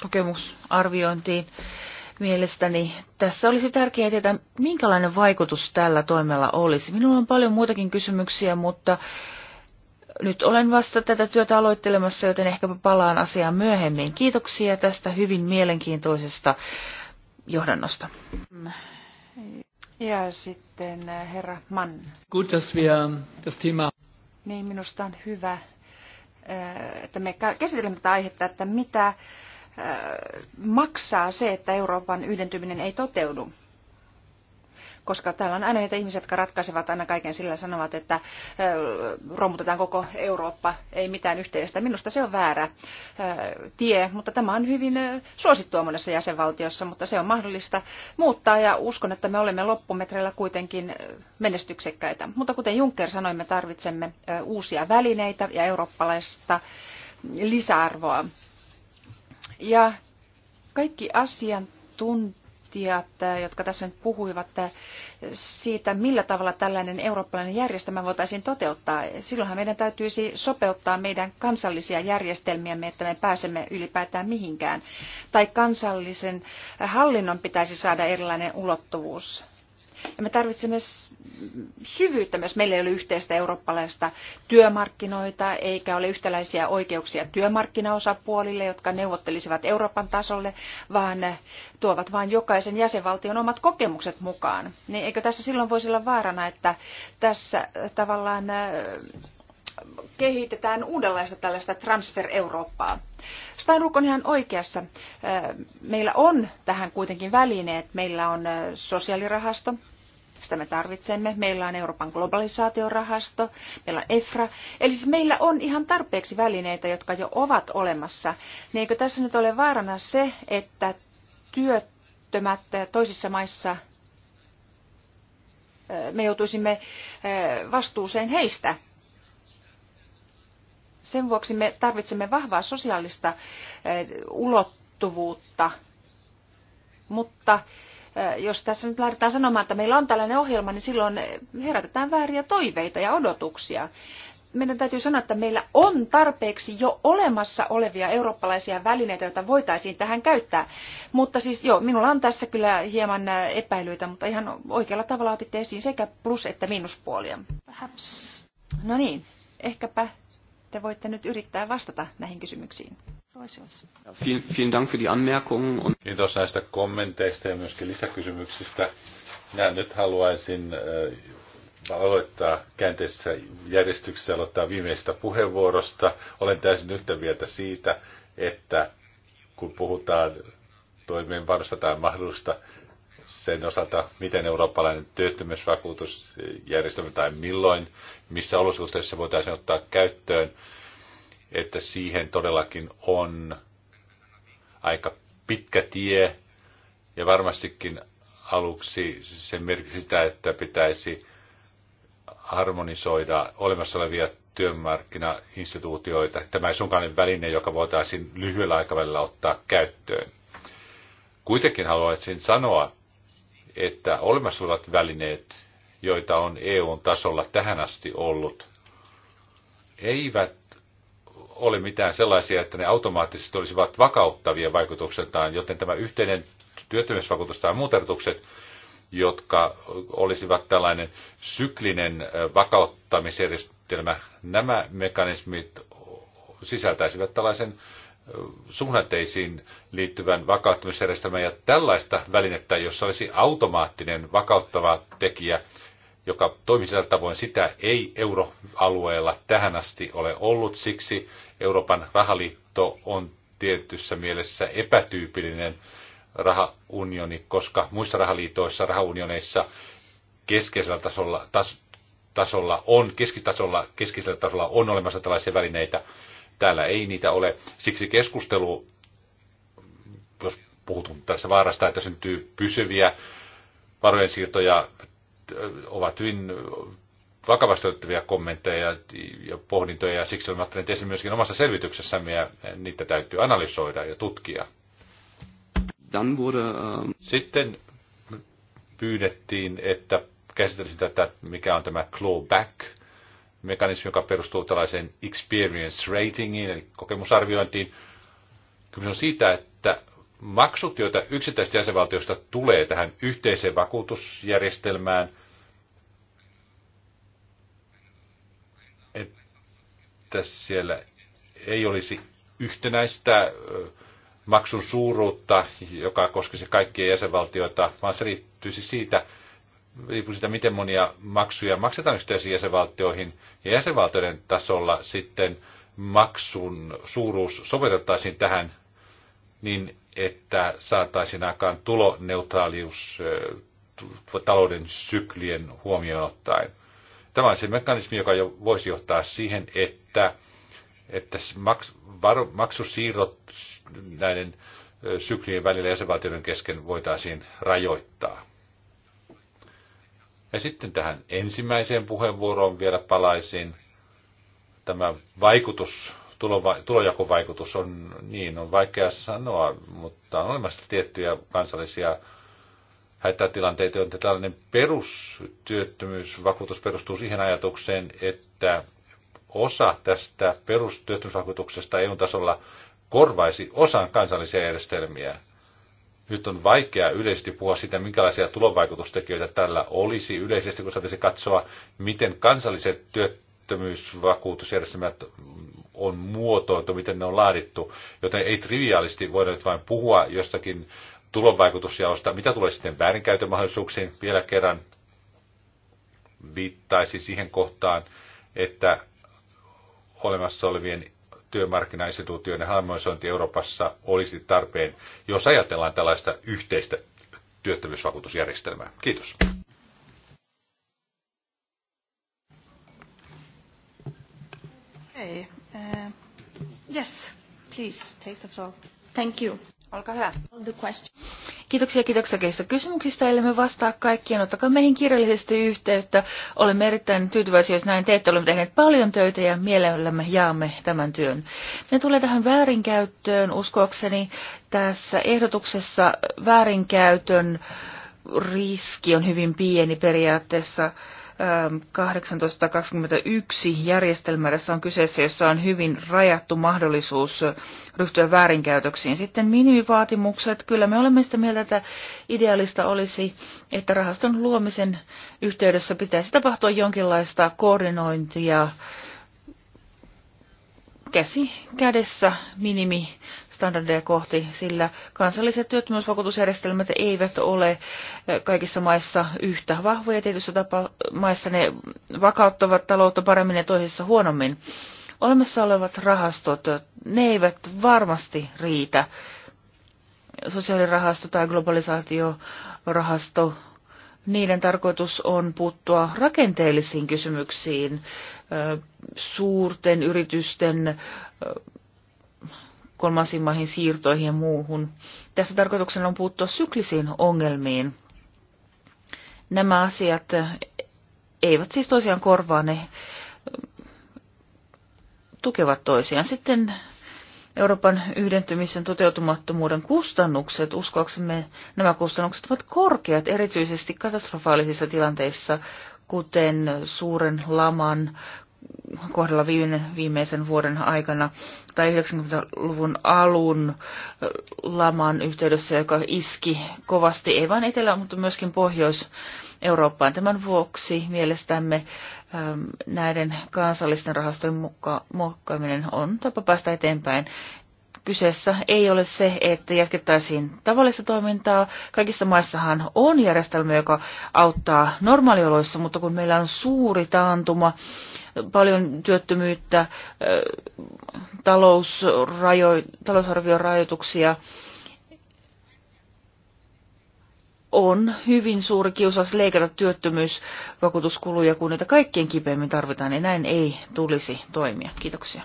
kokemusarviointiin mielestäni tässä olisi tärkeää tietää, minkälainen vaikutus tällä toimella olisi. Minulla on paljon muitakin kysymyksiä, mutta nyt olen vasta tätä työtä aloittelemassa, joten ehkä palaan asiaan myöhemmin. Kiitoksia tästä hyvin mielenkiintoisesta johdannosta. Ja sitten äh, herra Mann. Gut, dass wir das Thema... Niin, minusta on hyvä, äh, että me käsittelemme tätä aihetta, että mitä Äh, maksaa se, että Euroopan yhdentyminen ei toteudu. Koska täällä on aina niitä ihmisiä, jotka ratkaisevat aina kaiken sillä sanovat, että äh, romutetaan koko Eurooppa, ei mitään yhteistä. Minusta se on väärä äh, tie, mutta tämä on hyvin suosittua monessa jäsenvaltiossa, mutta se on mahdollista muuttaa ja uskon, että me olemme loppumetreillä kuitenkin menestyksekkäitä. Mutta kuten Juncker sanoi, me tarvitsemme uusia välineitä ja eurooppalaista lisäarvoa ja kaikki asiantuntijat, jotka tässä nyt puhuivat siitä, millä tavalla tällainen eurooppalainen järjestelmä voitaisiin toteuttaa, silloinhan meidän täytyisi sopeuttaa meidän kansallisia järjestelmiämme, että me pääsemme ylipäätään mihinkään. Tai kansallisen hallinnon pitäisi saada erilainen ulottuvuus ja me tarvitsemme syvyyttä myös. Meillä ei ole yhteistä eurooppalaista työmarkkinoita, eikä ole yhtäläisiä oikeuksia työmarkkinaosapuolille, jotka neuvottelisivat Euroopan tasolle, vaan tuovat vain jokaisen jäsenvaltion omat kokemukset mukaan. Niin eikö tässä silloin voisi olla vaarana, että tässä tavallaan äh, kehitetään uudenlaista tällaista transfer-Eurooppaa. Steinruck on ihan oikeassa. Äh, meillä on tähän kuitenkin välineet. Meillä on äh, sosiaalirahasto, sitä me tarvitsemme. Meillä on Euroopan globalisaatiorahasto, meillä on EFRA. Eli siis meillä on ihan tarpeeksi välineitä, jotka jo ovat olemassa. Niin eikö tässä nyt ole vaarana se, että työttömät toisissa maissa me joutuisimme vastuuseen heistä. Sen vuoksi me tarvitsemme vahvaa sosiaalista ulottuvuutta, mutta jos tässä nyt lähdetään sanomaan, että meillä on tällainen ohjelma, niin silloin herätetään vääriä toiveita ja odotuksia. Meidän täytyy sanoa, että meillä on tarpeeksi jo olemassa olevia eurooppalaisia välineitä, joita voitaisiin tähän käyttää. Mutta siis joo, minulla on tässä kyllä hieman epäilyitä, mutta ihan oikealla tavalla otitte esiin sekä plus- että miinuspuolia. No niin, ehkäpä te voitte nyt yrittää vastata näihin kysymyksiin. Kiitos näistä kommenteista ja myöskin lisäkysymyksistä. Minä nyt haluaisin äh, aloittaa käänteisessä järjestyksessä, aloittaa viimeistä puheenvuorosta. Olen täysin yhtä mieltä siitä, että kun puhutaan toimeenpanosta tai mahdollista sen osalta, miten eurooppalainen työttömyysvakuutusjärjestelmä tai milloin, missä olosuhteissa voitaisiin ottaa käyttöön, että siihen todellakin on aika pitkä tie ja varmastikin aluksi se merkitsi sitä, että pitäisi harmonisoida olemassa olevia työmarkkinainstituutioita. Tämä ei sunkaan väline, joka voitaisiin lyhyellä aikavälillä ottaa käyttöön. Kuitenkin haluaisin sanoa, että olemassa olevat välineet, joita on EUn tasolla tähän asti ollut, eivät ole mitään sellaisia, että ne automaattisesti olisivat vakauttavia vaikutukseltaan, joten tämä yhteinen työttömyysvakuutus tai muut jotka olisivat tällainen syklinen vakauttamisjärjestelmä, nämä mekanismit sisältäisivät tällaisen suhdanteisiin liittyvän vakauttamisjärjestelmän ja tällaista välinettä, jossa olisi automaattinen vakauttava tekijä – joka toimisi sillä tavoin, sitä ei euroalueella tähän asti ole ollut. Siksi Euroopan rahaliitto on tietyssä mielessä epätyypillinen rahaunioni, koska muissa rahaliitoissa, rahaunioneissa keskeisellä tasolla, tas, tasolla on, keskitasolla, keskisellä tasolla on olemassa tällaisia välineitä. Täällä ei niitä ole. Siksi keskustelu, jos puhutun tässä vaarasta, että syntyy pysyviä siirtoja ovat hyvin vakavasti otettavia kommentteja ja pohdintoja, ja siksi olemme ottaneet esiin myöskin omassa selvityksessämme, ja niitä täytyy analysoida ja tutkia. Ähm, Sitten pyydettiin, että käsitelisi tätä, mikä on tämä clawback, mekanismi, joka perustuu tällaiseen experience ratingiin, eli kokemusarviointiin. Kyllä on siitä, että maksut, joita yksittäisistä jäsenvaltioista tulee tähän yhteiseen vakuutusjärjestelmään, että siellä ei olisi yhtenäistä maksun suuruutta, joka koskisi kaikkia jäsenvaltioita, vaan se riittyisi siitä, riippuu siitä, miten monia maksuja maksetaan yhteisiin jäsenvaltioihin, ja jäsenvaltioiden tasolla sitten maksun suuruus sovellettaisiin tähän niin että saataisiin aikaan tuloneutraalius talouden syklien huomioon ottaen. Tämä on se mekanismi, joka jo voisi johtaa siihen, että, että maks, var, maksusiirrot näiden syklien välillä jäsenvaltioiden kesken voitaisiin rajoittaa. Ja sitten tähän ensimmäiseen puheenvuoroon vielä palaisin. Tämä vaikutus tulojakovaikutus on niin, on vaikea sanoa, mutta on olemassa tiettyjä kansallisia hätätilanteita, joita tällainen perustyöttömyysvakuutus perustuu siihen ajatukseen, että osa tästä perustyöttömyysvakuutuksesta EU-tasolla korvaisi osan kansallisia järjestelmiä. Nyt on vaikea yleisesti puhua siitä, minkälaisia tulovaikutustekijöitä tällä olisi yleisesti, kun saataisiin katsoa, miten kansalliset työt työttömyysvakuutusjärjestelmät on muotoiltu, miten ne on laadittu, joten ei triviaalisti voida nyt vain puhua jostakin tulonvaikutusjaosta. Mitä tulee sitten väärinkäytömahdollisuuksiin? Vielä kerran viittaisi siihen kohtaan, että olemassa olevien työmarkkinainstituutioiden harmonisointi Euroopassa olisi tarpeen, jos ajatellaan tällaista yhteistä työttömyysvakuutusjärjestelmää. Kiitos. Okay. Uh, yes, please take the floor. Thank you. Olkaa hyvä. The question. Kiitoksia, kiitoksia keistä kysymyksistä. Eli me vastaa kaikkien. Ottakaa meihin kirjallisesti yhteyttä. Olemme erittäin tyytyväisiä, jos näin teette. Olemme tehneet paljon töitä ja mielellämme jaamme tämän työn. Ne tulee tähän väärinkäyttöön. Uskoakseni tässä ehdotuksessa väärinkäytön riski on hyvin pieni periaatteessa. 1821 järjestelmässä on kyseessä, jossa on hyvin rajattu mahdollisuus ryhtyä väärinkäytöksiin. Sitten minimivaatimukset. Kyllä me olemme sitä mieltä, että idealista olisi, että rahaston luomisen yhteydessä pitäisi tapahtua jonkinlaista koordinointia käsi kädessä minimi standardeja kohti, sillä kansalliset työttömyysvakuutusjärjestelmät eivät ole eh, kaikissa maissa yhtä vahvoja. Tietyissä tapa- maissa ne vakauttavat taloutta paremmin ja toisissa huonommin. Olemassa olevat rahastot, eh, ne eivät varmasti riitä. Sosiaalirahasto tai globalisaatiorahasto, niiden tarkoitus on puuttua rakenteellisiin kysymyksiin, eh, suurten yritysten kolmansiin maihin siirtoihin ja muuhun. Tässä tarkoituksena on puuttua syklisiin ongelmiin. Nämä asiat eivät siis toisiaan korvaa, ne tukevat toisiaan. Sitten Euroopan yhdentymisen toteutumattomuuden kustannukset, uskoaksemme nämä kustannukset ovat korkeat, erityisesti katastrofaalisissa tilanteissa, kuten suuren laman kohdalla viime, viimeisen vuoden aikana tai 90-luvun alun laman yhteydessä, joka iski kovasti ei vain Etelä, mutta myöskin Pohjois-Eurooppaan. Tämän vuoksi mielestämme näiden kansallisten rahastojen muokkaaminen on tapa päästä eteenpäin. Kyseessä ei ole se, että jatkettaisiin tavallista toimintaa. Kaikissa maissahan on järjestelmä, joka auttaa normaalioloissa, mutta kun meillä on suuri taantuma, paljon työttömyyttä, talousrajo, talousarvion rajoituksia, on hyvin suuri kiusaus leikata työttömyysvakuutuskuluja, kun niitä kaikkien kipeimmin tarvitaan, ja niin näin ei tulisi toimia. Kiitoksia.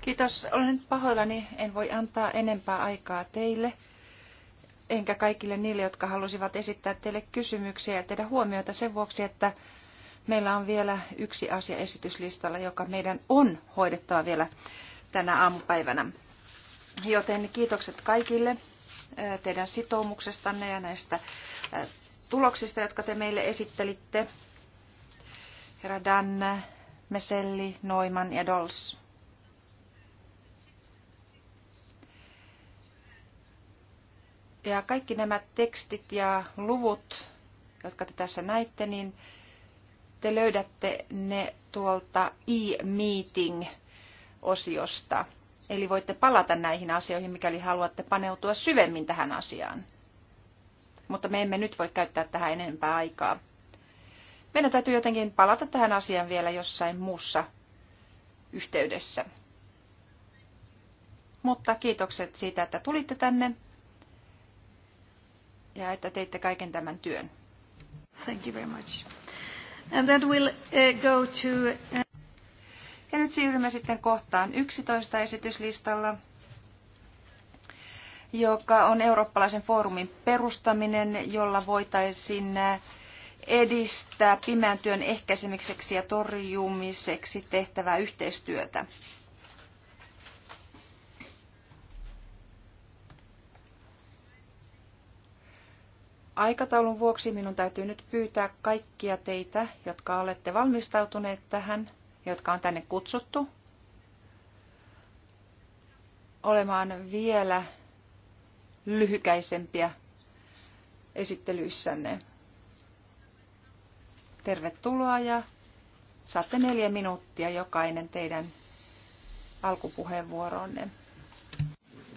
Kiitos. Olen nyt pahoillani. En voi antaa enempää aikaa teille, enkä kaikille niille, jotka halusivat esittää teille kysymyksiä ja tehdä huomioita sen vuoksi, että meillä on vielä yksi asia esityslistalla, joka meidän on hoidettava vielä tänä aamupäivänä. Joten kiitokset kaikille teidän sitoumuksestanne ja näistä tuloksista, jotka te meille esittelitte. Herra Dan, Meselli, Noiman ja Dols. Ja kaikki nämä tekstit ja luvut, jotka te tässä näitte, niin te löydätte ne tuolta e-meeting-osiosta. Eli voitte palata näihin asioihin, mikäli haluatte paneutua syvemmin tähän asiaan. Mutta me emme nyt voi käyttää tähän enempää aikaa. Meidän täytyy jotenkin palata tähän asiaan vielä jossain muussa yhteydessä. Mutta kiitokset siitä, että tulitte tänne ja että teitte kaiken tämän työn. Thank you very much. And then we'll uh, go to... Uh, ja nyt siirrymme sitten kohtaan 11 esityslistalla, joka on eurooppalaisen foorumin perustaminen, jolla voitaisiin uh, edistää pimeän työn ehkäisemiseksi ja torjumiseksi tehtävää yhteistyötä. Aikataulun vuoksi minun täytyy nyt pyytää kaikkia teitä, jotka olette valmistautuneet tähän, jotka on tänne kutsuttu, olemaan vielä lyhykäisempiä esittelyissänne. Tervetuloa ja saatte neljä minuuttia jokainen teidän alkupuheenvuoronne.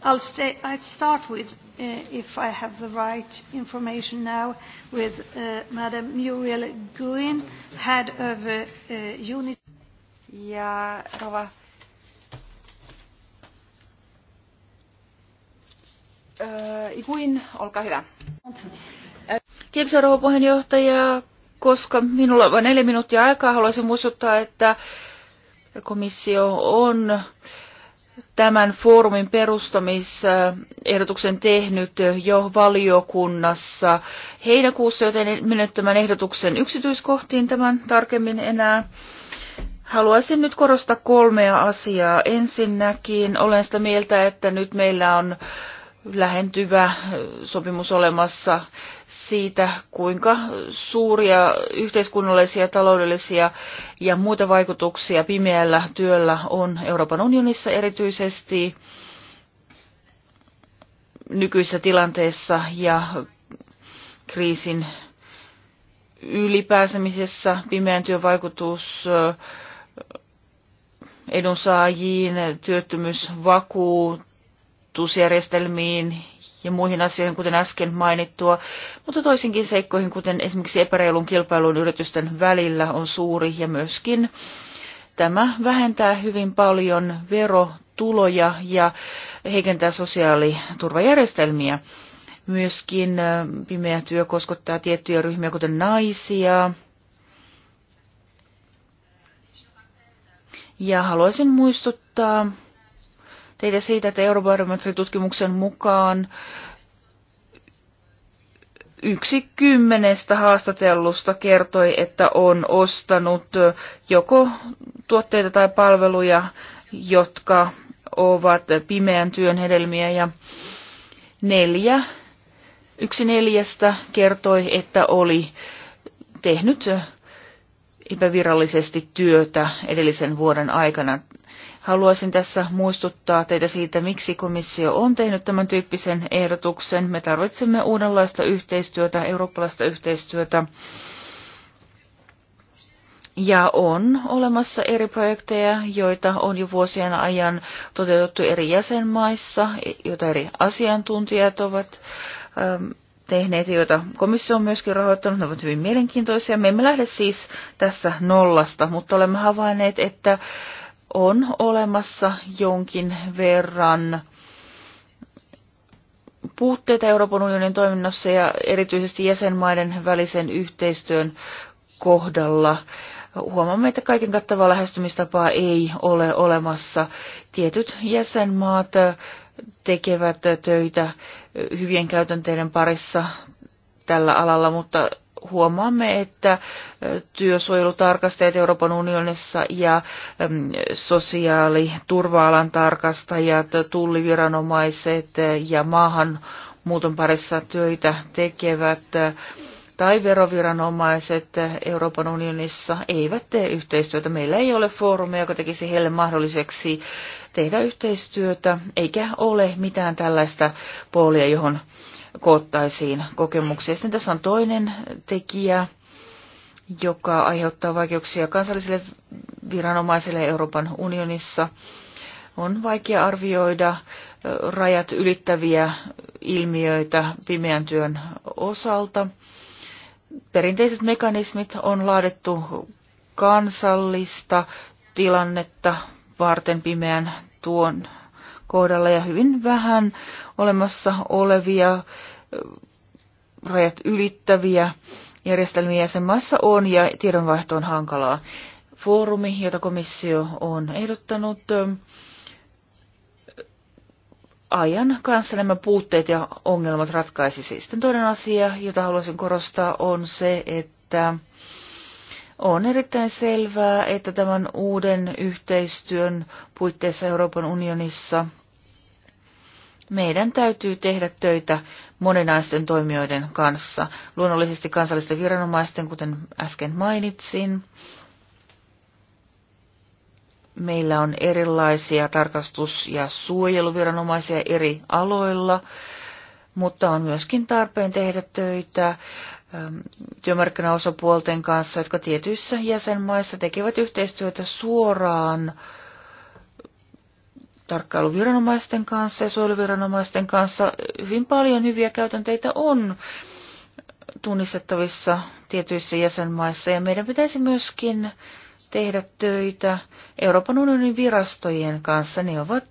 I'll, stay, I'd start with, uh, if I have the right information now, with uh, Madam Muriel Guin, head of uh, uh, unit. Ja Rova Iguin, olkaa hyvä. Kiitos rouva puheenjohtaja koska minulla on vain neljä minuuttia aikaa, haluaisin muistuttaa, että komissio on tämän foorumin perustamisehdotuksen tehnyt jo valiokunnassa heinäkuussa, joten en tämän ehdotuksen yksityiskohtiin tämän tarkemmin enää. Haluaisin nyt korostaa kolmea asiaa. Ensinnäkin olen sitä mieltä, että nyt meillä on lähentyvä sopimus olemassa siitä, kuinka suuria yhteiskunnallisia, taloudellisia ja muita vaikutuksia pimeällä työllä on Euroopan unionissa erityisesti nykyisessä tilanteessa ja kriisin ylipääsemisessä pimeän työn vaikutus edunsaajiin, työttömyysvakuut, vakuutusjärjestelmiin ja muihin asioihin, kuten äsken mainittua, mutta toisinkin seikkoihin, kuten esimerkiksi epäreilun kilpailun yritysten välillä on suuri ja myöskin tämä vähentää hyvin paljon verotuloja ja heikentää sosiaaliturvajärjestelmiä. Myöskin pimeä työ koskottaa tiettyjä ryhmiä, kuten naisia. Ja haluaisin muistuttaa teille siitä, että Eurobarometritutkimuksen mukaan yksi kymmenestä haastatellusta kertoi, että on ostanut joko tuotteita tai palveluja, jotka ovat pimeän työn hedelmiä ja neljä, yksi neljästä kertoi, että oli tehnyt epävirallisesti työtä edellisen vuoden aikana. Haluaisin tässä muistuttaa teitä siitä, miksi komissio on tehnyt tämän tyyppisen ehdotuksen. Me tarvitsemme uudenlaista yhteistyötä, eurooppalaista yhteistyötä. Ja on olemassa eri projekteja, joita on jo vuosien ajan toteutettu eri jäsenmaissa, joita eri asiantuntijat ovat ähm, tehneet, joita komissio on myöskin rahoittanut, ne ovat hyvin mielenkiintoisia. Me emme lähde siis tässä nollasta, mutta olemme havainneet, että on olemassa jonkin verran puutteita Euroopan unionin toiminnassa ja erityisesti jäsenmaiden välisen yhteistyön kohdalla. Huomaamme, että kaiken kattavaa lähestymistapaa ei ole olemassa. Tietyt jäsenmaat tekevät töitä hyvien käytänteiden parissa tällä alalla, mutta huomaamme, että työsuojelutarkastajat Euroopan unionissa ja sosiaaliturva-alan tarkastajat, tulliviranomaiset ja maahanmuuton parissa töitä tekevät tai veroviranomaiset Euroopan unionissa eivät tee yhteistyötä. Meillä ei ole foorumia, joka tekisi heille mahdolliseksi tehdä yhteistyötä, eikä ole mitään tällaista poolia, johon koottaisiin kokemuksia. Sitten tässä on toinen tekijä, joka aiheuttaa vaikeuksia kansallisille viranomaisille Euroopan unionissa. On vaikea arvioida rajat ylittäviä ilmiöitä pimeän työn osalta. Perinteiset mekanismit on laadittu kansallista tilannetta varten pimeän tuon kohdalla ja hyvin vähän olemassa olevia rajat ylittäviä järjestelmiä jäsenmaissa on ja tiedonvaihto on hankalaa. Foorumi, jota komissio on ehdottanut, ajan kanssa nämä puutteet ja ongelmat ratkaisisi. Sitten toinen asia, jota haluaisin korostaa, on se, että on erittäin selvää, että tämän uuden yhteistyön puitteissa Euroopan unionissa meidän täytyy tehdä töitä moninaisten toimijoiden kanssa. Luonnollisesti kansallisten viranomaisten, kuten äsken mainitsin. Meillä on erilaisia tarkastus- ja suojeluviranomaisia eri aloilla, mutta on myöskin tarpeen tehdä töitä Ähm, työmarkkinaosapuolten kanssa, jotka tietyissä jäsenmaissa tekevät yhteistyötä suoraan tarkkailuviranomaisten kanssa ja suojeluviranomaisten kanssa. Hyvin paljon hyviä käytänteitä on tunnistettavissa tietyissä jäsenmaissa ja meidän pitäisi myöskin tehdä töitä Euroopan unionin virastojen kanssa. Ne ovat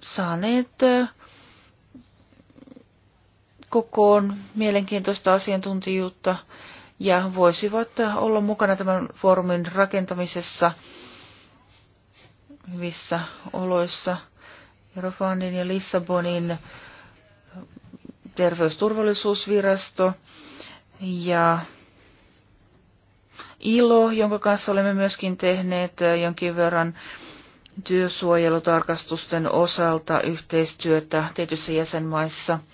saaneet kokoon mielenkiintoista asiantuntijuutta ja voisivat olla mukana tämän foorumin rakentamisessa hyvissä oloissa. Eurofundin ja Lissabonin terveysturvallisuusvirasto ja ILO, jonka kanssa olemme myöskin tehneet jonkin verran työsuojelutarkastusten osalta yhteistyötä tietyissä jäsenmaissa –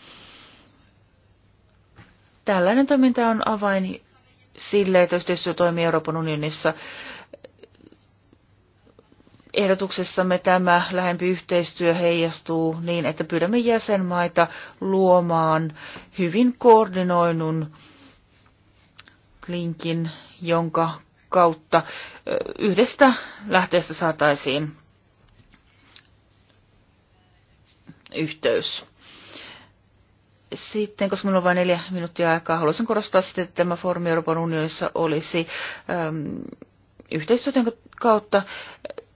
Tällainen toiminta on avain sille, että yhteistyö toimii Euroopan unionissa. Ehdotuksessamme tämä lähempi yhteistyö heijastuu niin, että pyydämme jäsenmaita luomaan hyvin koordinoinnun linkin, jonka kautta yhdestä lähteestä saataisiin yhteys. Sitten, koska minulla on vain neljä minuuttia aikaa, haluaisin korostaa sitä, että tämä foorumi Euroopan unionissa olisi ähm, yhteistyötä kautta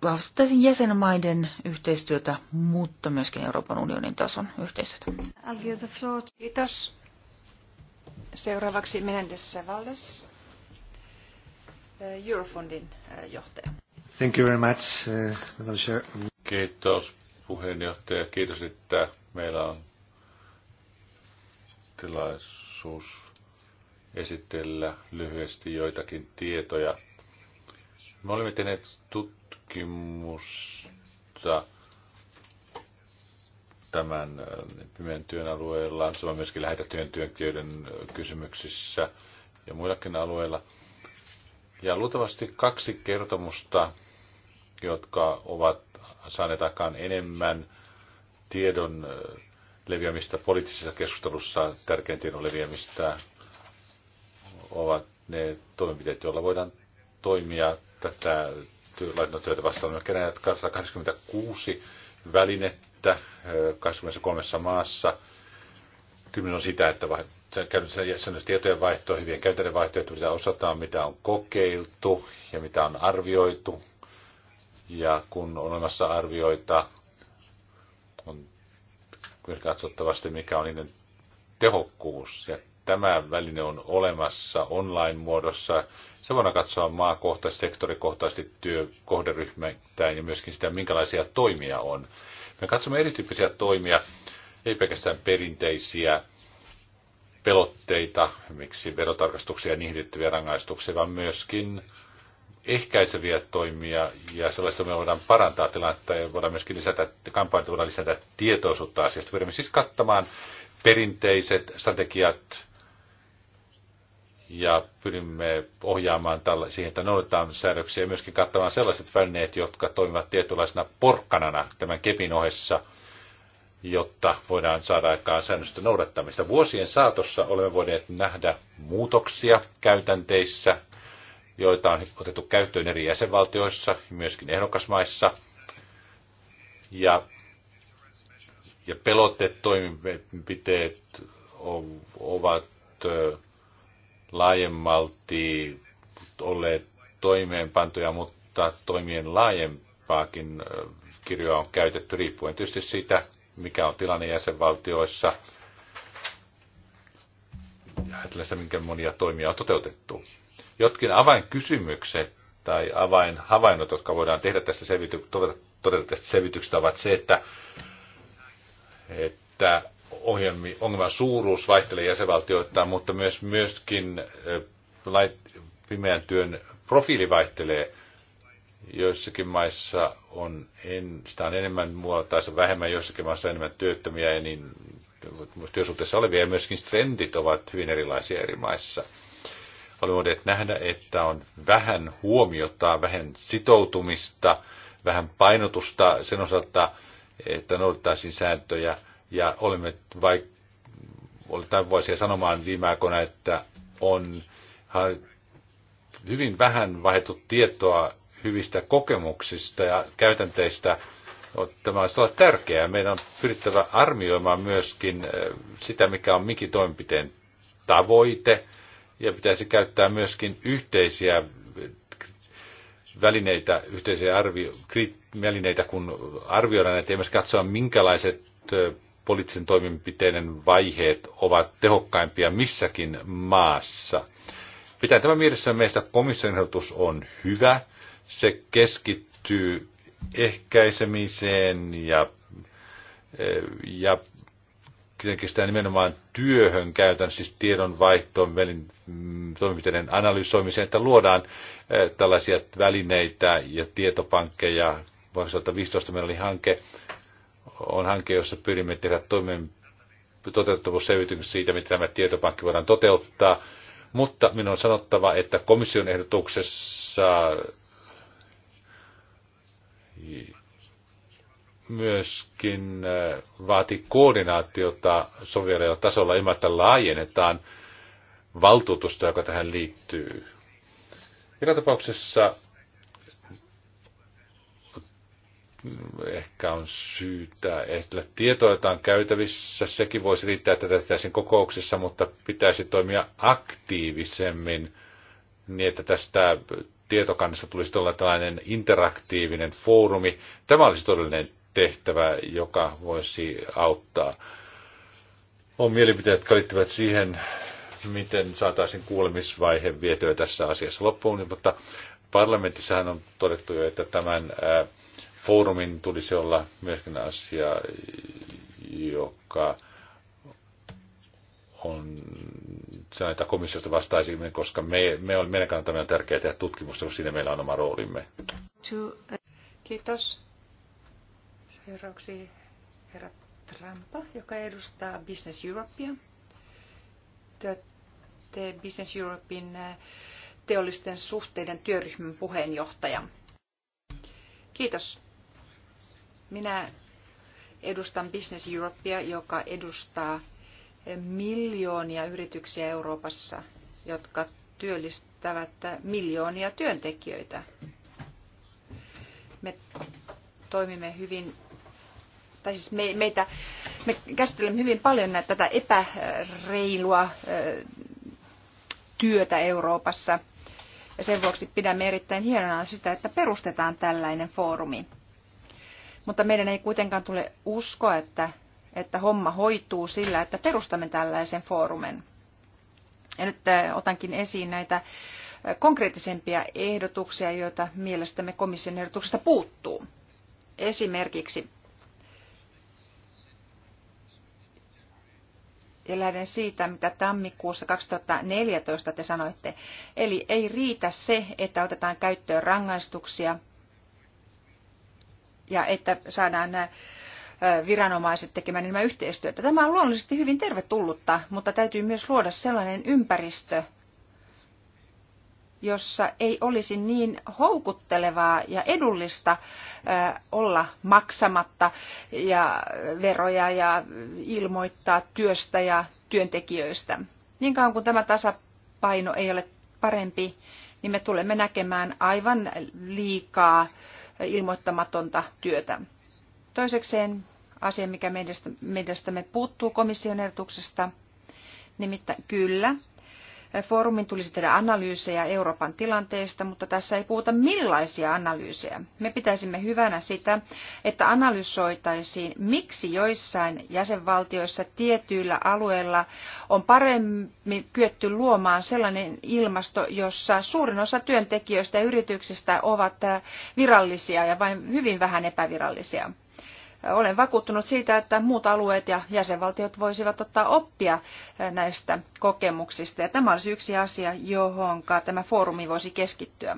vahvistettaisiin jäsenmaiden yhteistyötä, mutta myöskin Euroopan unionin tason yhteistyötä. Kiitos. Seuraavaksi Menendez Sevalles, äh, Eurofondin äh, johtaja. Thank you very much, uh, Madam Kiitos puheenjohtaja. Kiitos, että meillä on tilaisuus esitellä lyhyesti joitakin tietoja. Me olemme tehneet tutkimusta tämän pimeän työn alueella, samoin myöskin lähetettyjen työntekijöiden kysymyksissä ja muillakin alueilla. Ja luultavasti kaksi kertomusta, jotka ovat saaneet aikaan enemmän tiedon leviämistä poliittisessa keskustelussa tärkein tiedon leviämistä ovat ne toimenpiteet, joilla voidaan toimia tätä laitonta vastaan. Me kerran 26 välinettä 23 eh, maassa. Kymmenen on sitä, että säännöllistä tietojen vaihtoa, hyvien käytännön vaihtoehtoja, mitä osataan, mitä on kokeiltu ja mitä on arvioitu. Ja kun on olemassa arvioita, on katsottavasti, mikä on niiden tehokkuus. Ja tämä väline on olemassa online-muodossa. Se voidaan katsoa maakohtaisesti, sektorikohtaisesti, työkohderyhmätään ja myöskin sitä, minkälaisia toimia on. Me katsomme erityyppisiä toimia, ei pelkästään perinteisiä pelotteita, miksi verotarkastuksia ja niihin liittyviä rangaistuksia, vaan myöskin ehkäiseviä toimia ja sellaista me voidaan parantaa tilannetta ja voidaan myöskin lisätä, kampanjat voidaan lisätä tietoisuutta asiasta. Pyrimme siis kattamaan perinteiset strategiat ja pyrimme ohjaamaan tällä, siihen, että noudatetaan säädöksiä ja myöskin kattamaan sellaiset välineet, jotka toimivat tietynlaisena porkkanana tämän kepin ohessa, jotta voidaan saada aikaan säännöstä noudattamista. Vuosien saatossa olemme voineet nähdä muutoksia käytänteissä joita on otettu käyttöön eri jäsenvaltioissa, myöskin ehdokasmaissa. Ja, ja pelotetoimenpiteet ovat laajemmalti olleet toimeenpantoja, mutta toimien laajempaakin kirjoa on käytetty riippuen tietysti siitä, mikä on tilanne jäsenvaltioissa ja ajatellaan minkä monia toimia on toteutettu jotkin avainkysymykset tai avainhavainnot, jotka voidaan tehdä tästä selvity- todeta tästä selvityksestä, ovat se, että, että ohjelmi, ongelman suuruus vaihtelee jäsenvaltioittain, mutta myös myöskin lait, pimeän työn profiili vaihtelee. Joissakin maissa on, en, sitä on enemmän se vähemmän, joissakin maissa on enemmän työttömiä ja niin työsuhteessa olevia ja myöskin trendit ovat hyvin erilaisia eri maissa olemme nähdä, että on vähän huomiota, vähän sitoutumista, vähän painotusta sen osalta, että noudattaisiin sääntöjä. Ja olemme vai, oletaan vuosia sanomaan viime aikoina, että on hyvin vähän vaihdettu tietoa hyvistä kokemuksista ja käytänteistä. No, tämä olisi olla tärkeää. Meidän on pyrittävä arvioimaan myöskin eh, sitä, mikä on mikin toimenpiteen tavoite, ja pitäisi käyttää myöskin yhteisiä välineitä, yhteisiä arvio, välineitä, kun arvioidaan, että ei myös katsoa, minkälaiset poliittisen toimenpiteiden vaiheet ovat tehokkaimpia missäkin maassa. Pitää tämä mielessä meistä komission ehdotus on hyvä. Se keskittyy ehkäisemiseen ja, ja sitä nimenomaan työhön käytän, siis tiedonvaihtoon, välin, mm, toimenpiteiden analysoimiseen, että luodaan eh, tällaisia välineitä ja tietopankkeja. 2015 meillä oli hanke, on hanke, jossa pyrimme tehdä toimen, toteuttavuusselvityksen siitä, miten tämä tietopankki voidaan toteuttaa. Mutta minun on sanottava, että komission ehdotuksessa myöskin äh, vaati koordinaatiota sovelluksella tasolla ilman, että laajennetaan valtuutusta, joka tähän liittyy. Joka tapauksessa ehkä on syytä, että tietoa, jota on käytävissä, sekin voisi riittää, että tehtäisiin kokouksessa, mutta pitäisi toimia aktiivisemmin niin, että tästä tietokannasta tulisi olla tällainen interaktiivinen foorumi. Tämä olisi todellinen tehtävä, joka voisi auttaa. On mielipiteet, jotka liittyvät siihen, miten saataisiin kuulemisvaihe vietyä tässä asiassa loppuun, mutta parlamentissahan on todettu jo, että tämän foorumin tulisi olla myöskin asia, joka on se, että komissiosta vastaisimme, koska me, me on, meidän kannalta on tärkeää tehdä tutkimusta, koska siinä meillä on oma roolimme. Kiitos. Seuraavaksi herra Trampa, joka edustaa Business Europea. Te Business Europein äh, teollisten suhteiden työryhmän puheenjohtaja. Kiitos. Minä edustan Business Europea, joka edustaa äh, miljoonia yrityksiä Euroopassa, jotka työllistävät äh, miljoonia työntekijöitä. Me toimimme hyvin tai siis me, meitä, me käsittelemme hyvin paljon näitä, tätä epäreilua työtä Euroopassa. Ja sen vuoksi pidämme erittäin hienona sitä, että perustetaan tällainen foorumi. Mutta meidän ei kuitenkaan tule uskoa, että, että homma hoituu sillä, että perustamme tällaisen foorumen. Ja nyt otankin esiin näitä konkreettisempia ehdotuksia, joita mielestämme komission ehdotuksesta puuttuu. Esimerkiksi ja lähden siitä, mitä tammikuussa 2014 te sanoitte. Eli ei riitä se, että otetaan käyttöön rangaistuksia ja että saadaan nämä äh, viranomaiset tekemään enemmän yhteistyötä. Tämä on luonnollisesti hyvin tervetullutta, mutta täytyy myös luoda sellainen ympäristö, jossa ei olisi niin houkuttelevaa ja edullista olla maksamatta ja veroja ja ilmoittaa työstä ja työntekijöistä. Niin kauan kuin tämä tasapaino ei ole parempi, niin me tulemme näkemään aivan liikaa ilmoittamatonta työtä. Toisekseen asia, mikä meidästä, meidästämme puuttuu komission ehdotuksesta, nimittäin kyllä, Foorumin tulisi tehdä analyysejä Euroopan tilanteesta, mutta tässä ei puhuta millaisia analyysejä. Me pitäisimme hyvänä sitä, että analysoitaisiin, miksi joissain jäsenvaltioissa tietyillä alueilla on paremmin kyetty luomaan sellainen ilmasto, jossa suurin osa työntekijöistä ja yrityksistä ovat virallisia ja vain hyvin vähän epävirallisia olen vakuuttunut siitä, että muut alueet ja jäsenvaltiot voisivat ottaa oppia näistä kokemuksista. Ja tämä olisi yksi asia, johon tämä foorumi voisi keskittyä.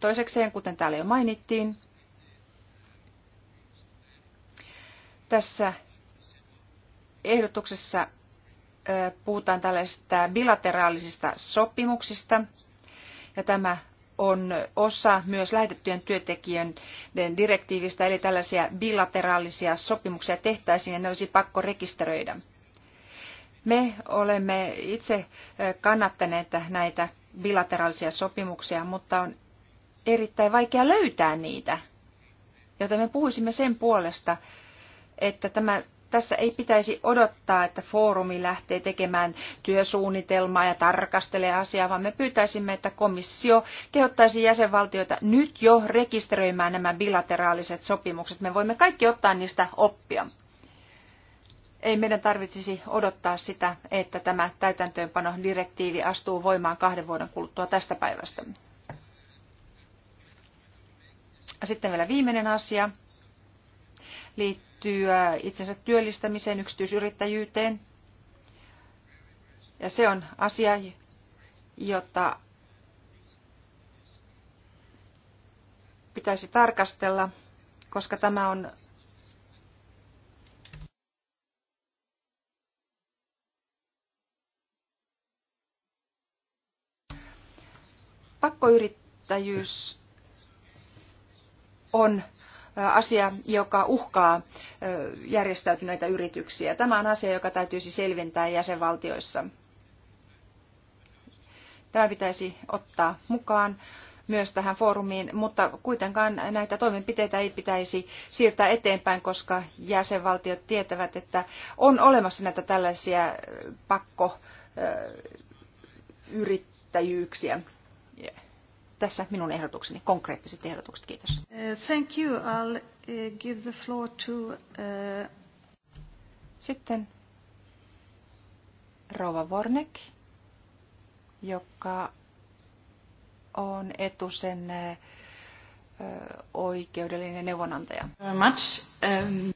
Toisekseen, kuten täällä jo mainittiin, tässä ehdotuksessa puhutaan tällaisista bilateraalisista sopimuksista, ja tämä on osa myös lähetettyjen työntekijöiden direktiivistä, eli tällaisia bilateraalisia sopimuksia tehtäisiin ja ne olisi pakko rekisteröidä. Me olemme itse eh, kannattaneet näitä bilateraalisia sopimuksia, mutta on erittäin vaikea löytää niitä, joten me puhuisimme sen puolesta, että tämä tässä ei pitäisi odottaa, että foorumi lähtee tekemään työsuunnitelmaa ja tarkastelee asiaa, vaan me pyytäisimme, että komissio kehottaisi jäsenvaltioita nyt jo rekisteröimään nämä bilateraaliset sopimukset. Me voimme kaikki ottaa niistä oppia. Ei meidän tarvitsisi odottaa sitä, että tämä täytäntöönpanodirektiivi astuu voimaan kahden vuoden kuluttua tästä päivästä. Sitten vielä viimeinen asia liittyy liittyy itsensä työllistämiseen, yksityisyrittäjyyteen. Ja se on asia, jota pitäisi tarkastella, koska tämä on pakkoyrittäjyys on asia, joka uhkaa järjestäytyneitä yrityksiä. Tämä on asia, joka täytyisi selventää jäsenvaltioissa. Tämä pitäisi ottaa mukaan myös tähän foorumiin, mutta kuitenkaan näitä toimenpiteitä ei pitäisi siirtää eteenpäin, koska jäsenvaltiot tietävät, että on olemassa näitä tällaisia pakkoyrittäjyyksiä tässä minun ehdotukseni, konkreettiset ehdotukset. Kiitos. Uh, thank you. I'll uh, give the floor to... Uh, Sitten Rova Vornek, joka on etusen oikeudellinen neuvonantaja. Much. Um,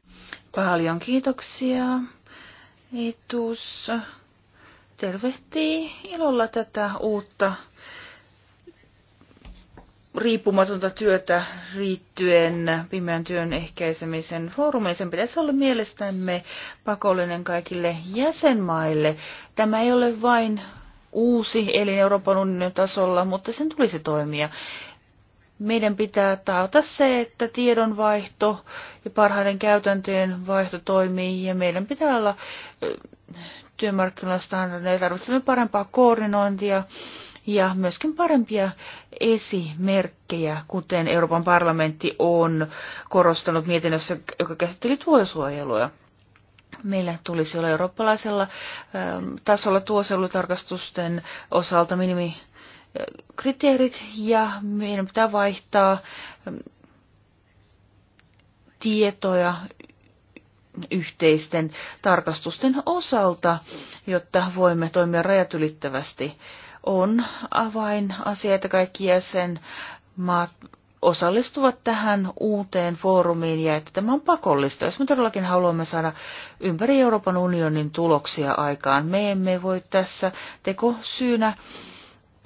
Paljon kiitoksia. Etus tervehtii ilolla tätä uutta riippumatonta työtä riittyen pimeän työn ehkäisemisen Sen pitäisi olla mielestämme pakollinen kaikille jäsenmaille. Tämä ei ole vain uusi eli Euroopan unionin tasolla, mutta sen tulisi toimia. Meidän pitää taata se, että tiedonvaihto ja parhaiden käytäntöjen vaihto toimii ja meidän pitää olla työmarkkinoilla standardeja. Tarvitsemme parempaa koordinointia ja myöskin parempia esimerkkejä, kuten Euroopan parlamentti on korostanut mietinnössä, joka käsitteli tuosuojelua. Meillä tulisi olla eurooppalaisella ähm, tasolla tuosuojelutarkastusten osalta minimikriteerit ja meidän pitää vaihtaa ähm, tietoja yhteisten tarkastusten osalta, jotta voimme toimia rajat ylittävästi on avainasia, että kaikki jäsenmaat osallistuvat tähän uuteen foorumiin ja että tämä on pakollista. Jos me todellakin haluamme saada ympäri Euroopan unionin tuloksia aikaan, me emme voi tässä teko syynä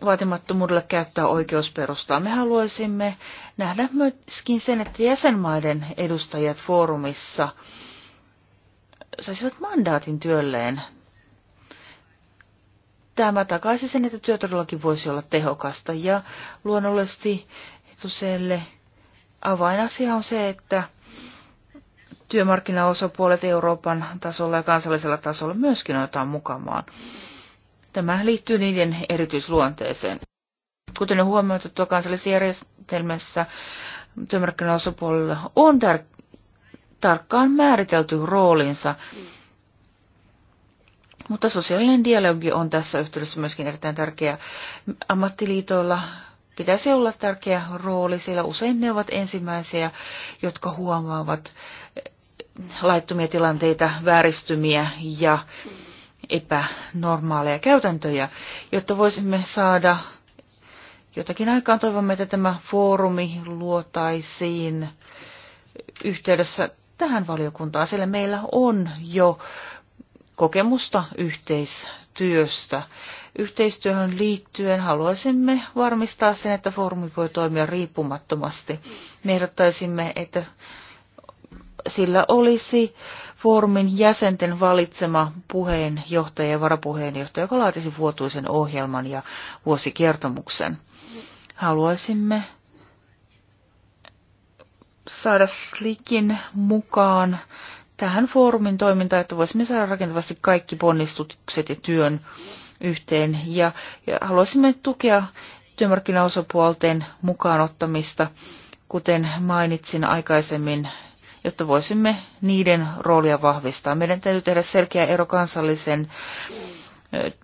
vaatimattomuudelle käyttää oikeusperustaa. Me haluaisimme nähdä myöskin sen, että jäsenmaiden edustajat foorumissa saisivat mandaatin työlleen Tämä takaisi sen, että työ todellakin voisi olla tehokasta ja luonnollisesti etuselle avainasia on se, että työmarkkinaosapuolet Euroopan tasolla ja kansallisella tasolla myöskin otetaan mukamaan. Tämä liittyy niiden erityisluonteeseen. Kuten on huomioitu, tuo kansallisessa järjestelmässä työmarkkinaosapuolella on tär- tarkkaan määritelty roolinsa mutta sosiaalinen dialogi on tässä yhteydessä myöskin erittäin tärkeä. Ammattiliitoilla pitäisi olla tärkeä rooli, sillä usein ne ovat ensimmäisiä, jotka huomaavat laittomia tilanteita, vääristymiä ja epänormaaleja käytäntöjä, jotta voisimme saada jotakin aikaan. Toivomme, että tämä foorumi luotaisiin yhteydessä tähän valiokuntaan, sillä meillä on jo kokemusta yhteistyöstä. Yhteistyöhön liittyen haluaisimme varmistaa sen, että foorumi voi toimia riippumattomasti. Me ehdottaisimme, että sillä olisi foorumin jäsenten valitsema puheenjohtaja ja varapuheenjohtaja, joka laatisi vuotuisen ohjelman ja vuosikertomuksen. Haluaisimme saada Slikin mukaan tähän foorumin toimintaan, että voisimme saada rakentavasti kaikki ponnistukset ja työn yhteen. Ja, ja haluaisimme tukea työmarkkinaosapuolten mukaanottamista, kuten mainitsin aikaisemmin, jotta voisimme niiden roolia vahvistaa. Meidän täytyy tehdä selkeä ero kansallisen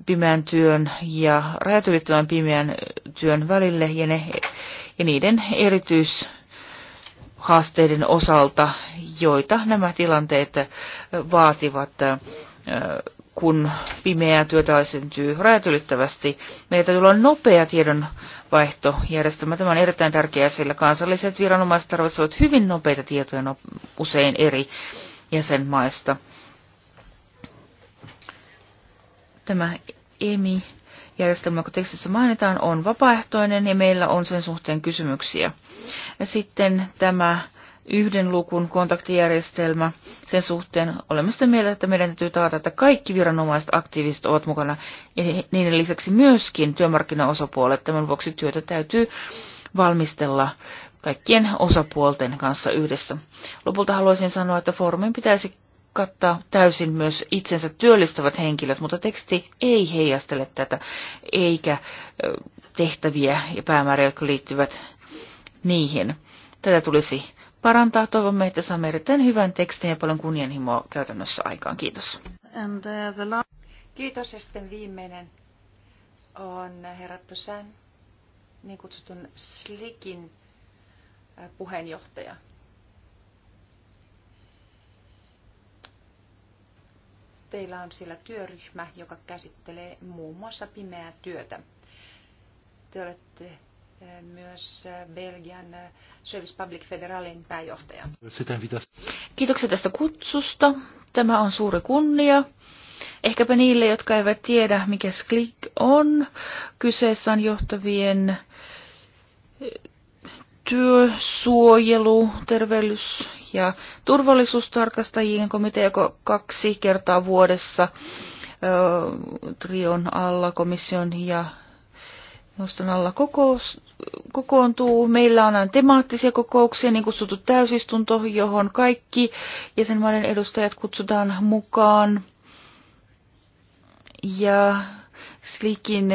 pimeän työn ja rajat ylittävän pimeän työn välille ja, ne, ja niiden erityis haasteiden osalta, joita nämä tilanteet vaativat, kun pimeää työtä esiintyy rajat ylittävästi. Meillä täytyy olla nopea tiedonvaihtojärjestelmä. Tämä on erittäin tärkeää, sillä kansalliset viranomaiset tarvitsevat hyvin nopeita tietoja no, usein eri jäsenmaista. Tämä EMI järjestelmä, kun tekstissä mainitaan, on vapaaehtoinen ja meillä on sen suhteen kysymyksiä. Ja sitten tämä yhden lukun kontaktijärjestelmä. Sen suhteen olemme sitä mieltä, että meidän täytyy taata, että kaikki viranomaiset aktiiviset ovat mukana ja niiden lisäksi myöskin työmarkkinaosapuolet. Tämän vuoksi työtä täytyy valmistella kaikkien osapuolten kanssa yhdessä. Lopulta haluaisin sanoa, että foorumin pitäisi kattaa täysin myös itsensä työllistävät henkilöt, mutta teksti ei heijastele tätä, eikä tehtäviä ja päämääriä, jotka liittyvät niihin. Tätä tulisi parantaa. Toivomme, että saamme erittäin hyvän tekstin ja paljon kunnianhimoa käytännössä aikaan. Kiitos. And, uh, the last... Kiitos. Ja sitten viimeinen on herätty sen niin kutsutun Slikin äh, puheenjohtaja. teillä on siellä työryhmä, joka käsittelee muun muassa pimeää työtä. Te olette eh, myös eh, Belgian eh, Service Public Federalin pääjohtaja. Kiitoksia tästä kutsusta. Tämä on suuri kunnia. Ehkäpä niille, jotka eivät tiedä, mikä Sklik on. Kyseessä on johtavien työsuojelu, terveys- ja turvallisuustarkastajien komitea, joka kaksi kertaa vuodessa trion alla, komission ja neuvoston alla kokous, kokoontuu. Meillä on aina temaattisia kokouksia, niin kutsuttu täysistunto, johon kaikki jäsenmaiden edustajat kutsutaan mukaan. Ja Slikin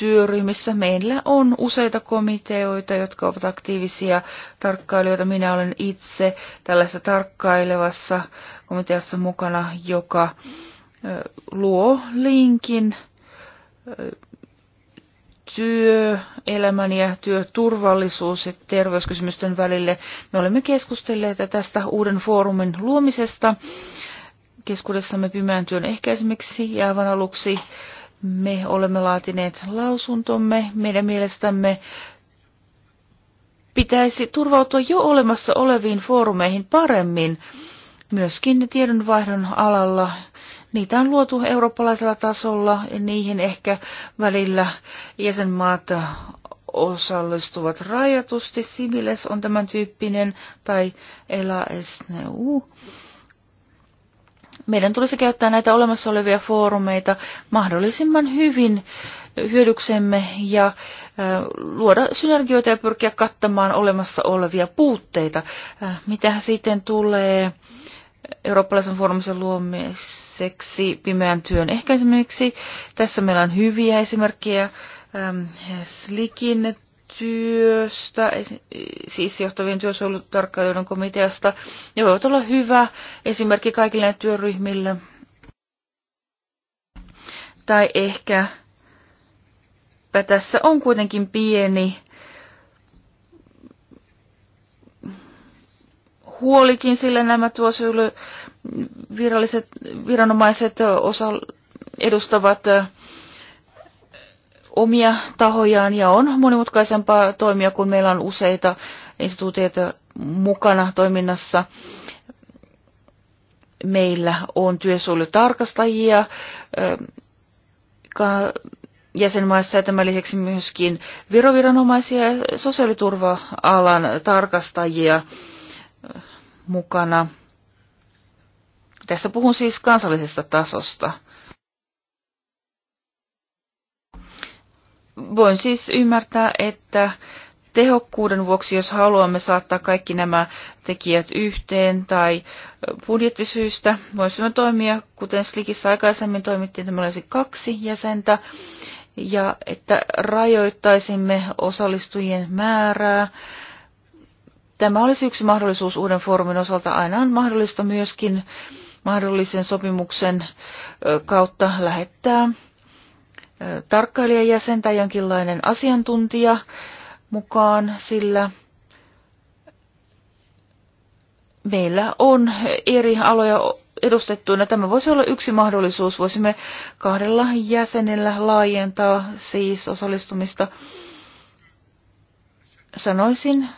työryhmissä. Meillä on useita komiteoita, jotka ovat aktiivisia tarkkailijoita. Minä olen itse tällaisessa tarkkailevassa komiteassa mukana, joka luo linkin työelämän ja työturvallisuus ja terveyskysymysten välille. Me olemme keskustelleet tästä uuden foorumin luomisesta keskuudessamme pimeän työn ehkäisemiksi ja aivan aluksi me olemme laatineet lausuntomme. Meidän mielestämme pitäisi turvautua jo olemassa oleviin foorumeihin paremmin, myöskin tiedonvaihdon alalla. Niitä on luotu eurooppalaisella tasolla ja niihin ehkä välillä jäsenmaat osallistuvat rajatusti. Similes on tämän tyyppinen tai ELA SNU meidän tulisi käyttää näitä olemassa olevia foorumeita mahdollisimman hyvin hyödyksemme ja luoda synergioita ja pyrkiä kattamaan olemassa olevia puutteita. Mitä sitten tulee eurooppalaisen foorumisen luomiseksi pimeän työn ehkäisemiseksi? Tässä meillä on hyviä esimerkkejä. Slikin työstä, siis johtavien työsuojelutarkkailijoiden komiteasta, ja voivat olla hyvä esimerkki kaikille työryhmille. Tai ehkä tässä on kuitenkin pieni huolikin, sillä nämä tuosuille viralliset viranomaiset osa edustavat omia tahojaan ja on monimutkaisempaa toimia, kun meillä on useita instituutioita mukana toiminnassa. Meillä on työsuojelutarkastajia jäsenmaissa ja tämän lisäksi myöskin viroviranomaisia ja sosiaaliturva-alan tarkastajia mukana. Tässä puhun siis kansallisesta tasosta. voin siis ymmärtää, että tehokkuuden vuoksi, jos haluamme saattaa kaikki nämä tekijät yhteen tai budjettisyystä, voisimme toimia, kuten Slikissä aikaisemmin toimittiin, että meillä olisi kaksi jäsentä, ja että rajoittaisimme osallistujien määrää. Tämä olisi yksi mahdollisuus uuden foorumin osalta. Aina on mahdollista myöskin mahdollisen sopimuksen kautta lähettää tarkkailijajäsen tai jonkinlainen asiantuntija mukaan, sillä meillä on eri aloja edustettuina. Tämä voisi olla yksi mahdollisuus. Voisimme kahdella jäsenellä laajentaa siis osallistumista. Sanoisin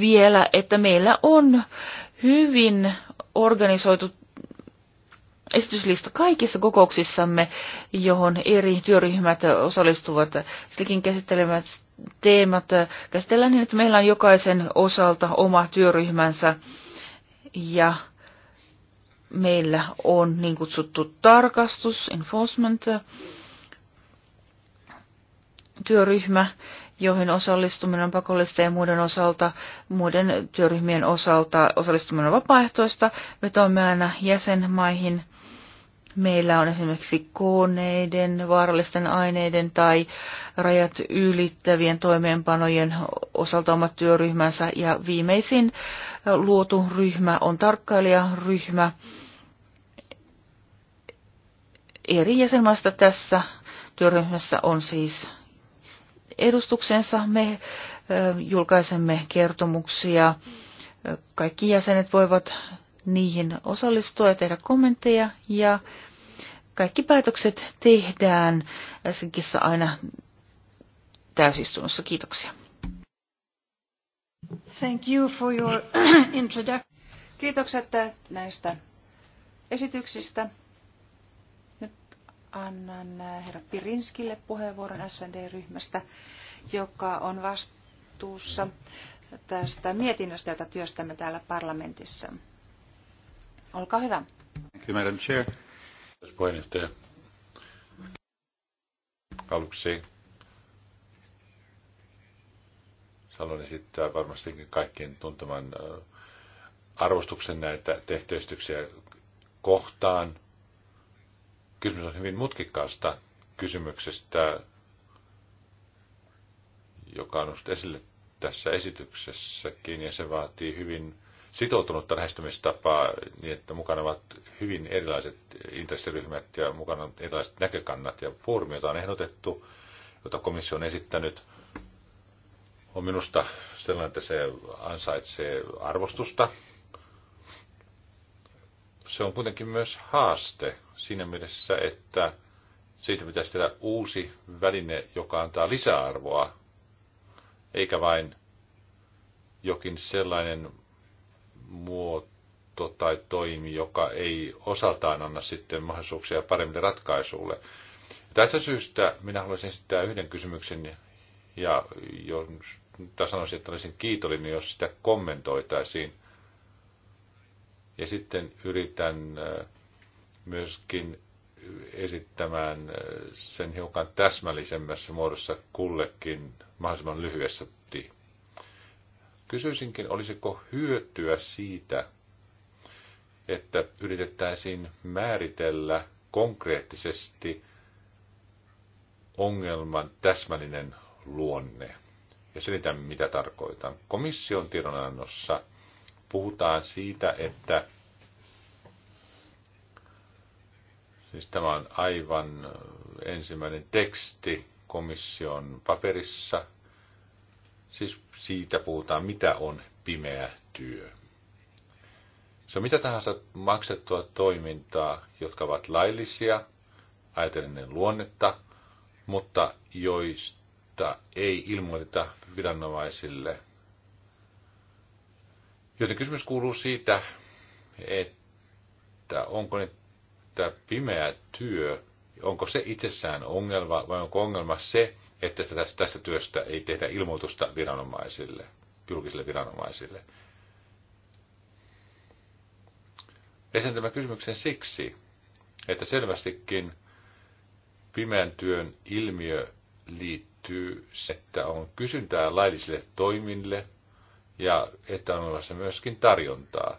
vielä, että meillä on hyvin organisoitu esityslista kaikissa kokouksissamme, johon eri työryhmät osallistuvat. Slikin käsittelemät teemat käsitellään niin, että meillä on jokaisen osalta oma työryhmänsä ja meillä on niin kutsuttu tarkastus, enforcement, työryhmä, joihin osallistuminen on pakollista ja muiden osalta, muiden työryhmien osalta osallistuminen on vapaaehtoista. Vetoamme aina jäsenmaihin. Meillä on esimerkiksi koneiden, vaarallisten aineiden tai rajat ylittävien toimeenpanojen osalta omat työryhmänsä. Ja viimeisin luotu ryhmä on tarkkailijaryhmä eri jäsenmaista tässä työryhmässä on siis edustuksensa. Me julkaisemme kertomuksia. Kaikki jäsenet voivat niihin osallistua ja tehdä kommentteja ja kaikki päätökset tehdään Helsingissä aina täysistunnossa. Kiitoksia. Thank you for your introduction. Kiitokset näistä esityksistä annan äh, herra Pirinskille puheenvuoron SND-ryhmästä, joka on vastuussa tästä mietinnöstä, jota työstämme täällä parlamentissa. Olkaa hyvä. Thank you, Madam Chair. Puheenjohtaja. Aluksi haluan esittää varmastikin kaikkien tunteman äh, arvostuksen näitä tehtyesityksiä kohtaan – Kysymys on hyvin mutkikkaasta kysymyksestä, joka on noussut esille tässä esityksessäkin, ja se vaatii hyvin sitoutunutta lähestymistapaa niin, että mukana ovat hyvin erilaiset intressiryhmät ja mukana on erilaiset näkökannat. Ja foorumi, jota on ehdotettu, jota komissio on esittänyt, on minusta sellainen, että se ansaitsee arvostusta. Se on kuitenkin myös haaste siinä mielessä, että siitä pitäisi tehdä uusi väline, joka antaa lisäarvoa, eikä vain jokin sellainen muoto tai toimi, joka ei osaltaan anna sitten mahdollisuuksia paremmille ratkaisuille. Tästä syystä minä haluaisin esittää yhden kysymyksen, ja jos sanoisin, että olisin kiitollinen, jos sitä kommentoitaisiin. Ja sitten yritän äh, myöskin esittämään sen hiukan täsmällisemmässä muodossa kullekin mahdollisimman lyhyessä. Kysyisinkin, olisiko hyötyä siitä, että yritettäisiin määritellä konkreettisesti ongelman täsmällinen luonne. Ja selitän, mitä tarkoitan. Komission tiedonannossa puhutaan siitä, että Siis tämä on aivan ensimmäinen teksti komission paperissa. Siis siitä puhutaan, mitä on pimeä työ. Se on mitä tahansa maksettua toimintaa, jotka ovat laillisia, ajatellen luonnetta, mutta joista ei ilmoiteta viranomaisille. Joten kysymys kuuluu siitä, että onko ne että pimeä työ, onko se itsessään ongelma vai onko ongelma se, että tästä työstä ei tehdä ilmoitusta viranomaisille, julkisille viranomaisille. Esitän tämän kysymyksen siksi, että selvästikin pimeän työn ilmiö liittyy se, että on kysyntää laillisille toimille ja että on olemassa myöskin tarjontaa.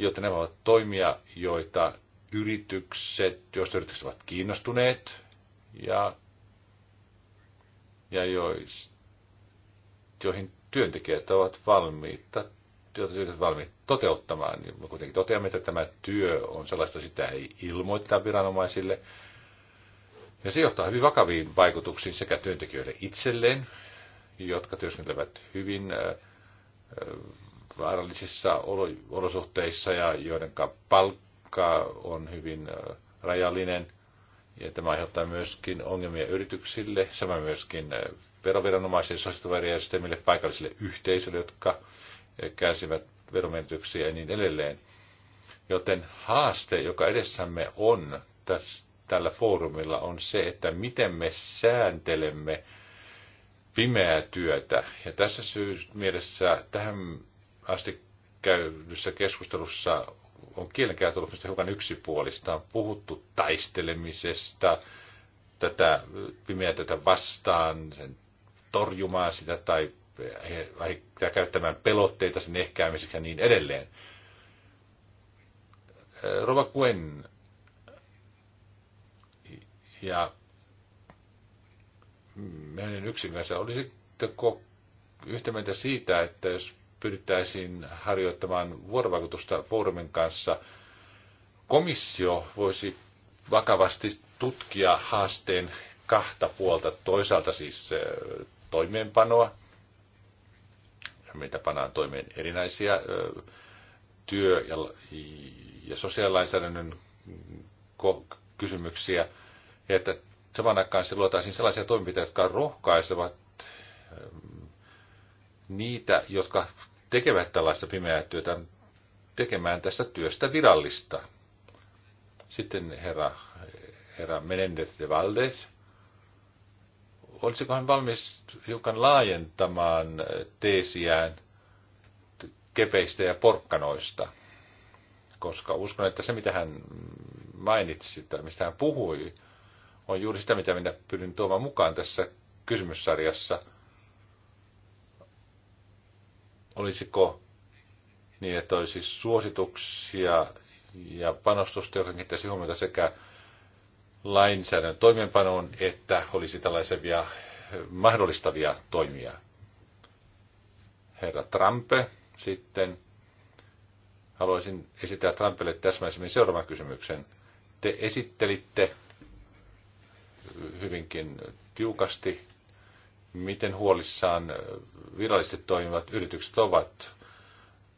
jotta nämä ovat toimia, joita yritykset, joista yritykset ovat kiinnostuneet ja, ja jois, joihin työntekijät ovat valmiita, joita työntekijät valmiit toteuttamaan. Niin me kuitenkin toteamme, että tämä työ on sellaista, sitä ei ilmoiteta viranomaisille. Ja se johtaa hyvin vakaviin vaikutuksiin sekä työntekijöille itselleen, jotka työskentelevät hyvin äh, äh, vaarallisissa olosuhteissa ja joidenkaan palkka taakka on hyvin rajallinen ja tämä aiheuttaa myöskin ongelmia yrityksille, sama myöskin veroviranomaisille, sosiaaliturvajärjestelmille, paikallisille yhteisöille, jotka kärsivät veromenetyksiä ja niin edelleen. Joten haaste, joka edessämme on tässä, tällä foorumilla, on se, että miten me sääntelemme pimeää työtä. Ja tässä syy mielessä tähän asti käydyssä keskustelussa on kielenkäytöstä hiukan yksipuolista. On puhuttu taistelemisesta, tätä pimeää tätä vastaan, sen torjumaan sitä tai, tai käyttämään pelotteita sen ehkäämiseksi ja niin edelleen. Rova Gwen ja meidän yksin kanssa, olisitteko yhtä mieltä siitä, että jos pyrittäisiin harjoittamaan vuorovaikutusta foorumin kanssa. Komissio voisi vakavasti tutkia haasteen kahta puolta. Toisaalta siis toimeenpanoa, mitä pannaan toimeen erinäisiä työ- ja, ja sosiaalilainsäädännön kysymyksiä, ja että saman aikaan se luotaisiin sellaisia toimenpiteitä, jotka rohkaisevat niitä, jotka tekevät tällaista pimeää työtä tekemään tästä työstä virallista. Sitten herra, herra Menendez de Valdez, olisiko hän valmis hiukan laajentamaan teesiään kepeistä ja porkkanoista? Koska uskon, että se mitä hän mainitsi tai mistä hän puhui, on juuri sitä, mitä minä pyrin tuomaan mukaan tässä kysymyssarjassa – Olisiko niin, että olisi suosituksia ja panostusta, joka kiinnittäisi huomiota sekä lainsäädännön toimeenpanoon, että olisi tällaisia eh, mahdollistavia toimia. Herra Trampe sitten. Haluaisin esittää Trumpille täsmäisemmin seuraavan kysymyksen. Te esittelitte hyvinkin tiukasti miten huolissaan virallisesti toimivat yritykset ovat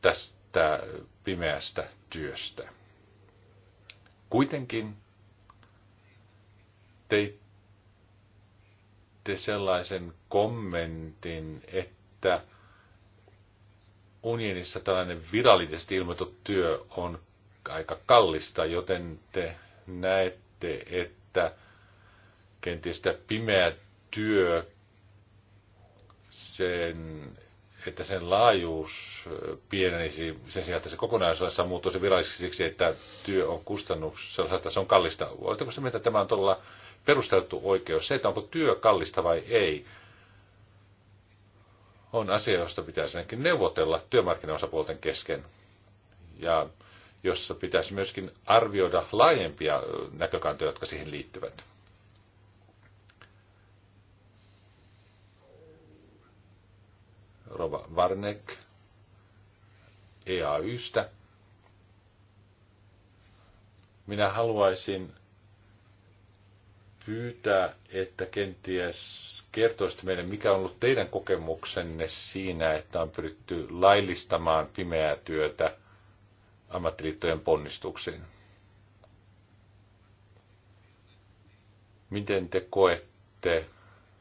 tästä pimeästä työstä. Kuitenkin teitte sellaisen kommentin, että unionissa tällainen virallisesti ilmoitettu työ on aika kallista, joten te näette, että kenties tämä pimeä työ sen, että sen laajuus pienenisi sen sijaan, että se kokonaisuudessaan muuttuisi viralliseksi siksi, että työ on kustannuksella, että se on kallista. Oletteko se mieltä, että tämä on todella perusteltu oikeus? Se, että onko työ kallista vai ei, on asia, josta pitäisi ainakin neuvotella työmarkkinaosapuolten kesken. Ja jossa pitäisi myöskin arvioida laajempia näkökantoja, jotka siihen liittyvät. Rova Varnek EAYstä. Minä haluaisin pyytää, että kenties kertoisitte meille, mikä on ollut teidän kokemuksenne siinä, että on pyritty laillistamaan pimeää työtä ammattiliittojen ponnistuksiin? Miten te koette,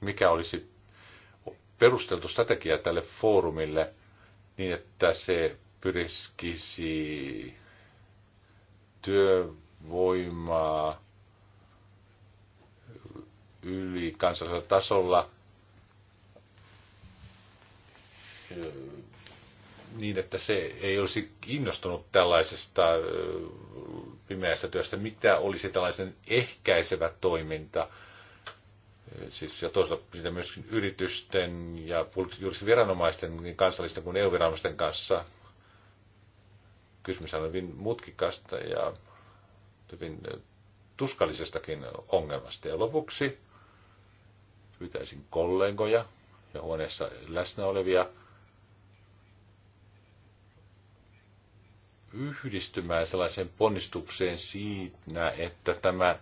mikä olisi perusteltu strategia tälle foorumille niin, että se pyriskisi työvoimaa yli kansallisella tasolla niin, että se ei olisi innostunut tällaisesta pimeästä työstä, mitä olisi tällaisen ehkäisevä toiminta – Siis, ja toisaalta sitä myös yritysten ja julkisten viranomaisten, niin kansallisten kuin EU-viranomaisten kanssa. Kysymys on hyvin mutkikasta ja hyvin tuskallisestakin ongelmasta. Ja lopuksi pyytäisin kollegoja ja huoneessa läsnä olevia yhdistymään sellaiseen ponnistukseen siinä, että tämä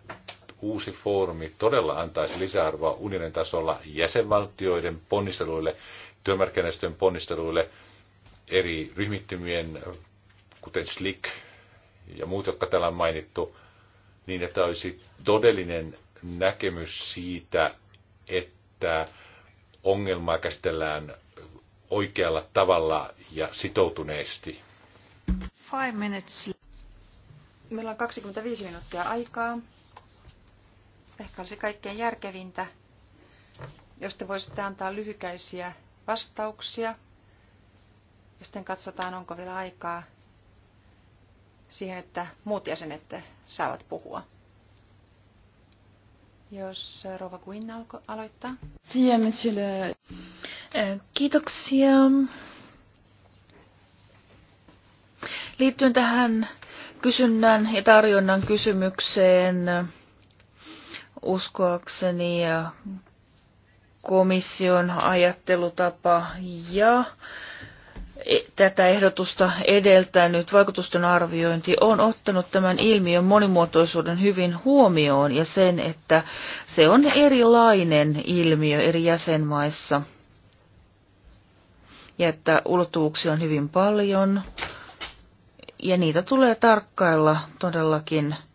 uusi foorumi todella antaisi lisäarvoa unionin tasolla jäsenvaltioiden ponnisteluille, työmarkkinajärjestöjen ponnisteluille, eri ryhmittymien, kuten SLIC ja muut, jotka täällä on mainittu, niin että olisi todellinen näkemys siitä, että ongelmaa käsitellään oikealla tavalla ja sitoutuneesti. Five minutes. Meillä on 25 minuuttia aikaa. Ehkä olisi kaikkein järkevintä, jos te voisitte antaa lyhykäisiä vastauksia. Ja sitten katsotaan, onko vielä aikaa siihen, että muut jäsenet saavat puhua. Jos Rova Quinn alko, aloittaa. Kiitoksia. Liittyen tähän kysynnän ja tarjonnan kysymykseen, uskoakseni komission ajattelutapa ja e, tätä ehdotusta edeltänyt vaikutusten arviointi on ottanut tämän ilmiön monimuotoisuuden hyvin huomioon ja sen, että se on erilainen ilmiö eri jäsenmaissa ja että ulottuvuuksia on hyvin paljon ja niitä tulee tarkkailla todellakin –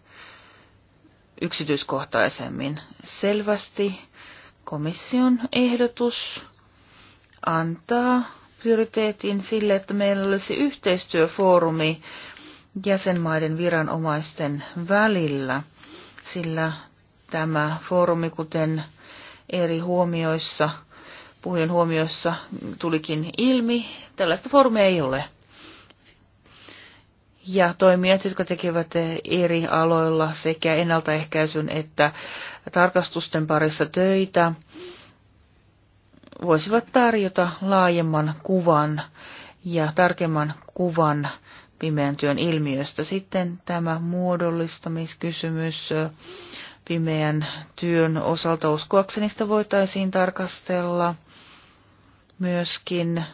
yksityiskohtaisemmin. Selvästi komission ehdotus antaa prioriteetin sille, että meillä olisi yhteistyöfoorumi jäsenmaiden viranomaisten välillä, sillä tämä foorumi, kuten eri huomioissa, puhujen huomioissa tulikin ilmi, tällaista foorumia ei ole ja toimijat, jotka tekevät eri aloilla sekä ennaltaehkäisyn että tarkastusten parissa töitä, voisivat tarjota laajemman kuvan ja tarkemman kuvan pimeän työn ilmiöstä. Sitten tämä muodollistamiskysymys pimeän työn osalta uskoakseni sitä voitaisiin tarkastella myöskin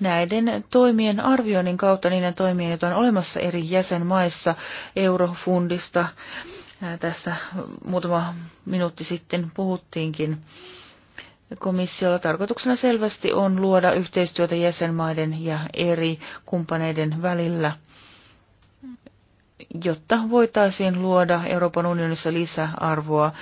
näiden toimien arvioinnin kautta, niiden toimien, joita on olemassa eri jäsenmaissa eurofundista, tässä muutama minuutti sitten puhuttiinkin. Komissiolla tarkoituksena selvästi on luoda yhteistyötä jäsenmaiden ja eri kumppaneiden välillä, jotta voitaisiin luoda Euroopan unionissa lisäarvoa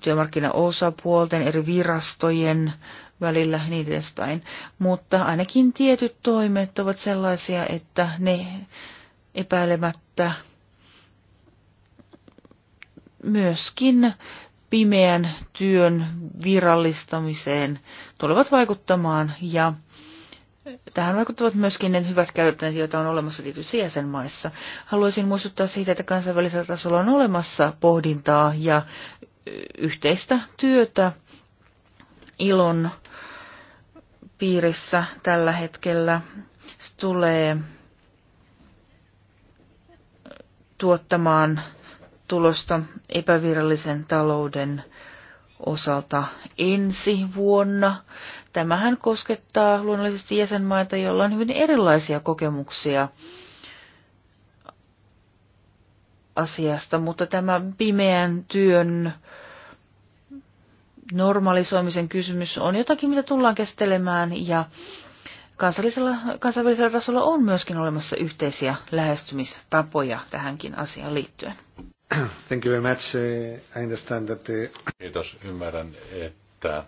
työmarkkinaosapuolten, eri virastojen, välillä niin edespäin. Mutta ainakin tietyt toimet ovat sellaisia, että ne epäilemättä myöskin pimeän työn virallistamiseen tulevat vaikuttamaan ja Tähän vaikuttavat myöskin ne hyvät käytännöt, joita on olemassa tietyissä jäsenmaissa. Haluaisin muistuttaa siitä, että kansainvälisellä tasolla on olemassa pohdintaa ja yhteistä työtä ilon piirissä tällä hetkellä. tulee tuottamaan tulosta epävirallisen talouden osalta ensi vuonna. Tämähän koskettaa luonnollisesti jäsenmaita, joilla on hyvin erilaisia kokemuksia asiasta, mutta tämä pimeän työn äh, normalisoimisen kysymys on jotakin, mitä tullaan käsittelemään ja kansallisella, kansainvälisellä tasolla on myöskin olemassa yhteisiä lähestymistapoja tähänkin asiaan liittyen. Thank you very much. I understand that the... Kiitos. Ymmärrän, että,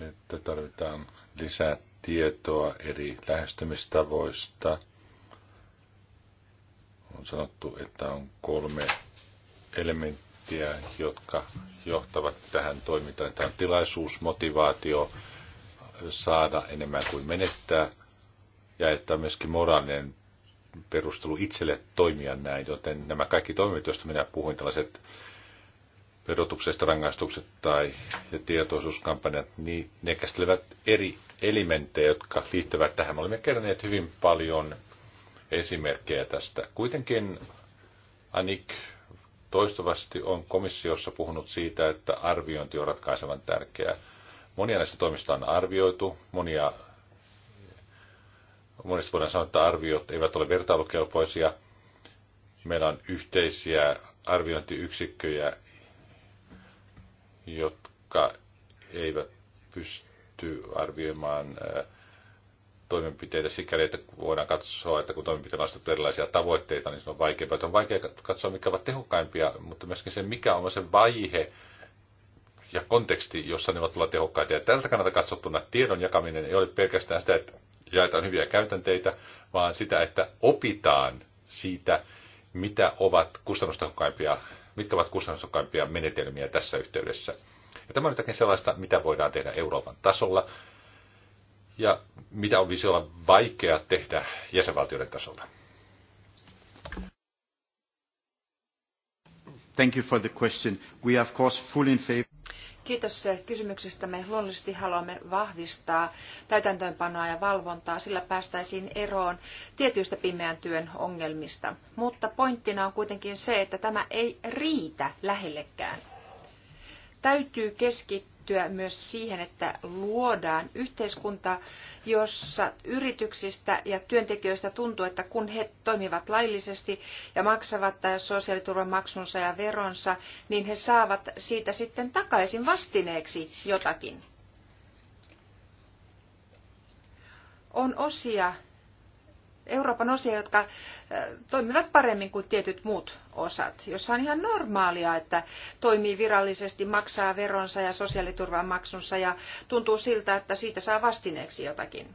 että tarvitaan lisää tietoa eri lähestymistavoista. On sanottu, että on kolme elementtiä elementtiä, jotka johtavat tähän toimintaan. Tämä on tilaisuus, motivaatio saada enemmän kuin menettää ja että on myöskin moraalinen perustelu itselle toimia näin, joten nämä kaikki toimet, joista minä puhuin, tällaiset verotuksesta rangaistukset tai tietoisuuskampanjat, niin ne käsittelevät eri elementtejä, jotka liittyvät tähän. Me olemme kerranneet hyvin paljon esimerkkejä tästä. Kuitenkin Anik toistuvasti on komissiossa puhunut siitä, että arviointi on ratkaisevan tärkeää. Monia näistä toimista on arvioitu, monia, monista voidaan sanoa, että arviot eivät ole vertailukelpoisia. Meillä on yhteisiä arviointiyksikköjä, jotka eivät pysty arvioimaan ää, äh, toimenpiteitä sikäli, että voidaan katsoa, että kun toimenpiteillä on asetettu erilaisia tavoitteita, niin se on vaikeampaa. On vaikea katsoa, mikä ovat tehokkaimpia, mutta myöskin se, mikä on se vaihe ja konteksti, jossa ne ovat olla tehokkaita. Ja tältä kannalta katsottuna tiedon jakaminen ei ole pelkästään sitä, että jaetaan hyviä käytänteitä, vaan sitä, että opitaan siitä, mitä ovat kustannustehokkaimpia, mitkä ovat kustannustehokkaimpia menetelmiä tässä yhteydessä. Ja tämä on jotakin sellaista, mitä voidaan tehdä Euroopan tasolla, ja mitä olisi olla vaikea tehdä jäsenvaltioiden tasolla? Thank you for the question. We of course full in favor. Kiitos kysymyksestä. Me luonnollisesti haluamme vahvistaa täytäntöönpanoa ja valvontaa, sillä päästäisiin eroon tietyistä pimeän työn ongelmista. Mutta pointtina on kuitenkin se, että tämä ei riitä lähellekään. Täytyy keskittyä liittyä myös siihen, että luodaan yhteiskunta, jossa yrityksistä ja työntekijöistä tuntuu, että kun he toimivat laillisesti ja maksavat sosiaaliturvamaksunsa ja veronsa, niin he saavat siitä sitten takaisin vastineeksi jotakin. On osia Euroopan osia, jotka toimivat paremmin kuin tietyt muut osat, jossa on ihan normaalia, että toimii virallisesti, maksaa veronsa ja sosiaaliturvan maksunsa ja tuntuu siltä, että siitä saa vastineeksi jotakin.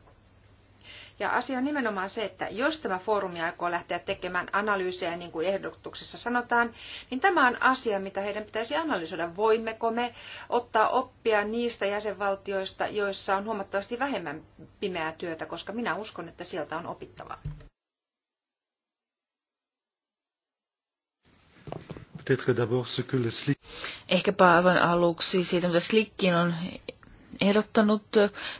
Ja asia on nimenomaan se, että jos tämä foorumi aikoo lähteä tekemään analyysejä, niin kuin ehdotuksessa sanotaan, niin tämä on asia, mitä heidän pitäisi analysoida. Voimmeko me ottaa oppia niistä jäsenvaltioista, joissa on huomattavasti vähemmän pimeää työtä, koska minä uskon, että sieltä on opittavaa. Ehkäpä aivan aluksi siitä, mitä Slikkin on ehdottanut.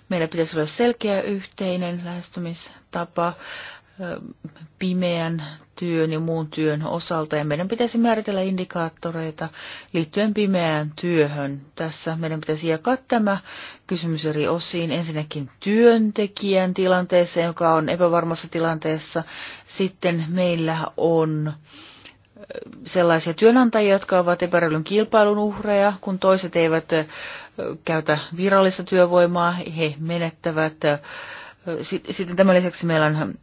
Meillä pitäisi olla selkeä yhteinen lähestymistapa pimeän työn ja muun työn osalta, ja meidän pitäisi määritellä indikaattoreita liittyen pimeään työhön. Tässä meidän pitäisi jakaa tämä kysymys eri osiin. Ensinnäkin työntekijän tilanteessa, joka on epävarmassa tilanteessa. Sitten meillä on sellaisia työnantajia, jotka ovat epäreilyn kilpailun uhreja, kun toiset eivät käytä virallista työvoimaa, he menettävät. Sitten tämän lisäksi meillä on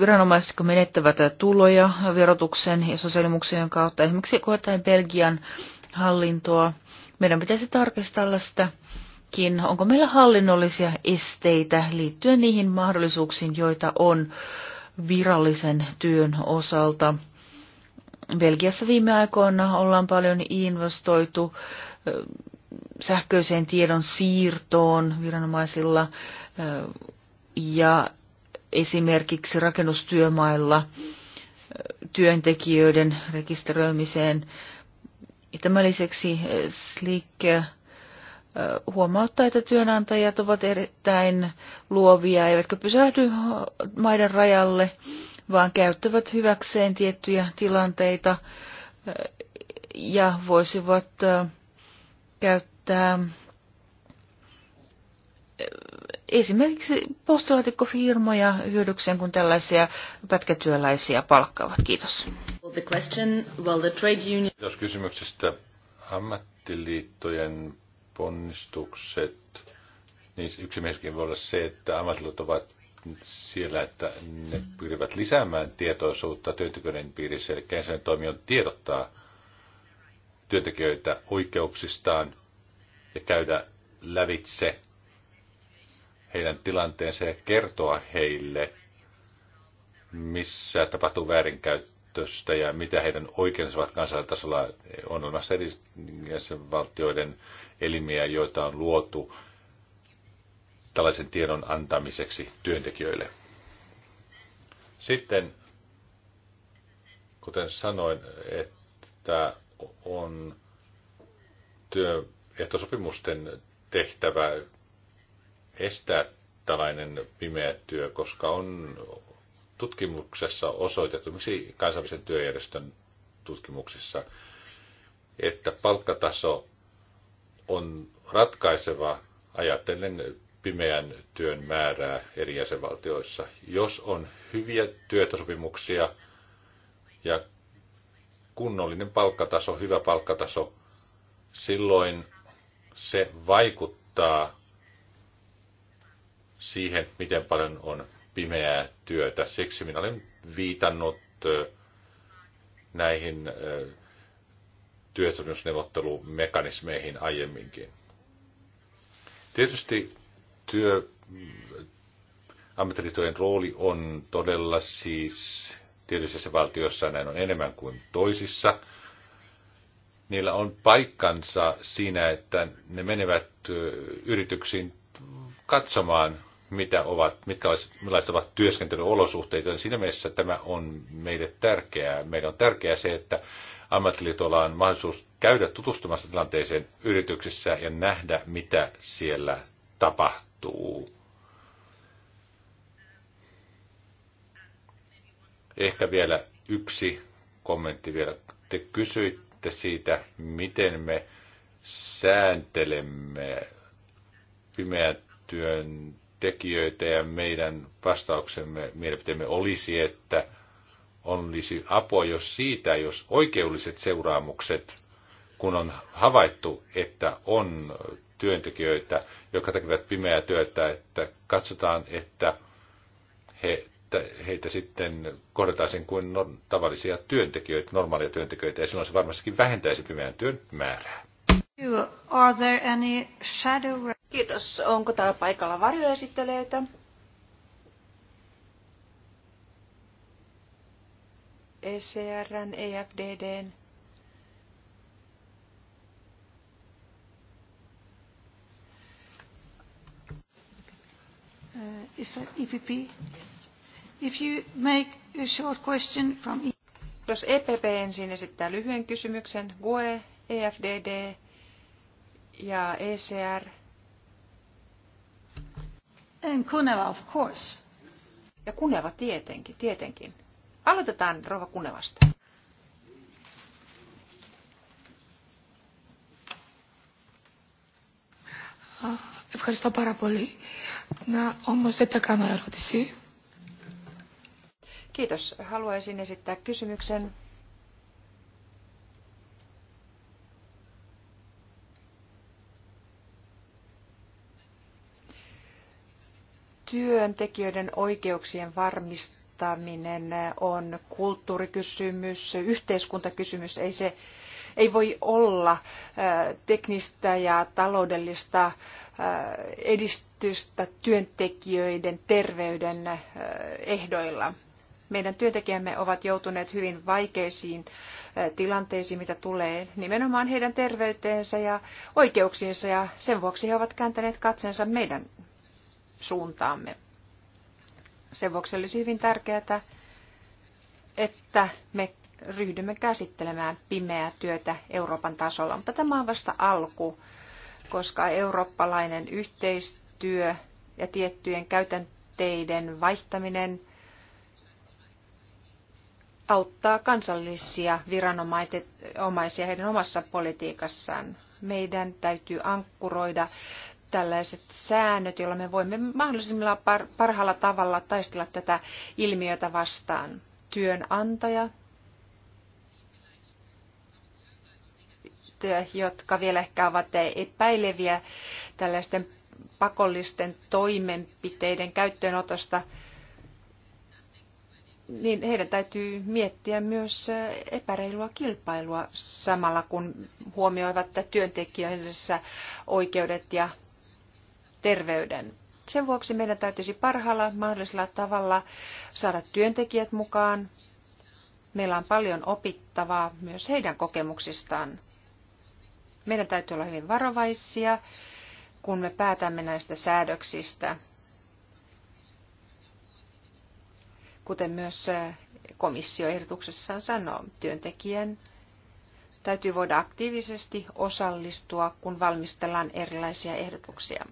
viranomaiset, jotka menettävät tuloja verotuksen ja sosiaalimuksien kautta. Esimerkiksi koetaan Belgian hallintoa. Meidän pitäisi tarkistella sitä onko meillä hallinnollisia esteitä liittyen niihin mahdollisuuksiin, joita on virallisen työn osalta. Belgiassa viime aikoina ollaan paljon investoitu sähköiseen tiedon siirtoon viranomaisilla ja esimerkiksi rakennustyömailla työntekijöiden rekisteröimiseen. Tämän lisäksi Slick huomauttaa, että työnantajat ovat erittäin luovia, eivätkä pysähdy maiden rajalle, vaan käyttävät hyväkseen tiettyjä tilanteita ja voisivat käyttää esimerkiksi postilaatikkofirmoja hyödykseen, kun tällaisia pätkätyöläisiä palkkaavat. Kiitos. Jos kysymyksestä ammattiliittojen ponnistukset, niin yksi myöskin voi olla se, että ammattiliitot ovat siellä, että ne pyrivät lisäämään tietoisuutta työntekijöiden piirissä, eli ensimmäinen toimi on tiedottaa työntekijöitä oikeuksistaan ja käydä lävitse heidän tilanteensa ja kertoa heille, missä tapahtuu väärinkäytöstä ja mitä heidän oikeutensa ovat kansallisella On olemassa eri jäsenvaltioiden elimiä, joita on luotu tällaisen tiedon antamiseksi työntekijöille. Sitten, kuten sanoin, että on työehtosopimusten tehtävä estää tällainen pimeä työ, koska on tutkimuksessa osoitettu, miksi kansainvälisen työjärjestön tutkimuksissa, että palkkataso on ratkaiseva ajatellen pimeän työn määrää eri jäsenvaltioissa. Jos on hyviä työtosopimuksia ja kunnollinen palkkataso, hyvä palkkataso, silloin se vaikuttaa siihen, miten paljon on pimeää työtä. Siksi minä olen viitannut näihin työsopimusneuvottelumekanismeihin aiemminkin. Tietysti työ, ammattiliittojen rooli on todella siis Tietyissä valtioissa näin on enemmän kuin toisissa. Niillä on paikkansa siinä, että ne menevät yrityksiin katsomaan, mitä ovat, mitkä olis, millaiset ovat työskentelyolosuhteet. Ja siinä mielessä tämä on meille tärkeää. Meidän on tärkeää se, että ammattiliitolla on mahdollisuus käydä tutustumassa tilanteeseen yrityksissä ja nähdä, mitä siellä tapahtuu. Ehkä vielä yksi kommentti vielä. Te kysyitte siitä, miten me sääntelemme pimeän työn tekijöitä ja meidän vastauksemme, mielipiteemme olisi, että olisi apua jos siitä, jos oikeudelliset seuraamukset, kun on havaittu, että on työntekijöitä, jotka tekevät pimeää työtä, että katsotaan, että he että heitä sitten kohdataan kuin no, tavallisia työntekijöitä, normaaleja työntekijöitä, ja silloin se varmastikin vähentäisi pimeän työn määrää. Are there any shadow... Kiitos. Onko täällä paikalla varjoesittelijöitä? ECRn, EFDDn. Uh, is that EPP? Yes. If you make a short question from... E- Jos EPP ensin esittää lyhyen kysymyksen, GUE, EFDD ja ECR. And Kuneva, of course. Ja Kuneva tietenkin, tietenkin. Aloitetaan Rova Kunevasta. Ευχαριστώ πάρα πολύ. Να όμως δεν τα κάνω ερώτηση. Kiitos. Haluaisin esittää kysymyksen. Työntekijöiden oikeuksien varmistaminen on kulttuurikysymys, yhteiskuntakysymys. Ei se ei voi olla teknistä ja taloudellista edistystä työntekijöiden terveyden ehdoilla. Meidän työntekijämme ovat joutuneet hyvin vaikeisiin tilanteisiin, mitä tulee nimenomaan heidän terveyteensä ja oikeuksiinsa, ja sen vuoksi he ovat kääntäneet katsensa meidän suuntaamme. Sen vuoksi olisi hyvin tärkeää, että me ryhdymme käsittelemään pimeää työtä Euroopan tasolla. Mutta tämä on vasta alku, koska eurooppalainen yhteistyö ja tiettyjen käytänteiden vaihtaminen – auttaa kansallisia viranomaisia heidän omassa politiikassaan. Meidän täytyy ankkuroida tällaiset säännöt, joilla me voimme mahdollisimman parhaalla tavalla taistella tätä ilmiötä vastaan. Työnantaja, jotka vielä ehkä ovat epäileviä tällaisten pakollisten toimenpiteiden käyttöönotosta, niin heidän täytyy miettiä myös äh, epäreilua kilpailua samalla, kun huomioivat työntekijöidensä oikeudet ja terveyden. Sen vuoksi meidän täytyisi parhaalla mahdollisella tavalla saada työntekijät mukaan. Meillä on paljon opittavaa myös heidän kokemuksistaan. Meidän täytyy olla hyvin varovaisia, kun me päätämme näistä säädöksistä – kuten myös komissio ehdotuksessaan sanoo, työntekijän täytyy voida aktiivisesti osallistua, kun valmistellaan erilaisia ehdotuksia.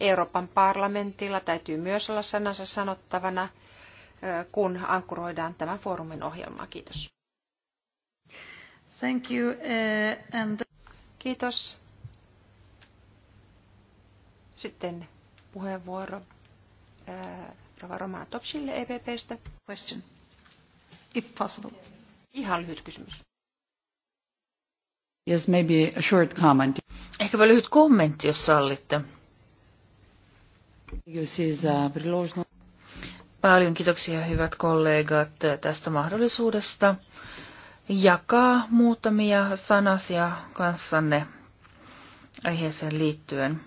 Euroopan parlamentilla täytyy myös olla sanansa sanottavana, kun ankkuroidaan tämän foorumin ohjelmaa. Kiitos. Thank you, uh, and... Kiitos. Sitten puheenvuoro uh, Rova Romaa Topsille EPPstä. Question. If possible. Ihan lyhyt kysymys. Yes, maybe a short comment. Ehkäpä lyhyt kommentti, jos sallitte. Paljon kiitoksia hyvät kollegat tästä mahdollisuudesta jakaa muutamia sanasia kanssanne aiheeseen liittyen.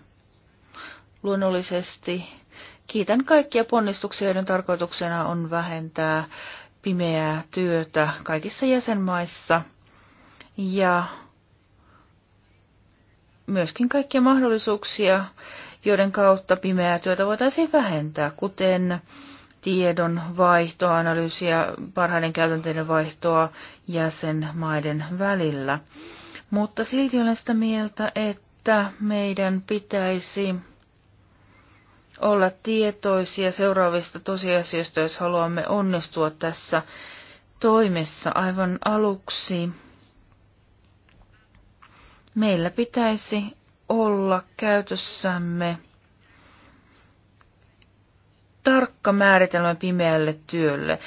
Luonnollisesti Kiitän kaikkia ponnistuksia, joiden tarkoituksena on vähentää pimeää työtä kaikissa jäsenmaissa ja myöskin kaikkia mahdollisuuksia, joiden kautta pimeää työtä voitaisiin vähentää, kuten tiedon vaihtoa, analyysiä, parhaiden käytänteiden vaihtoa jäsenmaiden välillä. Mutta silti olen sitä mieltä, että meidän pitäisi olla tietoisia seuraavista tosiasioista, jos haluamme onnistua tässä toimessa aivan aluksi. Meillä pitäisi olla käytössämme tarkka määritelmä pimeälle työlle.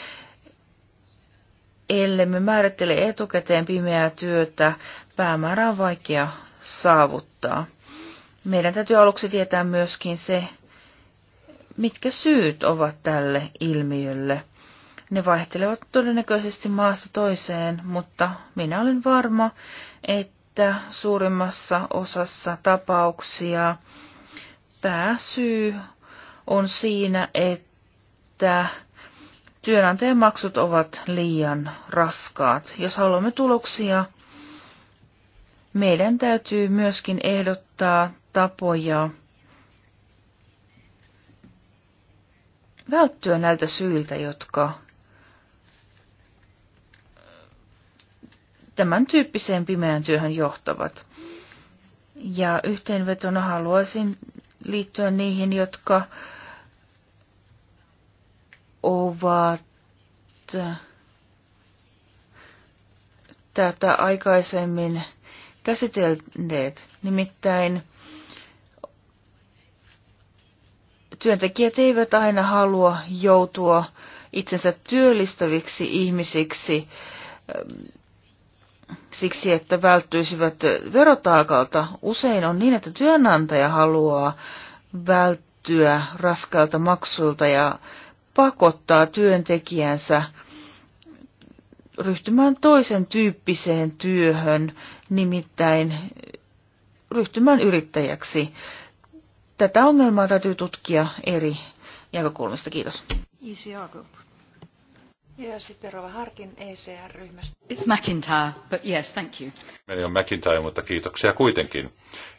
me määrittele etukäteen pimeää työtä, päämäärä on vaikea saavuttaa. Meidän täytyy aluksi tietää myöskin se, mitkä syyt ovat tälle ilmiölle. Ne vaihtelevat todennäköisesti maasta toiseen, mutta minä olen varma, että suurimmassa osassa tapauksia pääsyy on siinä, että työnantajan maksut ovat liian raskaat. Jos haluamme tuloksia, meidän täytyy myöskin ehdottaa tapoja välttyä näiltä syiltä, jotka tämän tyyppiseen pimeään työhön johtavat. Ja yhteenvetona haluaisin liittyä niihin, jotka ovat tätä aikaisemmin käsitelleet. Nimittäin työntekijät eivät aina halua joutua itsensä työllistäviksi ihmisiksi eh, siksi, että välttyisivät verotaakalta. Usein on niin, että työnantaja haluaa välttyä raskailta maksuilta ja pakottaa työntekijänsä ryhtymään toisen tyyppiseen työhön, nimittäin ryhtymään yrittäjäksi tätä ongelmaa täytyy tutkia eri näkökulmista. Kiitos. Ja sitten Rova Harkin ECR-ryhmästä. It's McIntyre, but yes, thank you. Meni on McIntyre, mutta kiitoksia kuitenkin.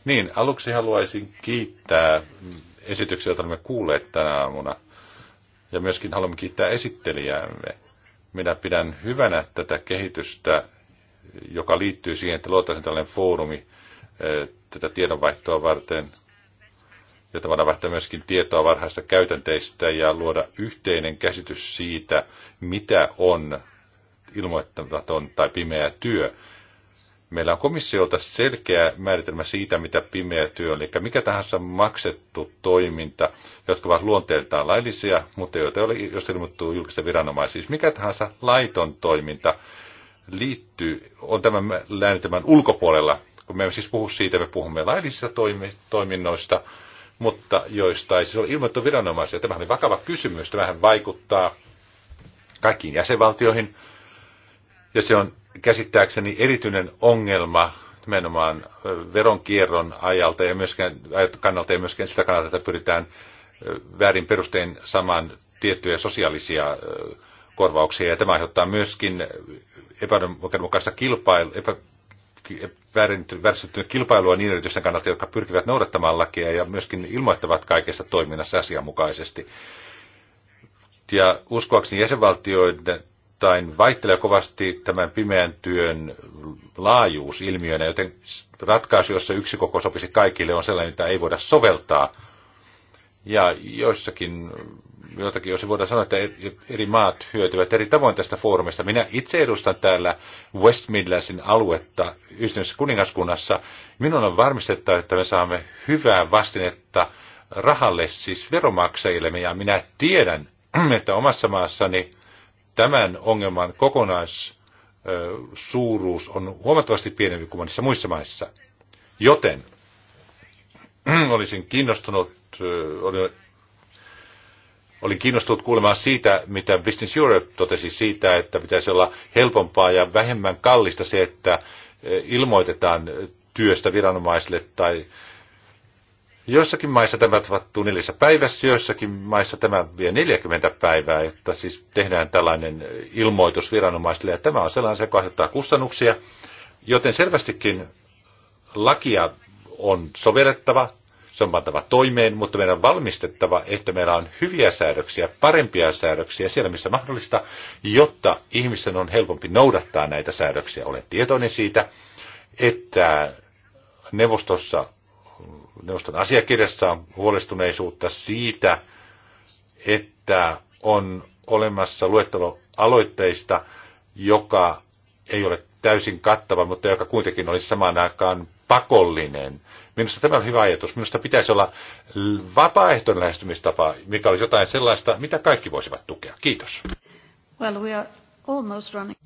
Niin, aluksi haluaisin kiittää esityksiä, joita olemme kuulleet tänä aamuna. Ja myöskin haluamme kiittää esittelijäämme. Minä pidän hyvänä tätä kehitystä, joka liittyy siihen, että luotaisiin tällainen foorumi eh, tätä tiedonvaihtoa varten jotta voidaan vaihtaa myöskin tietoa varhaista käytänteistä ja luoda yhteinen käsitys siitä, mitä on ilmoittamaton tai pimeä työ. Meillä on komissiolta selkeä määritelmä siitä, mitä pimeä työ on, eli mikä tahansa maksettu toiminta, jotka ovat luonteeltaan laillisia, mutta joita ei ole, jos ilmoittuu julkista viranomaisia, siis mikä tahansa laiton toiminta liittyy, on tämän määritelmän ulkopuolella. Kun me emme siis puhu siitä, me puhumme laillisista toiminnoista, mutta joista ei siis ole ilmoittu viranomaisia. Tämähän on vakava kysymys, tämähän vaikuttaa kaikkiin jäsenvaltioihin, ja se on käsittääkseni erityinen ongelma nimenomaan veronkierron ajalta ja myöskään, kannalta ja myöskään sitä kannalta, että pyritään väärin perustein samaan tiettyjä sosiaalisia korvauksia. Ja tämä aiheuttaa myöskin epäoikeudenmukaista kilpailua, epä, vääristynyt kilpailua niin yritysten kannalta, jotka pyrkivät noudattamaan lakia ja myöskin ilmoittavat kaikesta toiminnassa asianmukaisesti. Ja uskoakseni jäsenvaltioiden tai vaihtelee kovasti tämän pimeän työn laajuus ilmiönä, joten ratkaisu, jossa yksi koko sopisi kaikille, on sellainen, mitä ei voida soveltaa ja joissakin, joitakin, jos voidaan sanoa, että eri maat hyötyvät eri tavoin tästä foorumista. Minä itse edustan täällä West Midlandsin aluetta yhdistyneessä kuningaskunnassa. Minun on varmistettava, että me saamme hyvää vastinetta rahalle, siis veromaksajille. Ja minä tiedän, että omassa maassani tämän ongelman kokonaissuuruus on huomattavasti pienempi kuin monissa muissa maissa. Joten olisin kiinnostunut olin, olin kiinnostunut kuulemaan siitä, mitä Business Europe totesi siitä, että pitäisi olla helpompaa ja vähemmän kallista se, että ilmoitetaan työstä viranomaisille tai Joissakin maissa tämä tapahtuu neljässä päivässä, joissakin maissa tämä vie 40 päivää, että siis tehdään tällainen ilmoitus viranomaisille, ja tämä on sellainen, se kohdattaa kustannuksia. Joten selvästikin lakia on sovellettava, se on pantava toimeen, mutta meidän on valmistettava, että meillä on hyviä säädöksiä, parempia säädöksiä siellä, missä mahdollista, jotta ihmisten on helpompi noudattaa näitä säädöksiä. Olen tietoinen siitä, että neuvostossa, neuvoston asiakirjassa on huolestuneisuutta siitä, että on olemassa luettelo aloitteista, joka ei ole täysin kattava, mutta joka kuitenkin olisi samaan aikaan pakollinen – Minusta tämä on hyvä ajatus. Minusta pitäisi olla vapaaehtoinen lähestymistapa, mikä olisi jotain sellaista, mitä kaikki voisivat tukea. Kiitos. Well, we are almost running.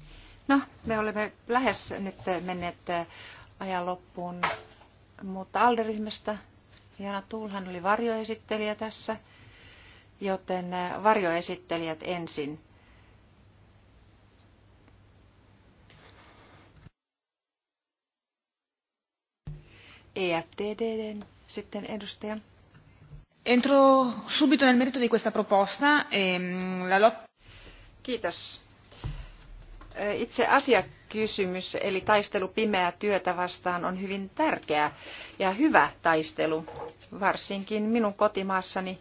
No, me olemme lähes nyt menneet ajan loppuun, mutta Alderyhmästä Jana Tuulhan oli varjoesittelijä tässä, joten varjoesittelijät ensin. E sitten edustaja. Entro subito nel merito di questa proposta. Ehm, la lot... Kiitos. Itse asiakysymys eli taistelu pimeää työtä vastaan on hyvin tärkeä ja hyvä taistelu. Varsinkin minun kotimaassani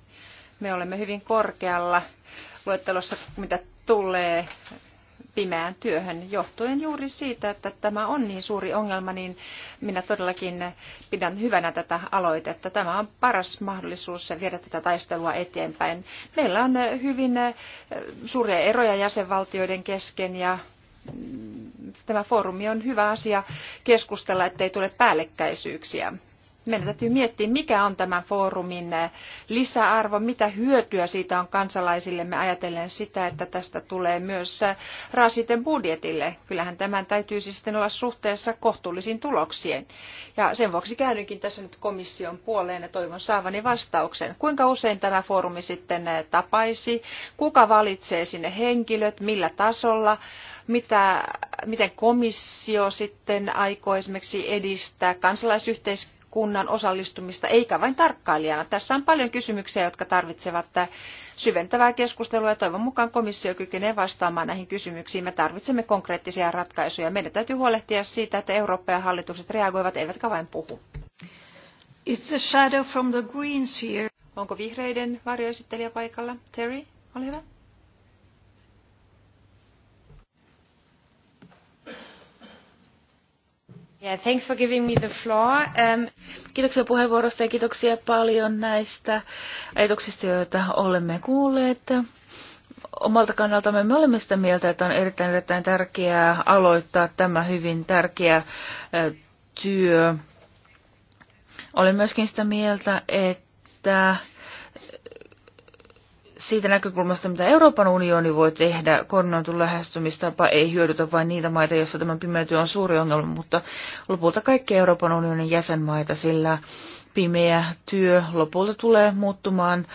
me olemme hyvin korkealla luettelossa, mitä tulee pimeään työhön johtuen juuri siitä, että tämä on niin suuri ongelma, niin minä todellakin pidän hyvänä tätä aloitetta. Tämä on paras mahdollisuus viedä tätä taistelua eteenpäin. Meillä on hyvin eh, suuria eroja jäsenvaltioiden kesken ja mm, tämä foorumi on hyvä asia keskustella, ettei tule päällekkäisyyksiä meidän täytyy miettiä, mikä on tämän foorumin eh, lisäarvo, mitä hyötyä siitä on kansalaisille. Me ajatellen sitä, että tästä tulee myös eh, rasiten budjetille. Kyllähän tämän täytyy siis sitten olla suhteessa kohtuullisiin tuloksiin. Ja sen vuoksi käynykin tässä nyt komission puoleen ja toivon saavani vastauksen. Kuinka usein tämä foorumi sitten eh, tapaisi? Kuka valitsee sinne henkilöt? Millä tasolla? Mitä, miten komissio sitten aikoo esimerkiksi edistää kansalaisyhteiskuntaa? Kunnan osallistumista, eikä vain tarkkailijana. Tässä on paljon kysymyksiä, jotka tarvitsevat syventävää keskustelua ja toivon mukaan komissio kykenee vastaamaan näihin kysymyksiin. Me tarvitsemme konkreettisia ratkaisuja. Meidän täytyy huolehtia siitä, että Eurooppa ja hallitukset reagoivat, eivätkä vain puhu. It's shadow from the Greens here. Onko vihreiden varjoesittelijä paikalla? Terry, ole hyvä. Yeah, thanks for giving me the floor. Um... Kiitoksia puheenvuorosta ja kiitoksia paljon näistä ajatuksista, joita olemme kuulleet. Omalta kannaltamme me olemme sitä mieltä, että on erittäin, erittäin tärkeää aloittaa tämä hyvin tärkeä työ. Olen myöskin sitä mieltä, että siitä näkökulmasta, mitä Euroopan unioni voi tehdä, koordinoitu lähestymistapa ei hyödytä vain niitä maita, joissa tämä pimeytyy on suuri ongelma, mutta lopulta kaikki Euroopan unionin jäsenmaita, sillä pimeä työ lopulta tulee muuttumaan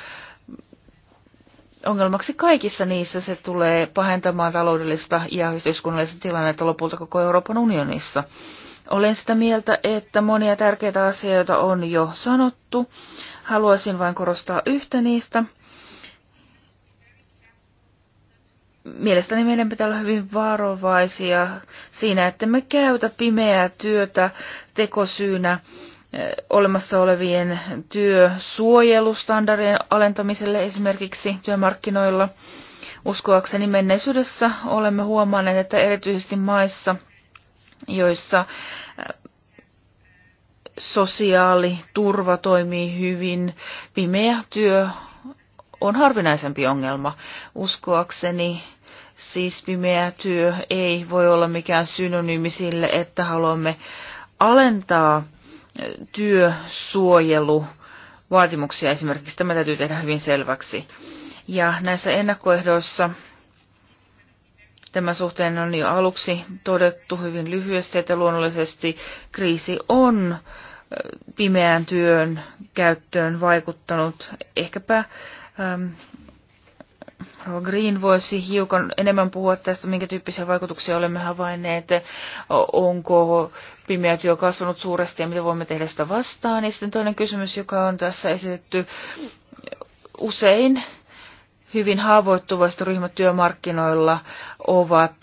ongelmaksi kaikissa niissä. Se tulee pahentamaan taloudellista ja yhteiskunnallista tilannetta lopulta koko Euroopan unionissa. Olen sitä mieltä, että monia tärkeitä asioita on jo sanottu. Haluaisin vain korostaa yhtä niistä – mielestäni meidän pitää olla hyvin varovaisia siinä, että me käytä pimeää työtä tekosyynä eh, olemassa olevien työsuojelustandardien alentamiselle esimerkiksi työmarkkinoilla. Uskoakseni menneisyydessä olemme huomanneet, että erityisesti maissa, joissa eh, sosiaaliturva toimii hyvin, pimeä työ on harvinaisempi ongelma. Uskoakseni Siis pimeä työ ei voi olla mikään synonyymi sille, että haluamme alentaa työsuojelu vaatimuksia esimerkiksi. Tämä täytyy tehdä hyvin selväksi. Ja näissä ennakkoehdoissa Tämän suhteen on jo aluksi todettu hyvin lyhyesti, että luonnollisesti kriisi on pimeän työn käyttöön vaikuttanut ehkäpä Green voisi hiukan enemmän puhua tästä, minkä tyyppisiä vaikutuksia olemme havainneet, onko pimeä työ kasvanut suuresti ja mitä voimme tehdä sitä vastaan. Ja sitten toinen kysymys, joka on tässä esitetty usein, hyvin haavoittuvasti ryhmät työmarkkinoilla ovat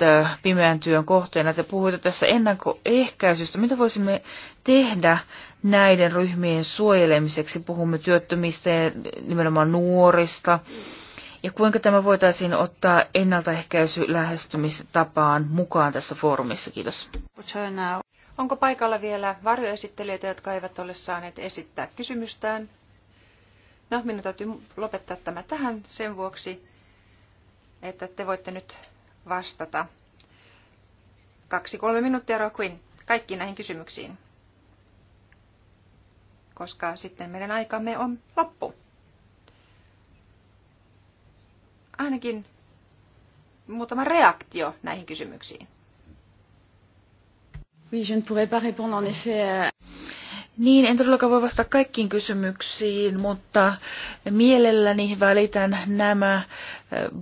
pimeän työn kohteena. Te puhuitte tässä ennakkoehkäisystä. Mitä voisimme tehdä näiden ryhmien suojelemiseksi? Puhumme työttömistä ja nimenomaan nuorista. Mm ja kuinka tämä voitaisiin ottaa ennaltaehkäisy lähestymistapaan mukaan tässä foorumissa? Kiitos. Onko paikalla vielä varjoesittelijöitä, jotka eivät ole saaneet esittää kysymystään? No, minun täytyy lopettaa tämä tähän sen vuoksi, että te voitte nyt vastata. Kaksi-kolme minuuttia, Roquin, kaikkiin näihin kysymyksiin, koska sitten meidän aikamme on loppu. ainakin muutama reaktio näihin kysymyksiin. Oui, je ne pourrais pas répondre en effet. Euh, niin, en todellakaan voi vastata kaikkiin kysymyksiin, mutta mielelläni välitän nämä äh,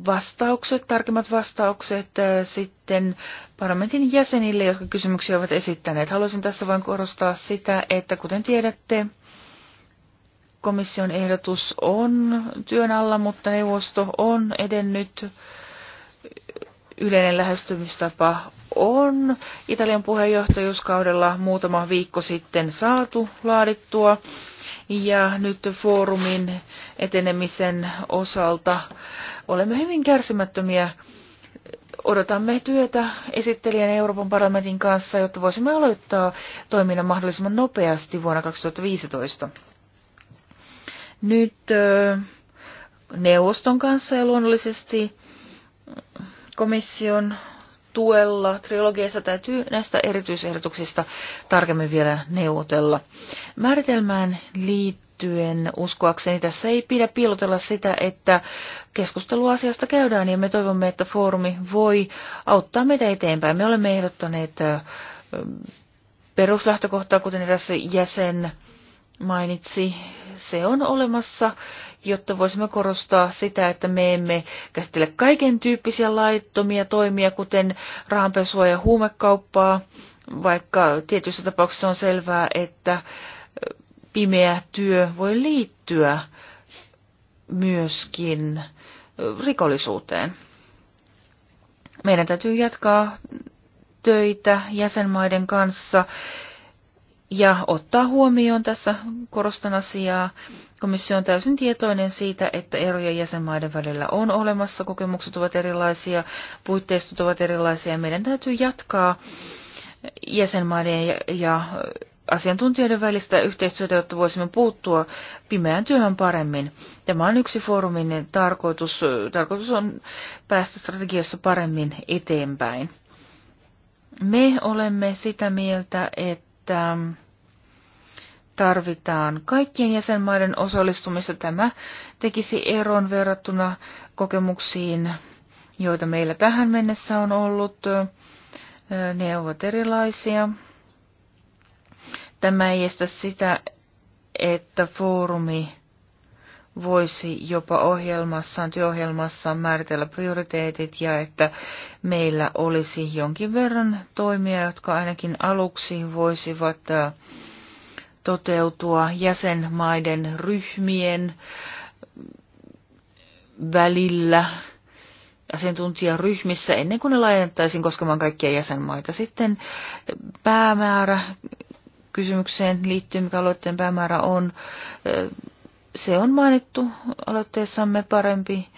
vastaukset, tarkemmat vastaukset äh, sitten parlamentin jäsenille, jotka kysymyksiä ovat esittäneet. Haluaisin tässä vain korostaa sitä, että kuten tiedätte, komission ehdotus on työn alla, mutta neuvosto on edennyt. Yleinen lähestymistapa on Italian puheenjohtajuuskaudella muutama viikko sitten saatu laadittua. Ja nyt foorumin etenemisen osalta olemme hyvin kärsimättömiä. Odotamme työtä esittelijän Euroopan parlamentin kanssa, jotta voisimme aloittaa toiminnan mahdollisimman nopeasti vuonna 2015 nyt neuvoston kanssa ja luonnollisesti komission tuella trilogiassa täytyy näistä erityisehdotuksista tarkemmin vielä neuvotella. Määritelmään liittyen uskoakseni tässä ei pidä piilotella sitä, että keskustelu asiasta käydään ja me toivomme, että foorumi voi auttaa meitä eteenpäin. Me olemme ehdottaneet peruslähtökohtaa, kuten eräs jäsen mainitsi, se on olemassa, jotta voisimme korostaa sitä, että me emme käsittele kaiken tyyppisiä laittomia toimia, kuten rahanpesua ja huumekauppaa, vaikka tietyissä tapauksissa on selvää, että pimeä työ voi liittyä myöskin rikollisuuteen. Meidän täytyy jatkaa töitä jäsenmaiden kanssa ja ottaa huomioon tässä korostan asiaa. Komissio on täysin tietoinen siitä, että eroja jäsenmaiden välillä on olemassa, kokemukset ovat erilaisia, puitteistot ovat erilaisia. Meidän täytyy jatkaa jäsenmaiden ja, ja asiantuntijoiden välistä yhteistyötä, jotta voisimme puuttua pimeään työhön paremmin. Tämä on yksi foorumin tarkoitus. Tarkoitus on päästä strategiassa paremmin eteenpäin. Me olemme sitä mieltä, että että tarvitaan kaikkien jäsenmaiden osallistumista. Tämä tekisi eron verrattuna kokemuksiin, joita meillä tähän mennessä on ollut. Ne ovat erilaisia. Tämä ei estä sitä, että foorumi voisi jopa ohjelmassaan, työohjelmassaan määritellä prioriteetit ja että meillä olisi jonkin verran toimia, jotka ainakin aluksi voisivat äh, toteutua jäsenmaiden ryhmien välillä asiantuntijaryhmissä ennen kuin ne laajennettaisiin koskemaan kaikkia jäsenmaita. Sitten päämäärä kysymykseen liittyen, mikä aloitteen päämäärä on, se on mainittu aloitteessamme parempi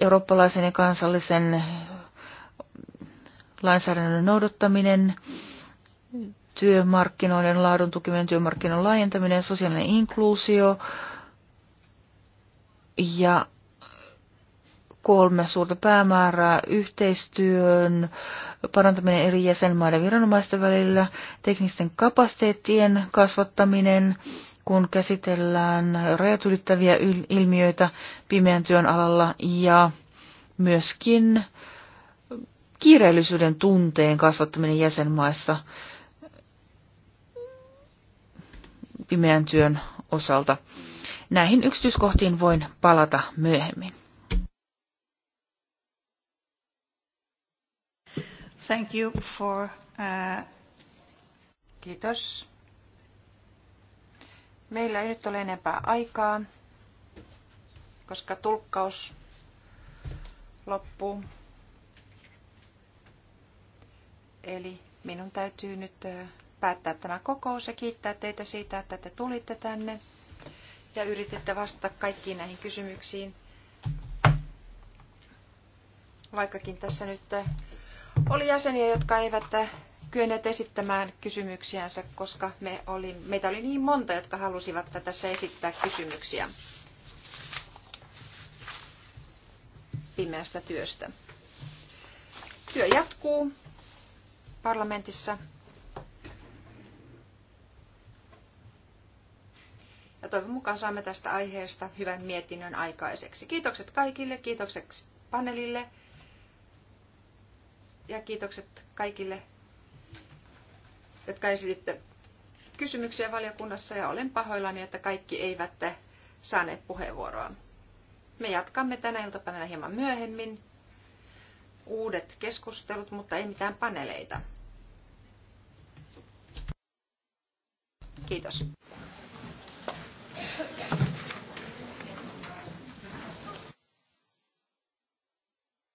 eurooppalaisen ja kansallisen lainsäädännön noudattaminen työmarkkinoiden laadun tukeminen, työmarkkinoiden laajentaminen, sosiaalinen inkluusio ja kolme suurta päämäärää, yhteistyön parantaminen eri jäsenmaiden viranomaisten välillä, teknisten kapasiteettien kasvattaminen, kun käsitellään rajat ylittäviä ilmiöitä pimeän työn alalla ja myöskin kiireellisyyden tunteen kasvattaminen jäsenmaissa pimeän työn osalta. Näihin yksityiskohtiin voin palata myöhemmin. Thank you for, uh... Kiitos. Meillä ei nyt ole enempää aikaa, koska tulkkaus loppuu. Eli minun täytyy nyt uh, päättää tämä kokous ja kiittää teitä siitä, että te tulitte tänne ja yrititte vastata kaikkiin näihin kysymyksiin. Vaikkakin tässä nyt äh, oli jäseniä, jotka eivät äh, kyenneet esittämään kysymyksiänsä, koska me oli, meitä oli niin monta, jotka halusivat tässä esittää kysymyksiä pimeästä työstä. Työ jatkuu parlamentissa Ja toivon mukaan saamme tästä aiheesta hyvän mietinnön aikaiseksi. Kiitokset kaikille, kiitokset panelille ja kiitokset kaikille, jotka esititte kysymyksiä valiokunnassa ja olen pahoillani, että kaikki eivät saaneet puheenvuoroa. Me jatkamme tänä iltapäivänä hieman myöhemmin. Uudet keskustelut, mutta ei mitään paneleita. Kiitos.